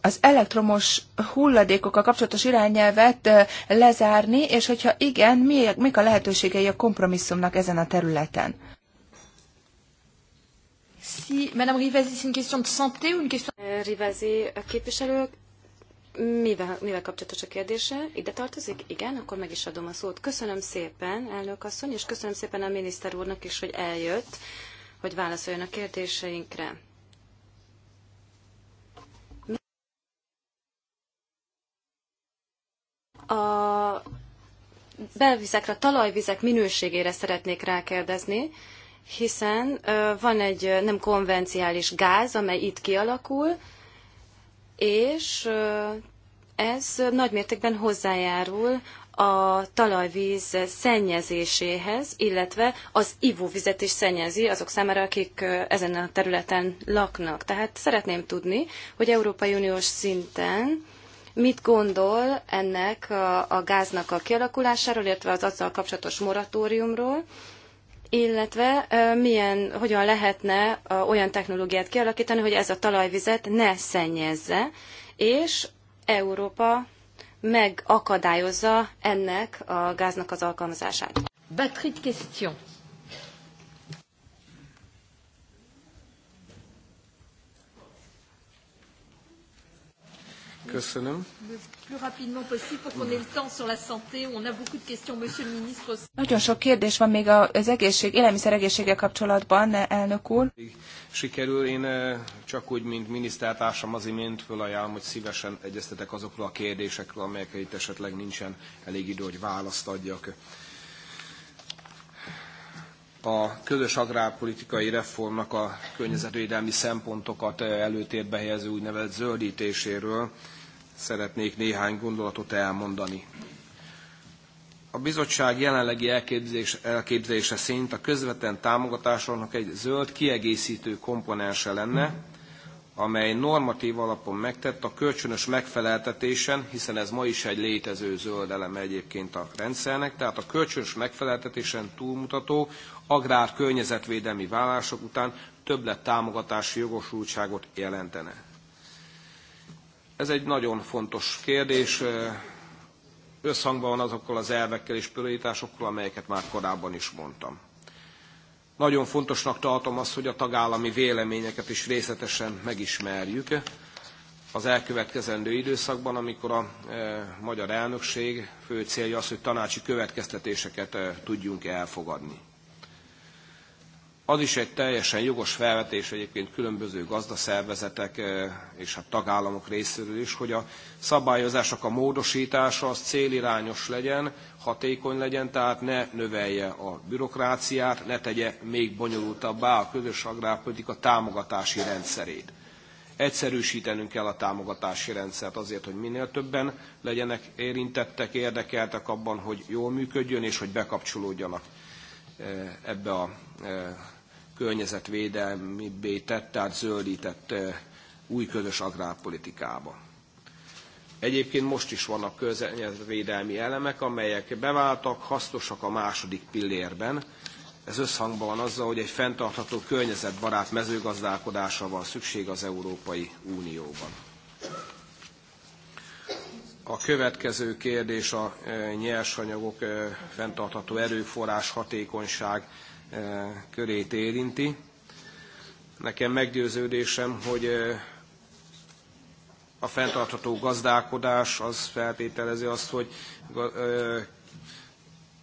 az elektromos hulladékokkal kapcsolatos irányelvet lezárni, és hogyha igen, mi, mik a lehetőségei a kompromisszumnak ezen a területen? Si, Madame Rivasi, c'est une question de santé ou une question... Eh, Rivasi képviselő, mivel, mivel kapcsolatos a kérdése? Ide tartozik? Igen, akkor meg is adom a szót. Köszönöm szépen, elnök asszony, és köszönöm szépen a miniszter úrnak is, hogy eljött, hogy válaszoljon a kérdéseinkre. a belvizekre, a talajvizek minőségére szeretnék rákérdezni, hiszen van egy nem konvenciális gáz, amely itt kialakul, és ez nagymértékben hozzájárul a talajvíz szennyezéséhez, illetve az ivóvizet is szennyezi azok számára, akik ezen a területen laknak. Tehát szeretném tudni, hogy Európai Uniós szinten Mit gondol ennek a, a gáznak a kialakulásáról, illetve az azzal kapcsolatos moratóriumról, illetve milyen, hogyan lehetne olyan technológiát kialakítani, hogy ez a talajvizet ne szennyezze, és Európa megakadályozza ennek a gáznak az alkalmazását. Batterie de Köszönöm. Nagyon sok kérdés van még az egészség, élelmiszer egészséggel kapcsolatban, elnök úr. Sikerül, én eh, csak úgy, mint minisztertársam az imént fölajánlom, hogy szívesen egyeztetek azokról a kérdésekről, amelyekre itt esetleg nincsen elég idő, hogy választ adjak. A közös agrárpolitikai reformnak a környezetvédelmi szempontokat eh, előtérbe helyező úgynevezett zöldítéséről szeretnék néhány gondolatot elmondani. A bizottság jelenlegi elképzés, elképzelése szerint a közvetlen támogatásoknak egy zöld kiegészítő komponense lenne, amely normatív alapon megtett a kölcsönös megfeleltetésen, hiszen ez ma is egy létező zöld eleme egyébként a rendszernek, tehát a kölcsönös megfeleltetésen túlmutató agrár környezetvédelmi vállások után többlet támogatási jogosultságot jelentene. Ez egy nagyon fontos kérdés, összhangban van azokkal az elvekkel és prioritásokkal, amelyeket már korábban is mondtam. Nagyon fontosnak tartom azt, hogy a tagállami véleményeket is részletesen megismerjük az elkövetkezendő időszakban, amikor a e, magyar elnökség fő célja az, hogy tanácsi következtetéseket e, tudjunk elfogadni. Az is egy teljesen jogos felvetés egyébként különböző gazdaszervezetek eh, és a hát tagállamok részéről is, hogy a szabályozások a módosítása az célirányos legyen, hatékony legyen, tehát ne növelje a bürokráciát, ne tegye még bonyolultabbá a közös agrárpolitika támogatási rendszerét. Egyszerűsítenünk kell a támogatási rendszert azért, hogy minél többen legyenek érintettek, érdekeltek abban, hogy jól működjön és hogy bekapcsolódjanak eh, ebbe a eh, környezetvédelmibbé tett, tehát zöldített új közös agrárpolitikába. Egyébként most is vannak környezetvédelmi elemek, amelyek beváltak, hasznosak a második pillérben. Ez összhangban van azzal, hogy egy fenntartható környezetbarát mezőgazdálkodásra van szükség az Európai Unióban. A következő kérdés a e, nyersanyagok e, fenntartható erőforrás hatékonyság E, körét érinti. Nekem meggyőződésem, hogy e, a fenntartható gazdálkodás az feltételezi azt, hogy e,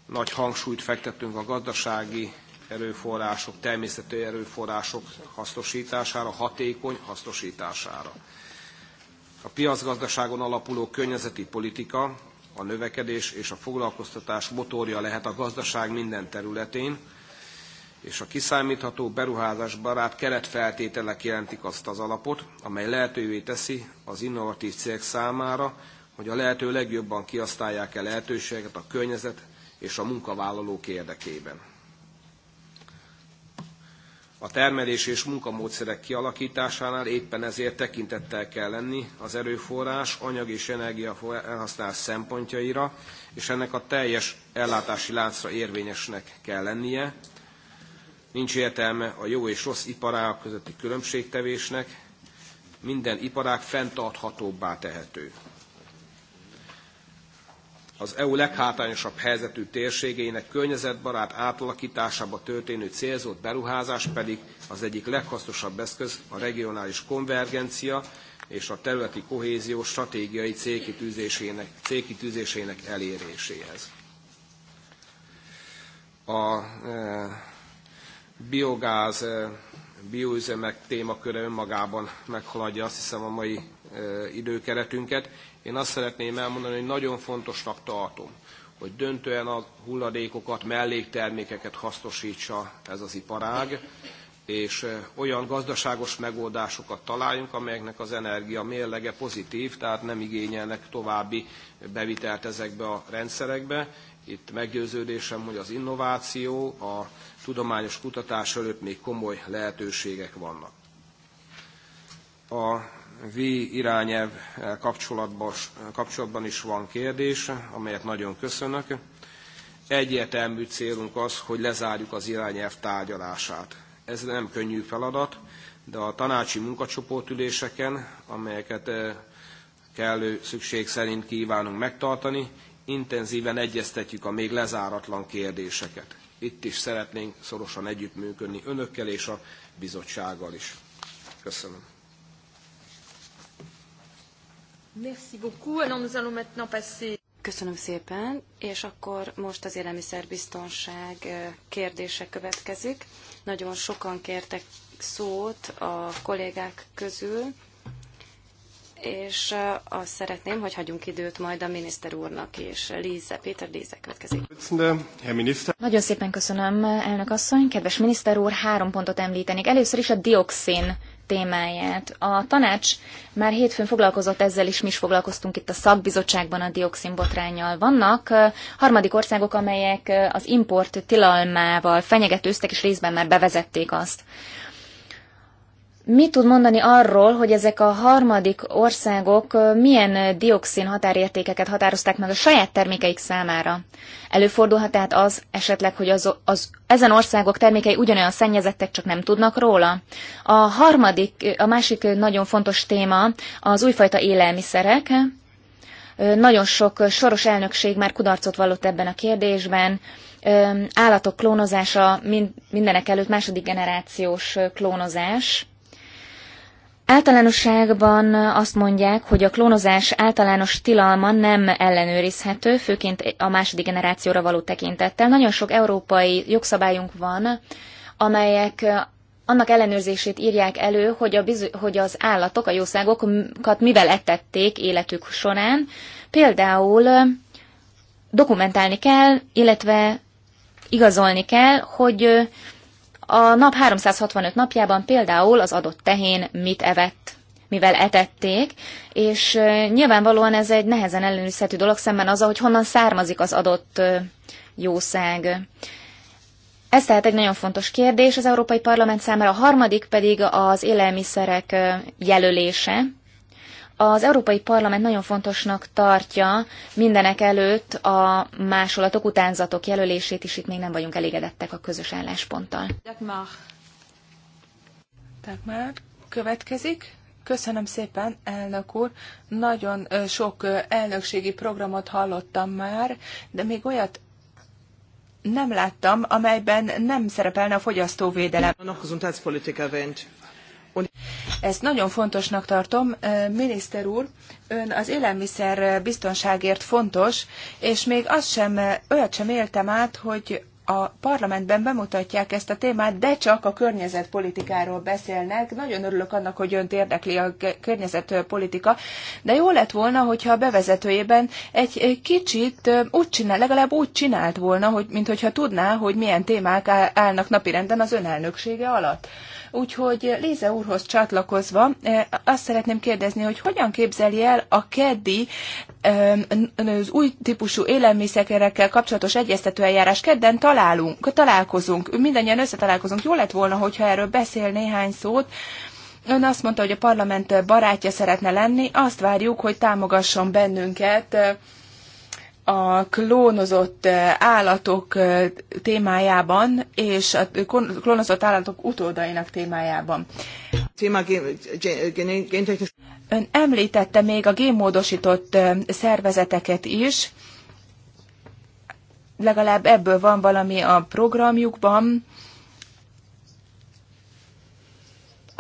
nagy hangsúlyt fektetünk a gazdasági erőforrások, természeti erőforrások hasznosítására, hatékony hasznosítására. A piacgazdaságon alapuló környezeti politika a növekedés és a foglalkoztatás motorja lehet a gazdaság minden területén, és a kiszámítható beruházásbarát keretfeltételek jelentik azt az alapot, amely lehetővé teszi az innovatív cégek számára, hogy a lehető legjobban kiasztálják el lehetőségeket a környezet és a munkavállalók érdekében. A termelés és munkamódszerek kialakításánál éppen ezért tekintettel kell lenni az erőforrás, anyag és energia elhasználás szempontjaira, és ennek a teljes ellátási láncra érvényesnek kell lennie, Nincs értelme a jó és rossz iparágak közötti különbségtevésnek, minden iparág fenntarthatóbbá tehető. Az EU leghátrányosabb helyzetű térségeinek környezetbarát átalakításába történő célzott beruházás pedig az egyik leghasznosabb eszköz a regionális konvergencia és a területi kohézió stratégiai célkitűzésének, célkitűzésének eléréséhez. A e biogáz, eh, bioüzemek témaköre önmagában meghaladja azt hiszem a mai eh, időkeretünket. Én azt szeretném elmondani, hogy nagyon fontosnak tartom, hogy döntően a hulladékokat, melléktermékeket hasznosítsa ez az iparág, és eh, olyan gazdaságos megoldásokat találjunk, amelyeknek az energia mérlege pozitív, tehát nem igényelnek további bevitelt ezekbe a rendszerekbe, itt meggyőződésem, hogy az innováció, a tudományos kutatás előtt még komoly lehetőségek vannak. A V irányelv kapcsolatban, is van kérdés, amelyet nagyon köszönök. Egyértelmű célunk az, hogy lezárjuk az irányelv tárgyalását. Ez nem könnyű feladat, de a tanácsi munkacsoportüléseken, amelyeket eh, kellő szükség szerint kívánunk megtartani, intenzíven egyeztetjük a még lezáratlan kérdéseket. Itt is szeretnénk szorosan együttműködni önökkel és a bizottsággal is. Köszönöm. Köszönöm szépen, és akkor most az élelmiszerbiztonság kérdése következik. Nagyon sokan kértek szót a kollégák közül, és azt szeretném, hogy hagyjunk időt majd a miniszter úrnak és Líze, Péter Líze következik. Nagyon szépen köszönöm, elnök asszony. Kedves miniszter úr, három pontot említenék. Először is a dioxin témáját. A tanács már hétfőn foglalkozott ezzel is, mi is foglalkoztunk itt a szakbizottságban a dioxin botrányjal. Vannak harmadik országok, amelyek az import tilalmával fenyegetőztek, és részben már bevezették azt mit tud mondani arról, hogy ezek a harmadik országok milyen dioxin határértékeket határozták meg a saját termékeik számára? Előfordulhat tehát az esetleg, hogy az, az, ezen országok termékei ugyanolyan szennyezettek, csak nem tudnak róla? A harmadik, a másik nagyon fontos téma az újfajta élelmiszerek. Nagyon sok soros elnökség már kudarcot vallott ebben a kérdésben állatok klónozása mindenek előtt második generációs klónozás. Általánosságban azt mondják, hogy a klónozás általános tilalma nem ellenőrizhető, főként a második generációra való tekintettel. Nagyon sok európai jogszabályunk van, amelyek annak ellenőrzését írják elő, hogy, a biz hogy az állatok, a jószágokat mivel etették életük során. Például dokumentálni kell, illetve igazolni kell, hogy a nap 365 napjában például az adott tehén mit evett, mivel etették, és nyilvánvalóan ez egy nehezen ellenőrizhető dolog szemben az, hogy honnan származik az adott jószág. Ez tehát egy nagyon fontos kérdés az Európai Parlament számára. A harmadik pedig az élelmiszerek jelölése, az Európai Parlament nagyon fontosnak tartja mindenek előtt a másolatok, utánzatok jelölését is, itt még nem vagyunk elégedettek a közös állásponttal. Dagmar. Dagmar következik. Köszönöm szépen, elnök úr. Nagyon sok elnökségi programot hallottam már, de még olyat nem láttam, amelyben nem szerepelne a fogyasztóvédelem. A ezt nagyon fontosnak tartom. Miniszter úr, ön az élelmiszer biztonságért fontos, és még azt sem, olyat sem éltem át, hogy a parlamentben bemutatják ezt a témát, de csak a környezetpolitikáról beszélnek. Nagyon örülök annak, hogy önt érdekli a környezetpolitika, de jó lett volna, hogyha a bevezetőjében egy kicsit úgy csinál, legalább úgy csinált volna, hogy, mint hogyha tudná, hogy milyen témák állnak napirenden az önelnöksége alatt. Úgyhogy Léze úrhoz csatlakozva eh, azt szeretném kérdezni, hogy hogyan képzeli el a keddi eh, az új típusú élelmiszerekkel kapcsolatos egyeztető eljárás. Kedden találunk, találkozunk, mindannyian összetalálkozunk. Jó lett volna, hogyha erről beszél néhány szót. Ön azt mondta, hogy a parlament barátja szeretne lenni, azt várjuk, hogy támogasson bennünket eh, a klónozott eh, állatok eh, témájában és a klónozott állatok utódainak témájában. Ön említette még a génmódosított eh, szervezeteket is, legalább ebből van valami a programjukban,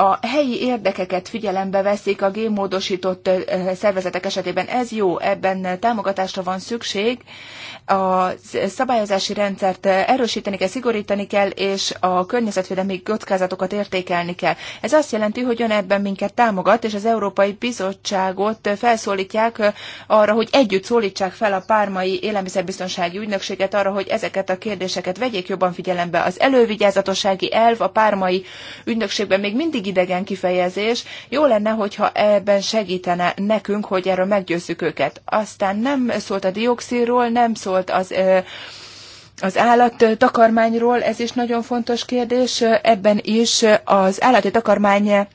a helyi érdekeket figyelembe veszik a gémódosított szervezetek esetében. Ez jó, ebben támogatásra van szükség. A szabályozási rendszert erősíteni kell, szigorítani kell, és a környezetvédelmi kockázatokat értékelni kell. Ez azt jelenti, hogy ön ebben minket támogat, és az Európai Bizottságot felszólítják arra, hogy együtt szólítsák fel a pármai élelmiszerbiztonsági ügynökséget arra, hogy ezeket a kérdéseket vegyék jobban figyelembe. Az elővigyázatossági elv a pármai ügynökségben még mindig idegen kifejezés. Jó lenne, hogyha ebben segítene nekünk, hogy erről meggyőzzük őket. Aztán nem szólt a dioxidról, nem szólt az az állat takarmányról, ez is nagyon fontos kérdés, ebben is az állati takarmány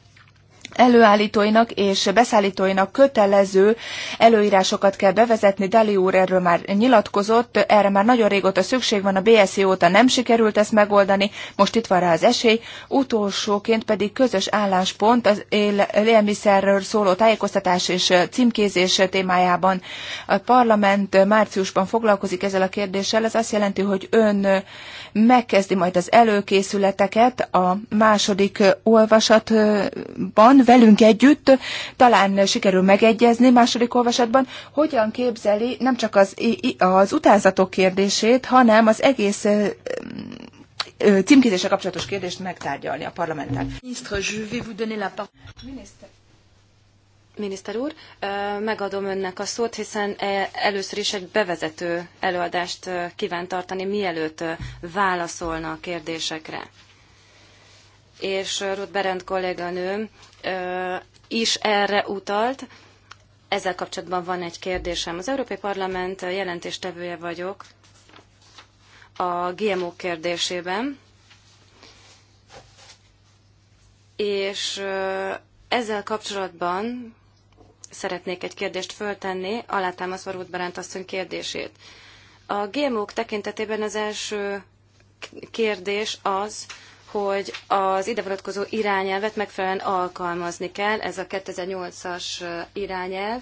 előállítóinak és beszállítóinak kötelező előírásokat kell bevezetni. Dali úr erről már nyilatkozott, erre már nagyon régóta szükség van, a BSI óta nem sikerült ezt megoldani, most itt van rá az esély. Utolsóként pedig közös álláspont az élelmiszerről szóló tájékoztatás és címkézés témájában. A parlament márciusban foglalkozik ezzel a kérdéssel, ez azt jelenti, hogy ön megkezdi majd az előkészületeket a második olvasatban velünk együtt, talán sikerül megegyezni második olvasatban, hogyan képzeli nem csak az, az utánzatok kérdését, hanem az egész címkézése kapcsolatos kérdést megtárgyalni a parlamenttel. Miniszter, Miniszter úr, megadom önnek a szót, hiszen először is egy bevezető előadást kíván tartani, mielőtt válaszolna a kérdésekre. És Ruth Berend kolléganőm is erre utalt. Ezzel kapcsolatban van egy kérdésem. Az Európai Parlament jelentéstevője vagyok a GMO kérdésében, és ezzel kapcsolatban szeretnék egy kérdést föltenni, alátámaszva Ruth Beránt asszony kérdését. A GMO-k tekintetében az első kérdés az, hogy az ide vonatkozó irányelvet megfelelően alkalmazni kell, ez a 2008-as irányelv,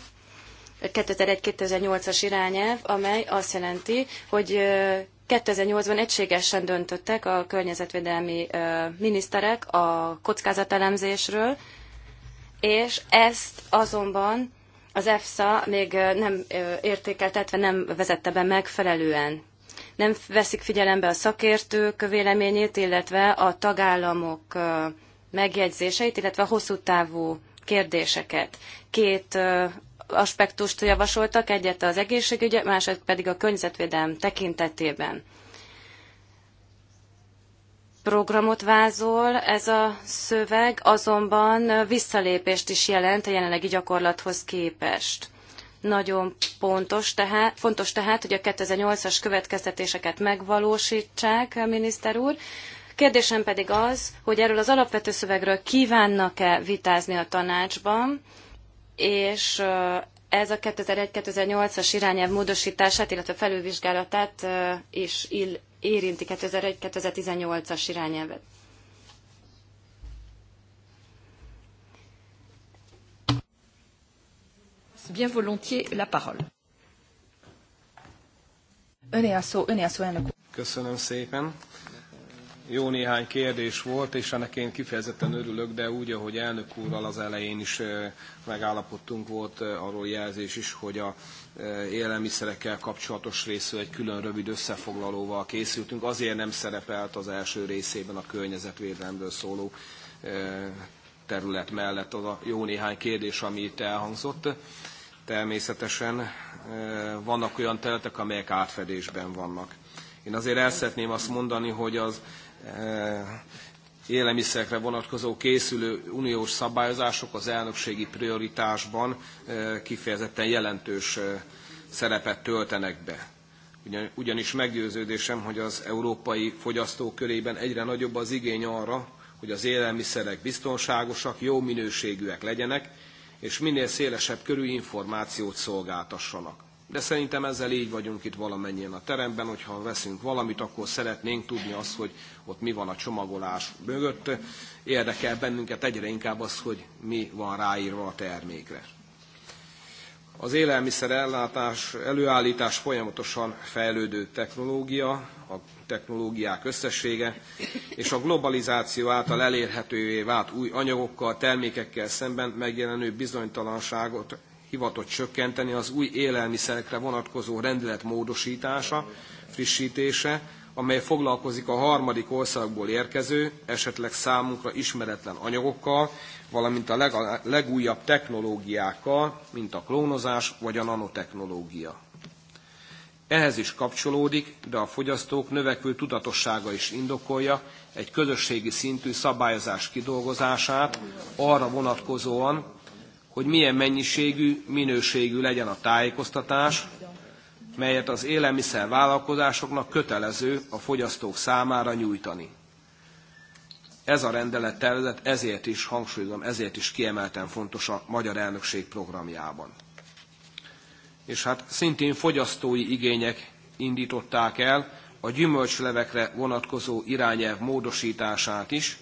2001-2008-as irányelv, amely azt jelenti, hogy 2008-ban egységesen döntöttek a környezetvédelmi miniszterek a kockázatelemzésről, és ezt azonban az EFSA még nem értékeltetve nem vezette be megfelelően. Nem veszik figyelembe a szakértők véleményét, illetve a tagállamok megjegyzéseit, illetve a hosszú távú kérdéseket. Két aspektust javasoltak, egyet az egészségügy, másod pedig a környezetvédelem tekintetében programot vázol ez a szöveg, azonban visszalépést is jelent a jelenlegi gyakorlathoz képest. Nagyon pontos tehát, fontos tehát, hogy a 2008-as következtetéseket megvalósítsák, miniszter úr. Kérdésem pedig az, hogy erről az alapvető szövegről kívánnak-e vitázni a tanácsban, és ez a 2001-2008-as irányelv módosítását, illetve felülvizsgálatát is érinti 2001-2018-as irányelvet. Bien volontiers la parole. Öné a szó, öné a szó, elnök úr. Köszönöm szépen. Jó néhány kérdés volt, és ennek én kifejezetten örülök, de úgy, ahogy elnök úrral az elején is megállapodtunk, volt arról jelzés is, hogy a Eh, élelmiszerekkel kapcsolatos részről egy külön rövid összefoglalóval készültünk. Azért nem szerepelt az első részében a környezetvédelemről szóló eh, terület mellett az a jó néhány kérdés, ami itt elhangzott. Természetesen eh, vannak olyan területek, amelyek átfedésben vannak. Én azért el szeretném azt mondani, hogy az élelmiszerekre vonatkozó készülő uniós szabályozások az elnökségi prioritásban eh, kifejezetten jelentős eh, szerepet töltenek be. Ugyanis meggyőződésem, hogy az európai fogyasztók körében egyre nagyobb az igény arra, hogy az élelmiszerek biztonságosak, jó minőségűek legyenek, és minél szélesebb körű információt szolgáltassanak de szerintem ezzel így vagyunk itt valamennyien a teremben, hogyha veszünk valamit, akkor szeretnénk tudni azt, hogy ott mi van a csomagolás mögött. Érdekel bennünket egyre inkább az, hogy mi van ráírva a termékre. Az élelmiszer ellátás, előállítás folyamatosan fejlődő technológia, a technológiák összessége, és a globalizáció által elérhetővé vált új anyagokkal, termékekkel szemben megjelenő bizonytalanságot hivatott csökkenteni az új élelmiszerekre vonatkozó rendelet módosítása, frissítése, amely foglalkozik a harmadik országból érkező, esetleg számunkra ismeretlen anyagokkal, valamint a legújabb technológiákkal, mint a klónozás vagy a nanotechnológia. Ehhez is kapcsolódik, de a fogyasztók növekvő tudatossága is indokolja egy közösségi szintű szabályozás kidolgozását arra vonatkozóan, hogy milyen mennyiségű, minőségű legyen a tájékoztatás, melyet az élelmiszer vállalkozásoknak kötelező a fogyasztók számára nyújtani. Ez a rendelet tervezet ezért is, hangsúlyozom, ezért is kiemelten fontos a magyar elnökség programjában. És hát szintén fogyasztói igények indították el a gyümölcslevekre vonatkozó irányelv módosítását is,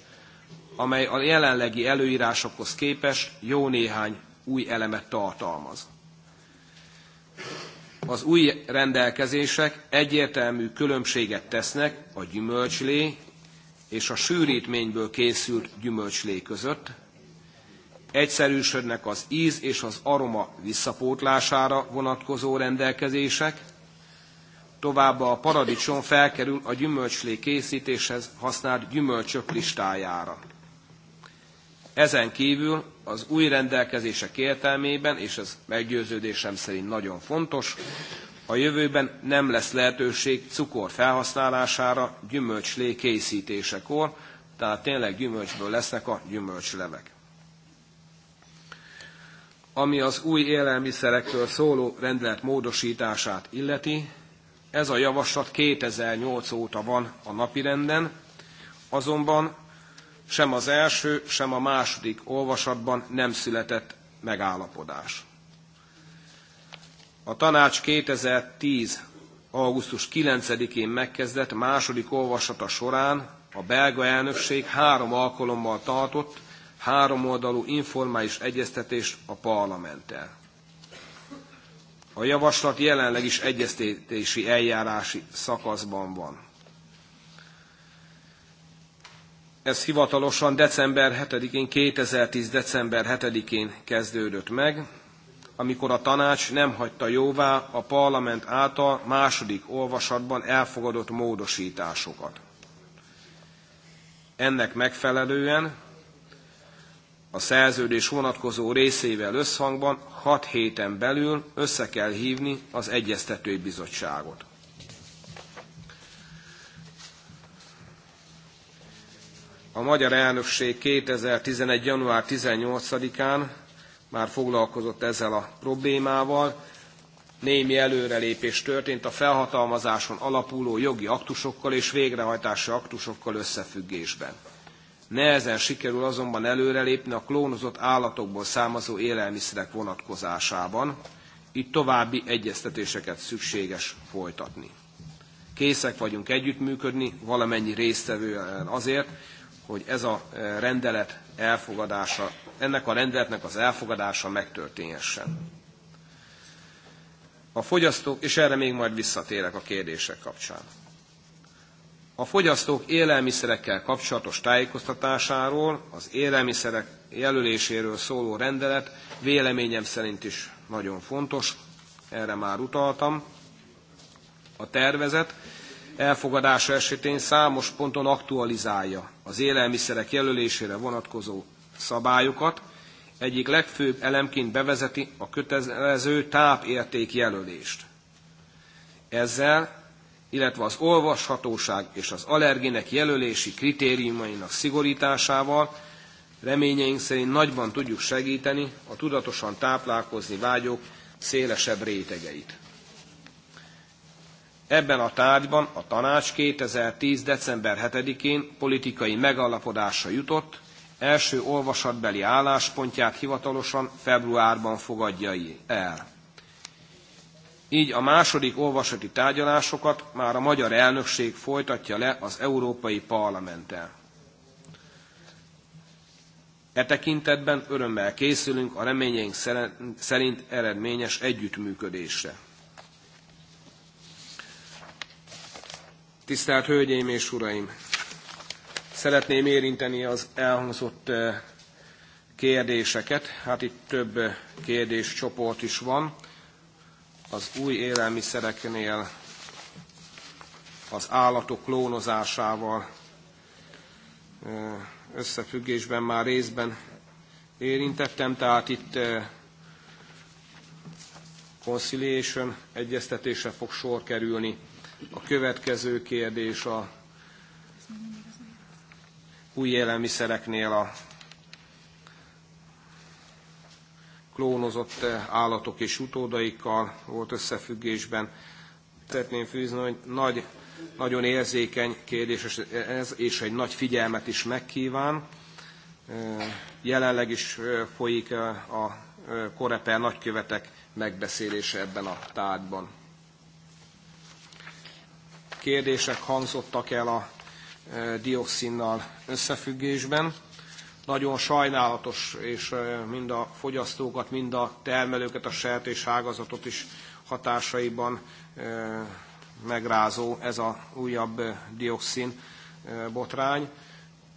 amely a jelenlegi előírásokhoz képest jó néhány új elemet tartalmaz. Az új rendelkezések egyértelmű különbséget tesznek a gyümölcslé és a sűrítményből készült gyümölcslé között, egyszerűsödnek az íz és az aroma visszapótlására vonatkozó rendelkezések, továbbá a paradicsom felkerül a gyümölcslé készítéshez használt gyümölcsök listájára. Ezen kívül az új rendelkezések értelmében, és ez meggyőződésem szerint nagyon fontos, a jövőben nem lesz lehetőség cukor felhasználására gyümölcslé készítésekor, tehát tényleg gyümölcsből lesznek a gyümölcslevek. Ami az új élelmiszerektől szóló rendelet módosítását illeti, ez a javaslat 2008 óta van a napirenden, azonban sem az első, sem a második olvasatban nem született megállapodás. A tanács 2010. augusztus 9-én megkezdett második olvasata során a belga elnökség három alkalommal tartott háromoldalú informális egyeztetést a parlamenttel. A javaslat jelenleg is egyeztetési eljárási szakaszban van. ez hivatalosan december 7-én, 2010. december 7-én kezdődött meg, amikor a tanács nem hagyta jóvá a parlament által második olvasatban elfogadott módosításokat. Ennek megfelelően a szerződés vonatkozó részével összhangban 6 héten belül össze kell hívni az Egyeztetői Bizottságot. a magyar elnökség 2011. január 18-án már foglalkozott ezzel a problémával. Némi előrelépés történt a felhatalmazáson alapuló jogi aktusokkal és végrehajtási aktusokkal összefüggésben. Nehezen sikerül azonban előrelépni a klónozott állatokból származó élelmiszerek vonatkozásában, itt további egyeztetéseket szükséges folytatni. Készek vagyunk együttműködni valamennyi résztvevővel azért, hogy ez a e, rendelet elfogadása, ennek a rendeletnek az elfogadása megtörténhessen. A fogyasztók, és erre még majd visszatérek a kérdések kapcsán. A fogyasztók élelmiszerekkel kapcsolatos tájékoztatásáról, az élelmiszerek jelöléséről szóló rendelet véleményem szerint is nagyon fontos, erre már utaltam. A tervezet elfogadása esetén számos ponton aktualizálja az élelmiszerek jelölésére vonatkozó szabályokat, egyik legfőbb elemként bevezeti a kötelező tápérték jelölést. Ezzel, illetve az olvashatóság és az allergének jelölési kritériumainak szigorításával reményeink szerint nagyban tudjuk segíteni a tudatosan táplálkozni vágyók szélesebb rétegeit. Ebben a tárgyban a tanács 2010. december 7-én politikai megállapodásra jutott, első olvasatbeli álláspontját hivatalosan februárban fogadja el. Így a második olvasati tárgyalásokat már a magyar elnökség folytatja le az Európai Parlamenttel. E tekintetben örömmel készülünk a reményeink szerint eredményes együttműködésre. Tisztelt Hölgyeim és Uraim! Szeretném érinteni az elhangzott eh, kérdéseket. Hát itt több eh, kérdéscsoport is van. Az új élelmiszereknél az állatok klónozásával eh, összefüggésben már részben érintettem, tehát itt conciliation egyeztetése fog sor kerülni a következő kérdés a új élelmiszereknél a klónozott állatok és utódaikkal volt összefüggésben. Szeretném fűzni, hogy nagy, nagyon érzékeny kérdés ez, és egy nagy figyelmet is megkíván. Jelenleg is folyik a korepel nagykövetek megbeszélése ebben a tárgyban kérdések hangzottak el a e, dioxinnal összefüggésben. Nagyon sajnálatos, és e, mind a fogyasztókat, mind a termelőket, a sertés ágazatot is hatásaiban e, megrázó ez a újabb dioxin botrány.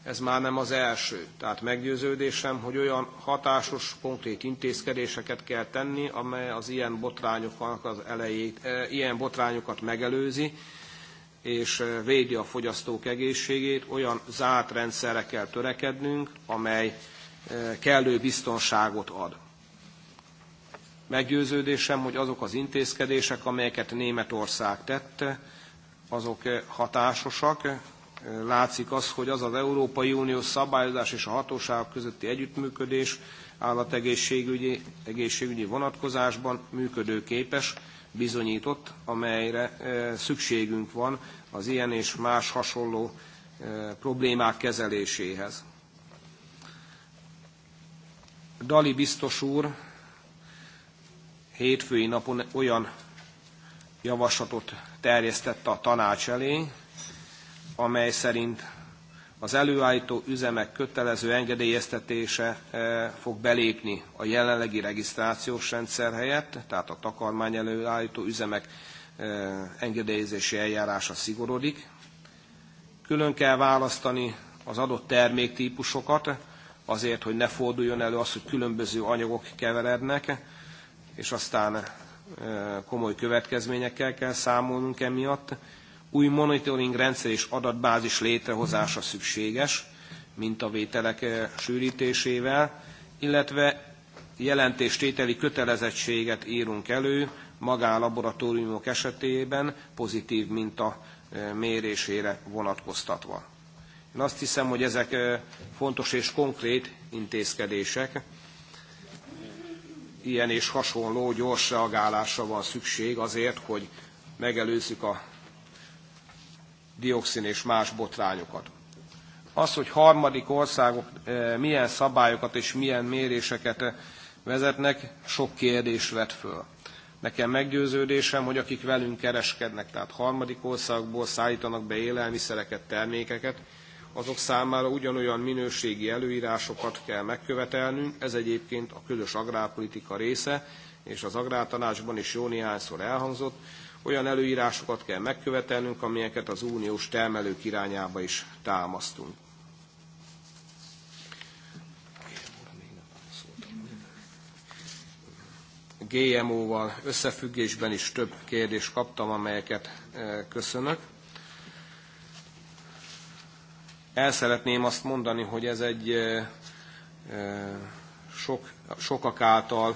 Ez már nem az első. Tehát meggyőződésem, hogy olyan hatásos, konkrét intézkedéseket kell tenni, amely az ilyen botrányokat, az elejét, ilyen botrányokat megelőzi, és védi a fogyasztók egészségét, olyan zárt rendszerre kell törekednünk, amely kellő biztonságot ad. Meggyőződésem, hogy azok az intézkedések, amelyeket Németország tett, azok hatásosak. Látszik az, hogy az az Európai Unió szabályozás és a hatóságok közötti együttműködés állategészségügyi egészségügyi vonatkozásban működőképes, bizonyított, amelyre szükségünk van az ilyen és más hasonló problémák kezeléséhez. Dali biztos úr hétfői napon olyan javaslatot terjesztett a tanács elé, amely szerint az előállító üzemek kötelező engedélyeztetése eh, fog belépni a jelenlegi regisztrációs rendszer helyett, tehát a takarmány előállító üzemek eh, engedélyezési eljárása szigorodik. Külön kell választani az adott terméktípusokat, azért, hogy ne forduljon elő az, hogy különböző anyagok keverednek, és aztán eh, komoly következményekkel kell számolnunk emiatt, új monitoring rendszer és adatbázis létrehozása szükséges, mintavételek eh, sűrítésével, illetve jelentéstételi kötelezettséget írunk elő magánlaboratóriumok esetében pozitív minta eh, mérésére vonatkoztatva. Én azt hiszem, hogy ezek eh, fontos és konkrét intézkedések, ilyen és hasonló gyors reagálásra van szükség azért, hogy megelőzzük a dioxin és más botrányokat. Az, hogy harmadik országok eh, milyen szabályokat és milyen méréseket eh, vezetnek, sok kérdés vet föl. Nekem meggyőződésem, hogy akik velünk kereskednek, tehát harmadik országokból szállítanak be élelmiszereket, termékeket, azok számára ugyanolyan minőségi előírásokat kell megkövetelnünk, ez egyébként a közös agrárpolitika része, és az agrártanácsban is jó néhányszor elhangzott, olyan előírásokat kell megkövetelnünk, amelyeket az uniós termelők irányába is támasztunk. GMO-val összefüggésben is több kérdést kaptam, amelyeket eh, köszönök. El szeretném azt mondani, hogy ez egy eh, eh, sok, sokak által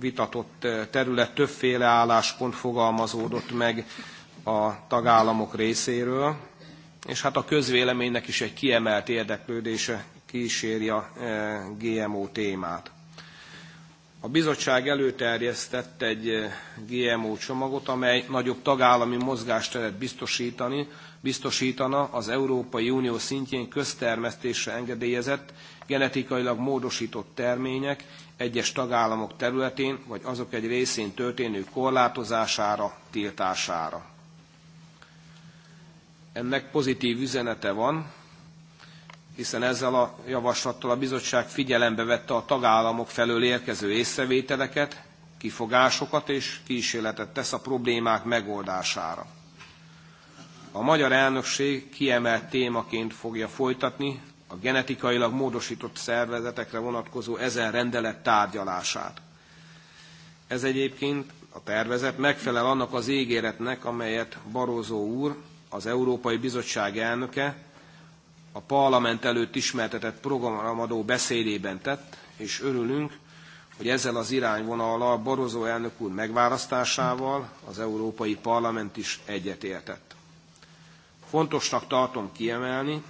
vitatott terület, többféle álláspont fogalmazódott meg a tagállamok részéről, és hát a közvéleménynek is egy kiemelt érdeklődése kíséri a GMO témát. A bizottság előterjesztett egy eh, GMO csomagot, amely nagyobb tagállami mozgásteret biztosítani, biztosítana az Európai Unió szintjén köztermesztésre engedélyezett, genetikailag módosított termények egyes tagállamok területén vagy azok egy részén történő korlátozására, tiltására. Ennek pozitív üzenete van, hiszen ezzel a javaslattal a bizottság figyelembe vette a tagállamok felől érkező észrevételeket, kifogásokat és kísérletet tesz a problémák megoldására. A magyar elnökség kiemelt témaként fogja folytatni a genetikailag módosított szervezetekre vonatkozó ezen rendelet tárgyalását. Ez egyébként a tervezet megfelel annak az ígéretnek, amelyet Barózó úr, az Európai Bizottság elnöke a parlament előtt ismertetett programadó beszédében tett, és örülünk, hogy ezzel az irányvonallal Barozó elnök úr megválasztásával az Európai Parlament is egyetértett. Fontosnak tartom kiemelni,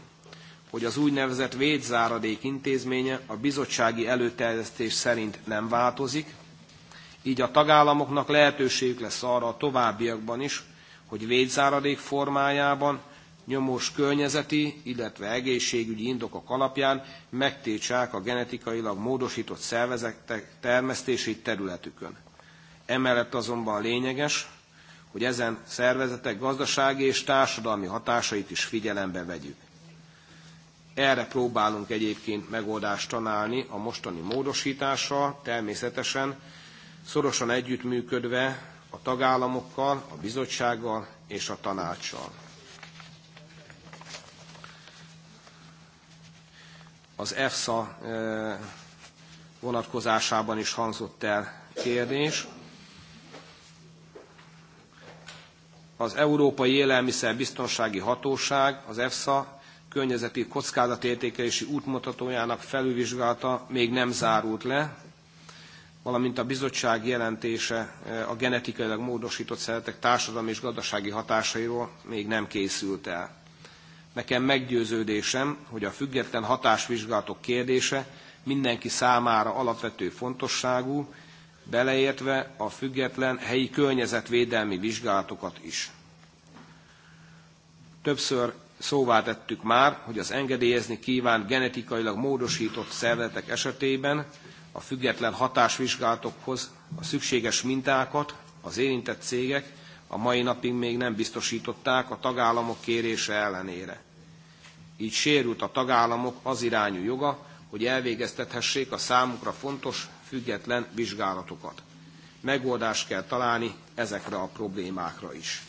hogy az úgynevezett védzáradék intézménye a bizottsági előterjesztés szerint nem változik, így a tagállamoknak lehetőségük lesz arra a továbbiakban is, hogy védzáradék formájában nyomós környezeti, illetve egészségügyi indokok alapján megtiltsák a genetikailag módosított szervezetek termesztését területükön. Emellett azonban lényeges, hogy ezen szervezetek gazdasági és társadalmi hatásait is figyelembe vegyük. Erre próbálunk egyébként megoldást tanálni a mostani módosítással, természetesen szorosan együttműködve a tagállamokkal, a bizottsággal és a tanácssal. az EFSA vonatkozásában is hangzott el kérdés. Az Európai Élelmiszer Biztonsági Hatóság, az EFSA környezeti kockázatértékelési útmutatójának felülvizsgálata még nem zárult le, valamint a bizottság jelentése a genetikailag módosított szeretek társadalmi és gazdasági hatásairól még nem készült el. Nekem meggyőződésem, hogy a független hatásvizsgálatok kérdése mindenki számára alapvető fontosságú, beleértve a független helyi környezetvédelmi vizsgálatokat is. Többször szóvá tettük már, hogy az engedélyezni kívánt genetikailag módosított szervezetek esetében a független hatásvizsgálatokhoz a szükséges mintákat az érintett cégek a mai napig még nem biztosították a tagállamok kérése ellenére. Így sérült a tagállamok az irányú joga, hogy elvégeztethessék a számukra fontos, független vizsgálatokat. Megoldást kell találni ezekre a problémákra is.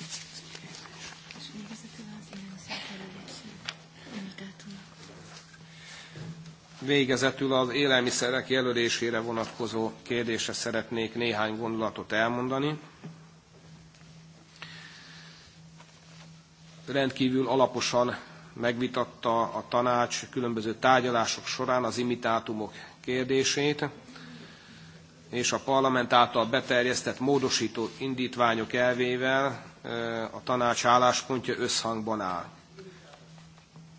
Végezetül az élelmiszerek jelölésére vonatkozó kérdésre szeretnék néhány gondolatot elmondani. rendkívül alaposan megvitatta a tanács különböző tárgyalások során az imitátumok kérdését, és a parlament által beterjesztett módosító indítványok elvével a tanács álláspontja összhangban áll.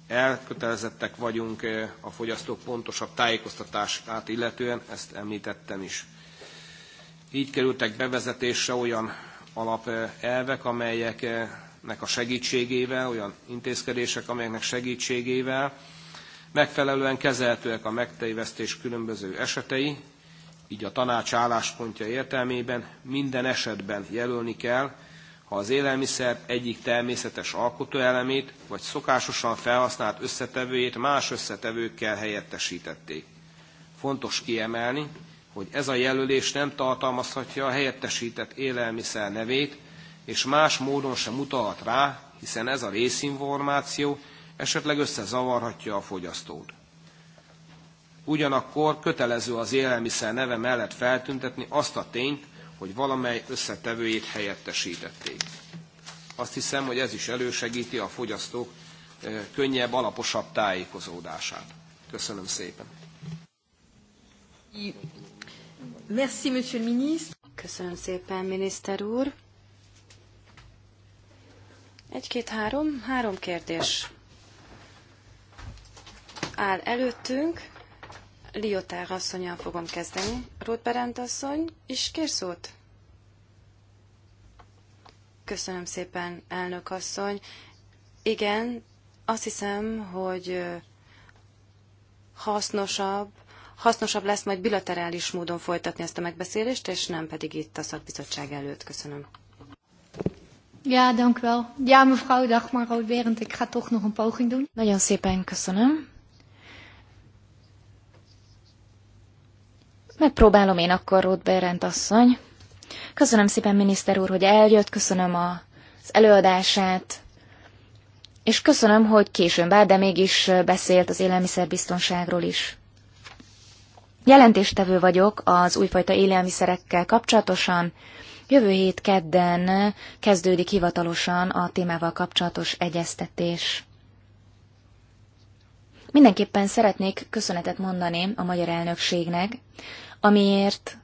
Elkötelezettek vagyunk a fogyasztók pontosabb tájékoztatását illetően, ezt említettem is. Így kerültek bevezetésre olyan alapelvek, amelyek nek a segítségével, olyan intézkedések, amelyeknek segítségével megfelelően kezelhetőek a megtévesztés különböző esetei, így a tanács álláspontja értelmében minden esetben jelölni kell, ha az élelmiszer egyik természetes alkotóelemét vagy szokásosan felhasznált összetevőjét más összetevőkkel helyettesítették. Fontos kiemelni, hogy ez a jelölés nem tartalmazhatja a helyettesített élelmiszer nevét, és más módon sem utalhat rá, hiszen ez a részinformáció esetleg összezavarhatja a fogyasztót. Ugyanakkor kötelező az élelmiszer neve mellett feltüntetni azt a tényt, hogy valamely összetevőjét helyettesítették. Azt hiszem, hogy ez is elősegíti a fogyasztók eh, könnyebb, alaposabb tájékozódását. Köszönöm szépen. Merci, monsieur le ministre. Köszönöm szépen, miniszter úr. Egy-két-három, három kérdés áll előttünk. Liotár asszonyjal fogom kezdeni. Ruth Berend asszony, is kér szót? Köszönöm szépen, elnök asszony. Igen, azt hiszem, hogy hasznosabb, hasznosabb lesz majd bilaterális módon folytatni ezt a megbeszélést, és nem pedig itt a szakbizottság előtt. Köszönöm. Ja, dank wel. Ja, mevrouw Dagmar Roodberend, ik ga toch nog een poging doen. Nagyon szépen köszönöm. Megpróbálom én akkor, Rothberent asszony. Köszönöm szépen, miniszter úr, hogy eljött, köszönöm a, az előadását, és köszönöm, hogy későn bár, de mégis beszélt az élelmiszerbiztonságról is. Jelentéstevő vagyok az újfajta élelmiszerekkel kapcsolatosan, Jövő hét kedden kezdődik hivatalosan a témával kapcsolatos egyeztetés. Mindenképpen szeretnék köszönetet mondani a magyar elnökségnek, amiért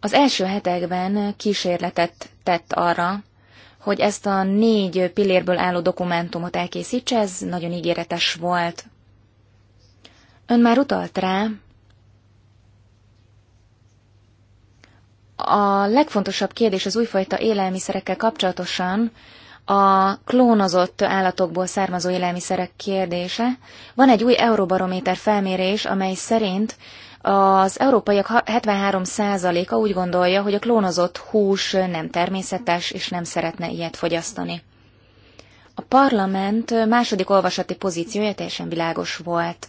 az első hetekben kísérletet tett arra, hogy ezt a négy pillérből álló dokumentumot elkészítse, ez nagyon ígéretes volt. Ön már utalt rá, A legfontosabb kérdés az újfajta élelmiszerekkel kapcsolatosan a klónozott állatokból származó élelmiszerek kérdése. Van egy új Euróbarométer felmérés, amely szerint az európaiak 73%-a úgy gondolja, hogy a klónozott hús nem természetes, és nem szeretne ilyet fogyasztani. A parlament második olvasati pozíciója teljesen világos volt.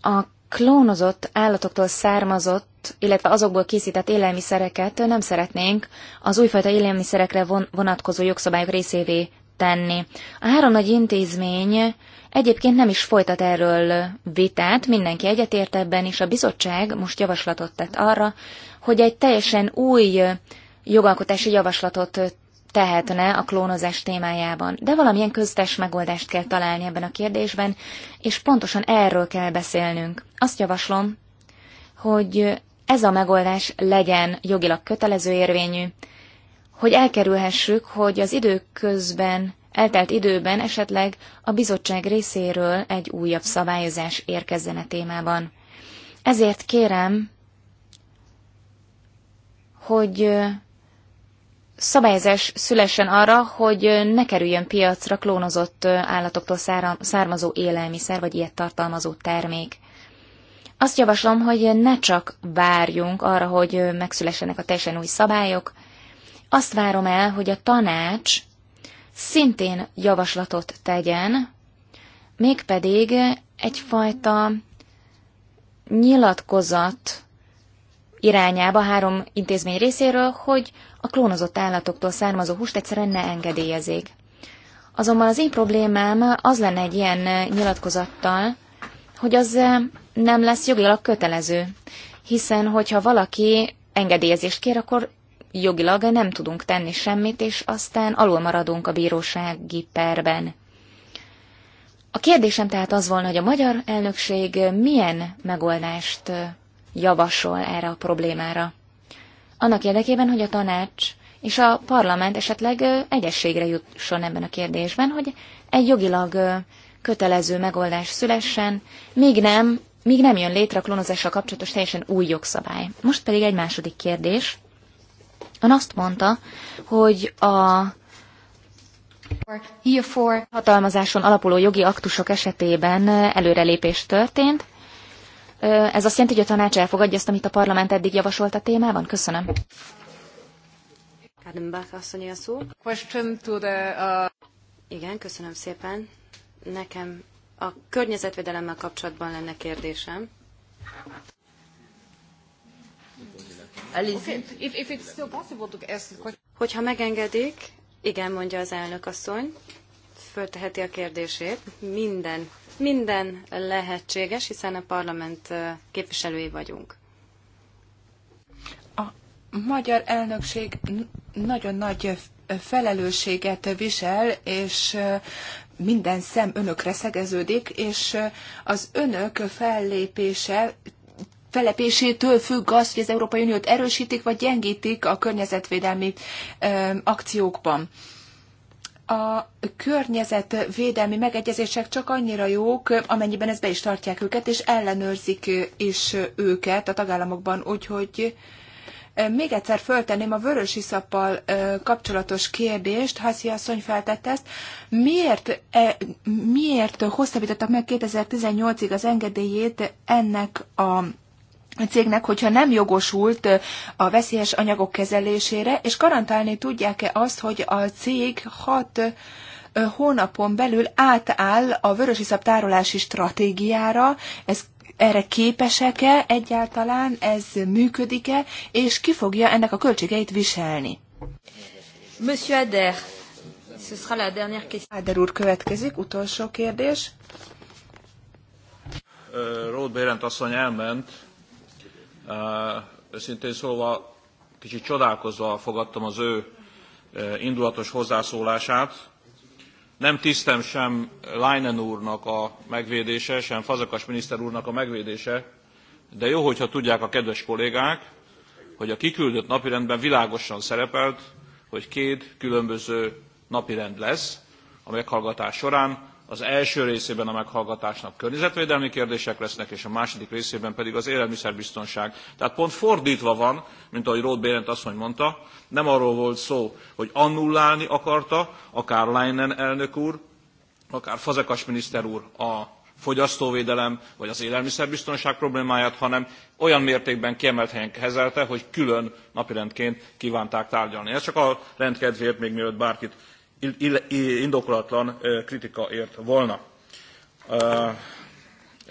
A klónozott állatoktól származott, illetve azokból készített élelmiszereket nem szeretnénk az újfajta élelmiszerekre vonatkozó jogszabályok részévé tenni. A három nagy intézmény egyébként nem is folytat erről vitát, mindenki egyetért ebben, és a bizottság most javaslatot tett arra, hogy egy teljesen új jogalkotási javaslatot tehetne a klónozás témájában. De valamilyen köztes megoldást kell találni ebben a kérdésben, és pontosan erről kell beszélnünk. Azt javaslom, hogy ez a megoldás legyen jogilag kötelező érvényű, hogy elkerülhessük, hogy az idők közben, eltelt időben esetleg a bizottság részéről egy újabb szabályozás érkezzen a témában. Ezért kérem, hogy szabályozás szülessen arra, hogy ne kerüljön piacra klónozott állatoktól származó élelmiszer vagy ilyet tartalmazó termék. Azt javaslom, hogy ne csak várjunk arra, hogy megszülessenek a teljesen új szabályok, azt várom el, hogy a tanács szintén javaslatot tegyen, mégpedig egyfajta nyilatkozat irányába három intézmény részéről, hogy a klónozott állatoktól származó húst egyszerűen ne engedélyezik. Azonban az én problémám az lenne egy ilyen nyilatkozattal, hogy az nem lesz jogilag kötelező, hiszen hogyha valaki engedélyezést kér, akkor jogilag nem tudunk tenni semmit, és aztán alul maradunk a bírósági perben. A kérdésem tehát az volna, hogy a magyar elnökség milyen megoldást javasol erre a problémára annak érdekében, hogy a tanács és a parlament esetleg egyességre jusson ebben a kérdésben, hogy egy jogilag kötelező megoldás szülessen, míg nem, míg nem jön létre a klónozással kapcsolatos teljesen új jogszabály. Most pedig egy második kérdés. Ön azt mondta, hogy a hatalmazáson alapuló jogi aktusok esetében előrelépés történt, ez azt jelenti, hogy a tanács elfogadja azt, amit a parlament eddig javasolt a témában? Köszönöm. Uh, igen, köszönöm szépen. Nekem a környezetvédelemmel kapcsolatban lenne kérdésem. Hogyha megengedik, igen, mondja az elnök asszony, fölteheti a kérdését. Minden minden lehetséges, hiszen a parlament képviselői vagyunk. A magyar elnökség nagyon nagy felelősséget visel, és minden szem önökre szegeződik, és az önök fellépése felepésétől függ az, hogy az Európai Uniót erősítik vagy gyengítik a környezetvédelmi akciókban a környezetvédelmi megegyezések csak annyira jók, amennyiben ezt be is tartják őket, és ellenőrzik is őket a tagállamokban, úgyhogy e, még egyszer föltenném a vörös iszappal e, kapcsolatos kérdést, Haszi asszony feltette ezt. Miért, e, miért hosszabbítottak meg 2018-ig az engedélyét ennek a a cégnek, hogyha nem jogosult a veszélyes anyagok kezelésére, és garantálni tudják-e azt, hogy a cég hat hónapon belül átáll a vörösiszap tárolási stratégiára, ez erre képesek-e egyáltalán, ez működik-e, és ki fogja ennek a költségeit viselni? Monsieur Ader, ce sera la dernière question. Ader úr következik, utolsó kérdés. Ród Bérent asszony elment, Őszintén szólva kicsit csodálkozva fogadtam az ő indulatos hozzászólását. Nem tisztem sem Leinen úrnak a megvédése, sem Fazakas miniszter úrnak a megvédése, de jó, hogyha tudják a kedves kollégák, hogy a kiküldött napirendben világosan szerepelt, hogy két különböző napirend lesz a meghallgatás során. Az első részében a meghallgatásnak környezetvédelmi kérdések lesznek, és a második részében pedig az élelmiszerbiztonság. Tehát pont fordítva van, mint ahogy Roth Bérent asszony mondta, nem arról volt szó, hogy annullálni akarta, akár Leinen elnök úr, akár Fazekas miniszter úr a fogyasztóvédelem vagy az élelmiszerbiztonság problémáját, hanem olyan mértékben kiemelt helyen kezelte, hogy külön napirendként kívánták tárgyalni. Ez csak a rendkedvéért még mielőtt bárkit indokolatlan kritika ért volna.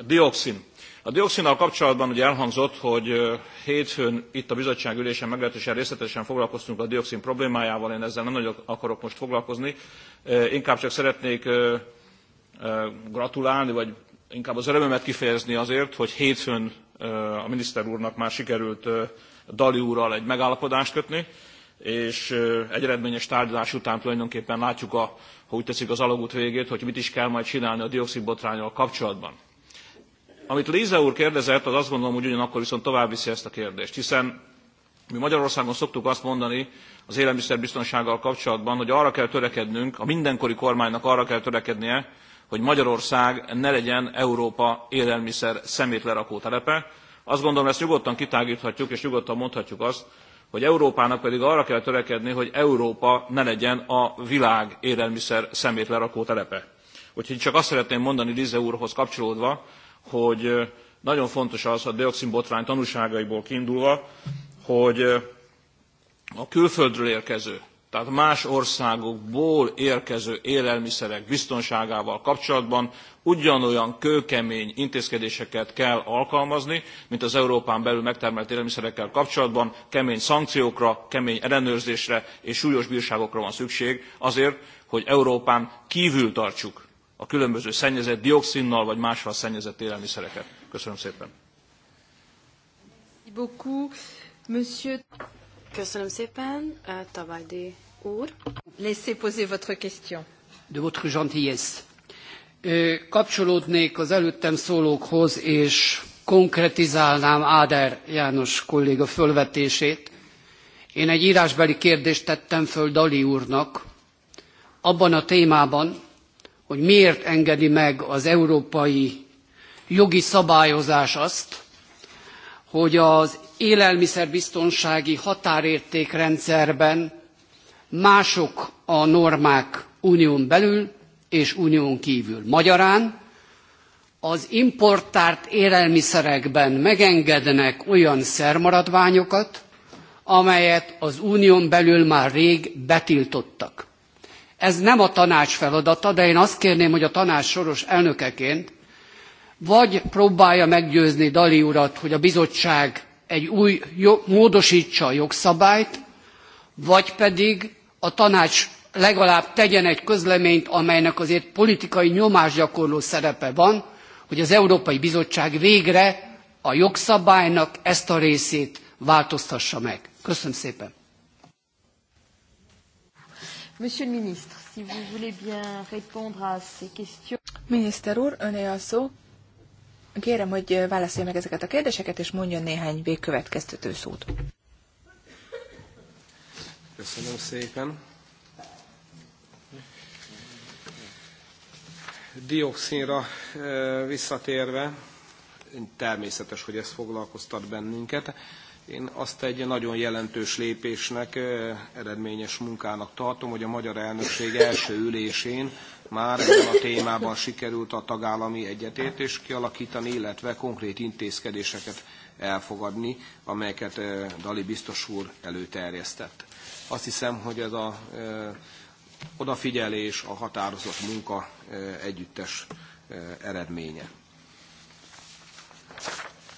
Dioxin. A dioxinnal kapcsolatban ugye elhangzott, hogy hétfőn itt a bizottság ülésen meglehetősen részletesen foglalkoztunk a dioxin problémájával, én ezzel nem nagyon akarok most foglalkozni, inkább csak szeretnék gratulálni, vagy inkább az örömömet kifejezni azért, hogy hétfőn a miniszter úrnak már sikerült Dali úrral egy megállapodást kötni, és egy eredményes tárgyalás után tulajdonképpen látjuk, a, ha úgy teszik az alagút végét, hogy mit is kell majd csinálni a dioxinbotrányal kapcsolatban. Amit Líze úr kérdezett, az azt gondolom, hogy ugyanakkor viszont tovább viszi ezt a kérdést, hiszen mi Magyarországon szoktuk azt mondani az élelmiszerbiztonsággal kapcsolatban, hogy arra kell törekednünk, a mindenkori kormánynak arra kell törekednie, hogy Magyarország ne legyen Európa élelmiszer szemétlerakó telepe. Azt gondolom, ezt nyugodtan kitágíthatjuk, és nyugodtan mondhatjuk azt, hogy Európának pedig arra kell törekedni, hogy Európa ne legyen a világ élelmiszer lerakó telepe. Úgyhogy csak azt szeretném mondani Lize úrhoz kapcsolódva, hogy nagyon fontos az a dioxinbotrány tanúságaiból kiindulva, hogy a külföldről érkező, tehát más országokból érkező élelmiszerek biztonságával kapcsolatban ugyanolyan kőkemény intézkedéseket kell alkalmazni, mint az Európán belül megtermelt élelmiszerekkel kapcsolatban, kemény szankciókra, kemény ellenőrzésre és súlyos bírságokra van szükség azért, hogy Európán kívül tartsuk a különböző szennyezett dioxinnal vagy mással szennyezett élelmiszereket. Köszönöm szépen. Köszönöm szépen, eh, Tabajdi úr. Laissez poser votre question. De votre gentillesse. Kapcsolódnék az előttem szólókhoz, és konkretizálnám Áder János kolléga fölvetését. Én egy írásbeli kérdést tettem föl Dali úrnak, abban a témában, hogy miért engedi meg az európai jogi szabályozás azt, hogy az élelmiszerbiztonsági határértékrendszerben mások a normák unión belül, és unión kívül. Magyarán az importált élelmiszerekben megengednek olyan szermaradványokat, amelyet az unión belül már rég betiltottak. Ez nem a tanács feladata, de én azt kérném, hogy a tanács soros elnökeként vagy próbálja meggyőzni Dali urat, hogy a bizottság egy új, módosítsa a jogszabályt, vagy pedig a tanács legalább tegyen egy közleményt, amelynek azért politikai nyomásgyakorló szerepe van, hogy az Európai Bizottság végre a jogszabálynak ezt a részét változtassa meg. Köszönöm szépen. Monsieur le ministre, si vous voulez bien répondre à ces questions. Miniszter úr, öné a szó. Kérem, hogy válaszolja meg ezeket a kérdéseket, és mondjon néhány végkövetkeztető szót. Köszönöm szépen. dioxinra visszatérve, természetes, hogy ez foglalkoztat bennünket. Én azt egy nagyon jelentős lépésnek, eredményes munkának tartom, hogy a magyar elnökség első ülésén már ebben a témában sikerült a tagállami egyetértést kialakítani, illetve konkrét intézkedéseket elfogadni, amelyeket Dali biztos úr előterjesztett. Azt hiszem, hogy ez a odafigyelés, a határozott munka együttes eredménye.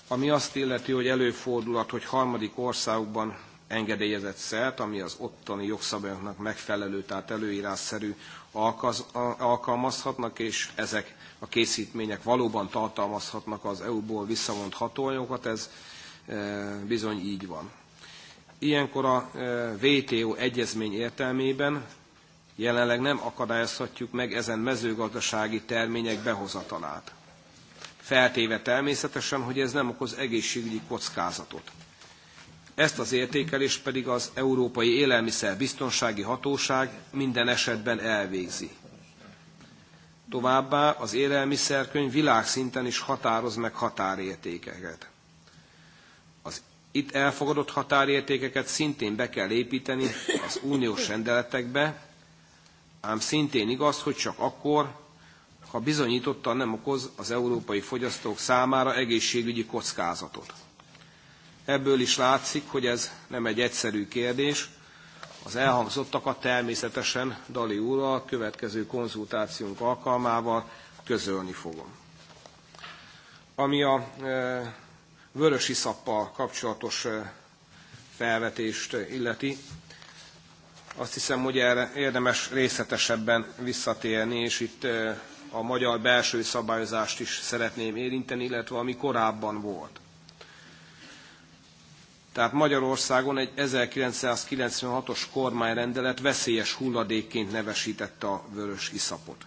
Ami azt illeti, hogy előfordulhat, hogy harmadik országokban engedélyezett szert, ami az ottani jogszabályoknak megfelelő, tehát előírásszerű alkalmazhatnak, és ezek a készítmények valóban tartalmazhatnak az EU-ból visszavont hatóanyagokat, ez bizony így van. Ilyenkor a WTO egyezmény értelmében Jelenleg nem akadályozhatjuk meg ezen mezőgazdasági termények behozatalát. Feltéve természetesen, hogy ez nem okoz egészségügyi kockázatot. Ezt az értékelést pedig az Európai Élelmiszer Biztonsági Hatóság minden esetben elvégzi. Továbbá az élelmiszerkönyv világszinten is határoz meg határértékeket. Az itt elfogadott határértékeket szintén be kell építeni az uniós rendeletekbe, ám szintén igaz, hogy csak akkor, ha bizonyítottan nem okoz az európai fogyasztók számára egészségügyi kockázatot. Ebből is látszik, hogy ez nem egy egyszerű kérdés. Az elhangzottakat természetesen Dali úrral a következő konzultációnk alkalmával közölni fogom. Ami a e, vörös kapcsolatos e, felvetést illeti, azt hiszem, hogy erre érdemes részletesebben visszatérni, és itt a magyar belső szabályozást is szeretném érinteni, illetve ami korábban volt. Tehát Magyarországon egy 1996-os kormányrendelet veszélyes hulladékként nevesítette a vörös iszapot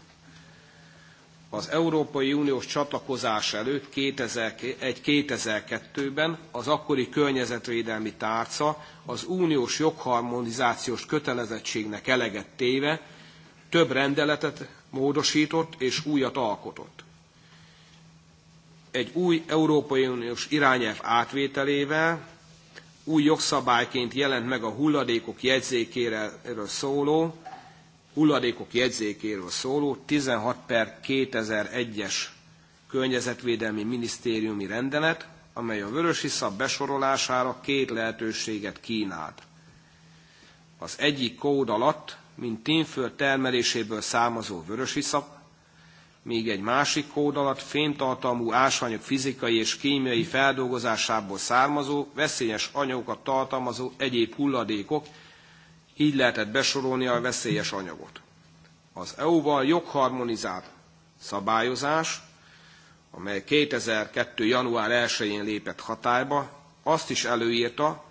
az Európai Uniós csatlakozás előtt 2001-2002-ben az akkori környezetvédelmi tárca az uniós jogharmonizációs kötelezettségnek eleget téve több rendeletet módosított és újat alkotott. Egy új Európai Uniós irányelv átvételével új jogszabályként jelent meg a hulladékok jegyzékéről szóló hulladékok jegyzékéről szóló 16 per 2001-es környezetvédelmi minisztériumi rendelet, amely a vörösiszap besorolására két lehetőséget kínált. Az egyik kód alatt, mint tínföld termeléséből származó vörösiszap, míg egy másik kód alatt fémtartalmú ásványok fizikai és kémiai feldolgozásából származó, veszélyes anyagokat tartalmazó egyéb hulladékok így lehetett besorolni a veszélyes anyagot. Az EU-val jogharmonizált szabályozás, amely 2002. január 1-én lépett hatályba, azt is előírta,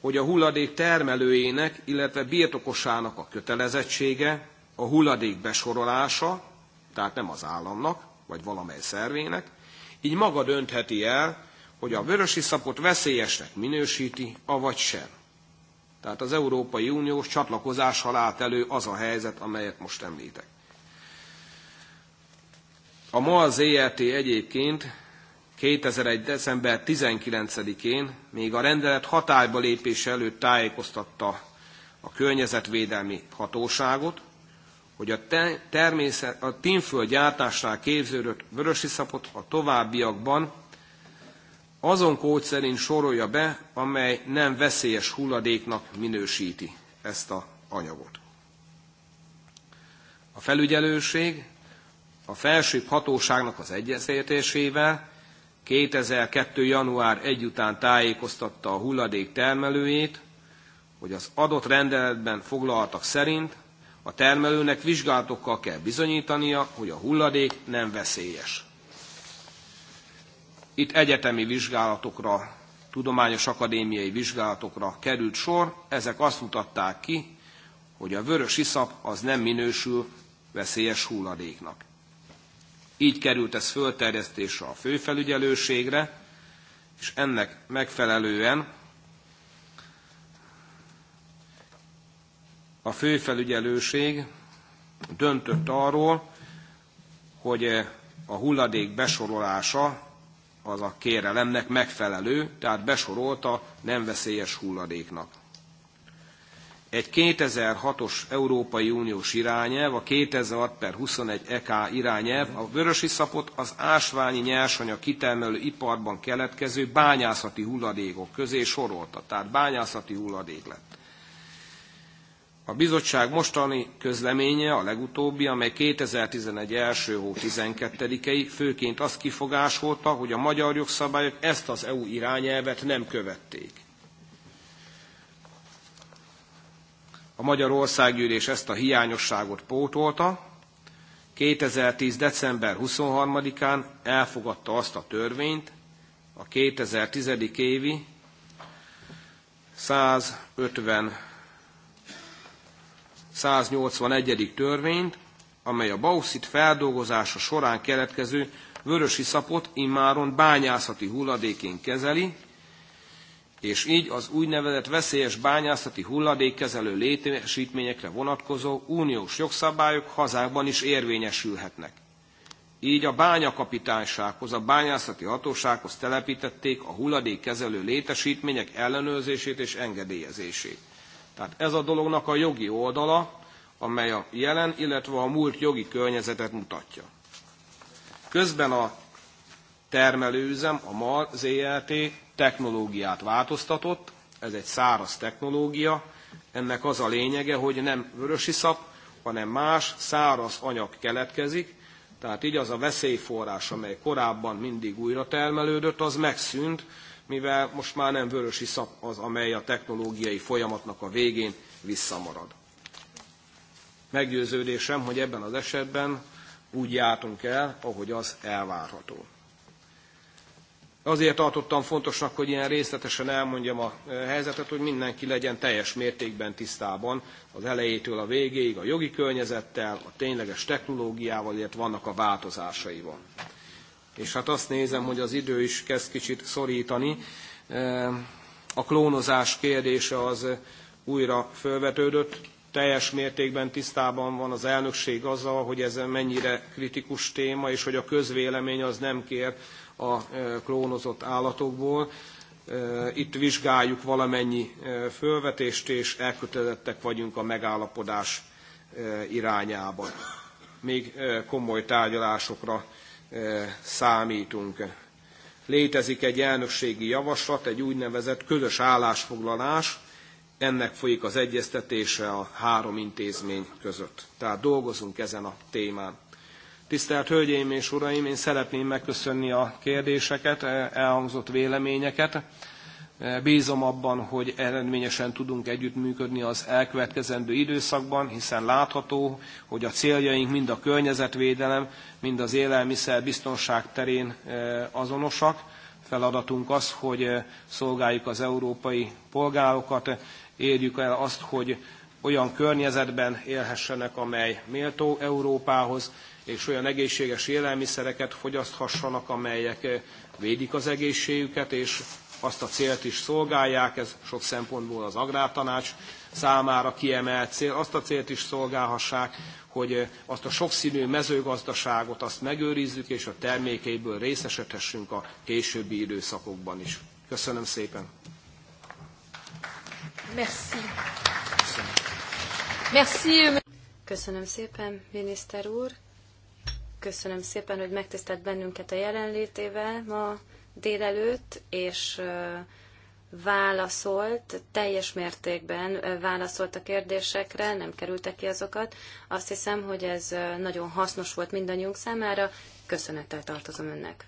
hogy a hulladék termelőjének, illetve birtokosának a kötelezettsége, a hulladék besorolása, tehát nem az államnak, vagy valamely szervének, így maga döntheti el, hogy a vörösi szapot veszélyesnek minősíti, avagy sem. Tehát az Európai Uniós csatlakozással állt elő az a helyzet, amelyet most említek. A az ERT egyébként 2001. december 19-én még a rendelet hatályba lépése előtt tájékoztatta a környezetvédelmi hatóságot, hogy a, természet, a tínföld gyártásnál képződött vörösiszapot a továbbiakban azon kód szerint sorolja be, amely nem veszélyes hulladéknak minősíti ezt a anyagot. A felügyelőség a felsőbb hatóságnak az egyeztetésével 2002. január 1 után tájékoztatta a hulladék termelőjét, hogy az adott rendeletben foglaltak szerint a termelőnek vizsgálatokkal kell bizonyítania, hogy a hulladék nem veszélyes. Itt egyetemi vizsgálatokra, tudományos akadémiai vizsgálatokra került sor, ezek azt mutatták ki, hogy a vörös iszap az nem minősül veszélyes hulladéknak. Így került ez fölterjesztésre a főfelügyelőségre, és ennek megfelelően a főfelügyelőség döntött arról, hogy a hulladék besorolása az a kérelemnek megfelelő, tehát besorolta nem veszélyes hulladéknak. Egy 2006-os Európai Uniós irányelv, a 2006 per 21 EK irányelv a vörösi szapot az ásványi nyersanyag kitermelő iparban keletkező bányászati hulladékok közé sorolta, tehát bányászati hulladék lett. A bizottság mostani közleménye, a legutóbbi, amely 2011 első hó 12 ei főként azt kifogásolta, hogy a magyar jogszabályok ezt az EU irányelvet nem követték. A Magyar Országgyűlés ezt a hiányosságot pótolta, 2010. december 23-án elfogadta azt a törvényt, a 2010. évi 150 181. törvényt, amely a bauxit feldolgozása során keletkező vörösi szapot immáron bányászati hulladékén kezeli, és így az úgynevezett veszélyes bányászati hulladékkezelő létesítményekre vonatkozó uniós jogszabályok hazákban is érvényesülhetnek. Így a bányakapitánysághoz, a bányászati hatósághoz telepítették a hulladékkezelő létesítmények ellenőrzését és engedélyezését. Tehát ez a dolognak a jogi oldala, amely a jelen, illetve a múlt jogi környezetet mutatja. Közben a termelőüzem, a MAL ZLT technológiát változtatott, ez egy száraz technológia, ennek az a lényege, hogy nem szap, hanem más száraz anyag keletkezik, tehát így az a veszélyforrás, amely korábban mindig újra termelődött, az megszűnt, mivel most már nem vörös szap az, amely a technológiai folyamatnak a végén visszamarad. Meggyőződésem, hogy ebben az esetben úgy jártunk el, ahogy az elvárható. Azért tartottam fontosnak, hogy ilyen részletesen elmondjam a e, helyzetet, hogy mindenki legyen teljes mértékben tisztában az elejétől a végéig a jogi környezettel, a tényleges technológiával, illetve vannak a változásaival és hát azt nézem, hogy az idő is kezd kicsit szorítani. Ehm, a klónozás kérdése az újra felvetődött. Teljes mértékben tisztában van az elnökség azzal, hogy ez mennyire kritikus téma, és hogy a közvélemény az nem kér a e, klónozott állatokból. E, itt vizsgáljuk valamennyi e, fölvetést, és elkötelezettek vagyunk a megállapodás irányában, Még komoly tárgyalásokra Eh, számítunk. Létezik egy elnökségi javaslat, egy úgynevezett közös állásfoglalás, ennek folyik az egyeztetése a három intézmény között. Tehát dolgozunk ezen a témán. Tisztelt Hölgyeim és Uraim, én szeretném megköszönni a kérdéseket, e, elhangzott véleményeket. Bízom abban, hogy eredményesen tudunk együttműködni az elkövetkezendő időszakban, hiszen látható, hogy a céljaink mind a környezetvédelem, mind az élelmiszer biztonság terén e, azonosak. Feladatunk az, hogy e, szolgáljuk az európai polgárokat, érjük el azt, hogy olyan környezetben élhessenek, amely méltó Európához, és olyan egészséges élelmiszereket fogyaszthassanak, amelyek e, védik az egészségüket, és azt a célt is szolgálják, ez sok szempontból az agrártanács számára kiemelt cél, azt a célt is szolgálhassák, hogy eh, azt a sokszínű mezőgazdaságot azt megőrizzük, és a termékeiből részesedhessünk a későbbi időszakokban is. Köszönöm szépen! Merci. Merci. Köszönöm szépen, miniszter úr! Köszönöm szépen, hogy megtisztelt bennünket a jelenlétével ma délelőtt, és válaszolt, teljes mértékben válaszolt a kérdésekre, nem kerültek ki azokat. Azt hiszem, hogy ez nagyon hasznos volt mindannyiunk számára. Köszönettel tartozom önnek.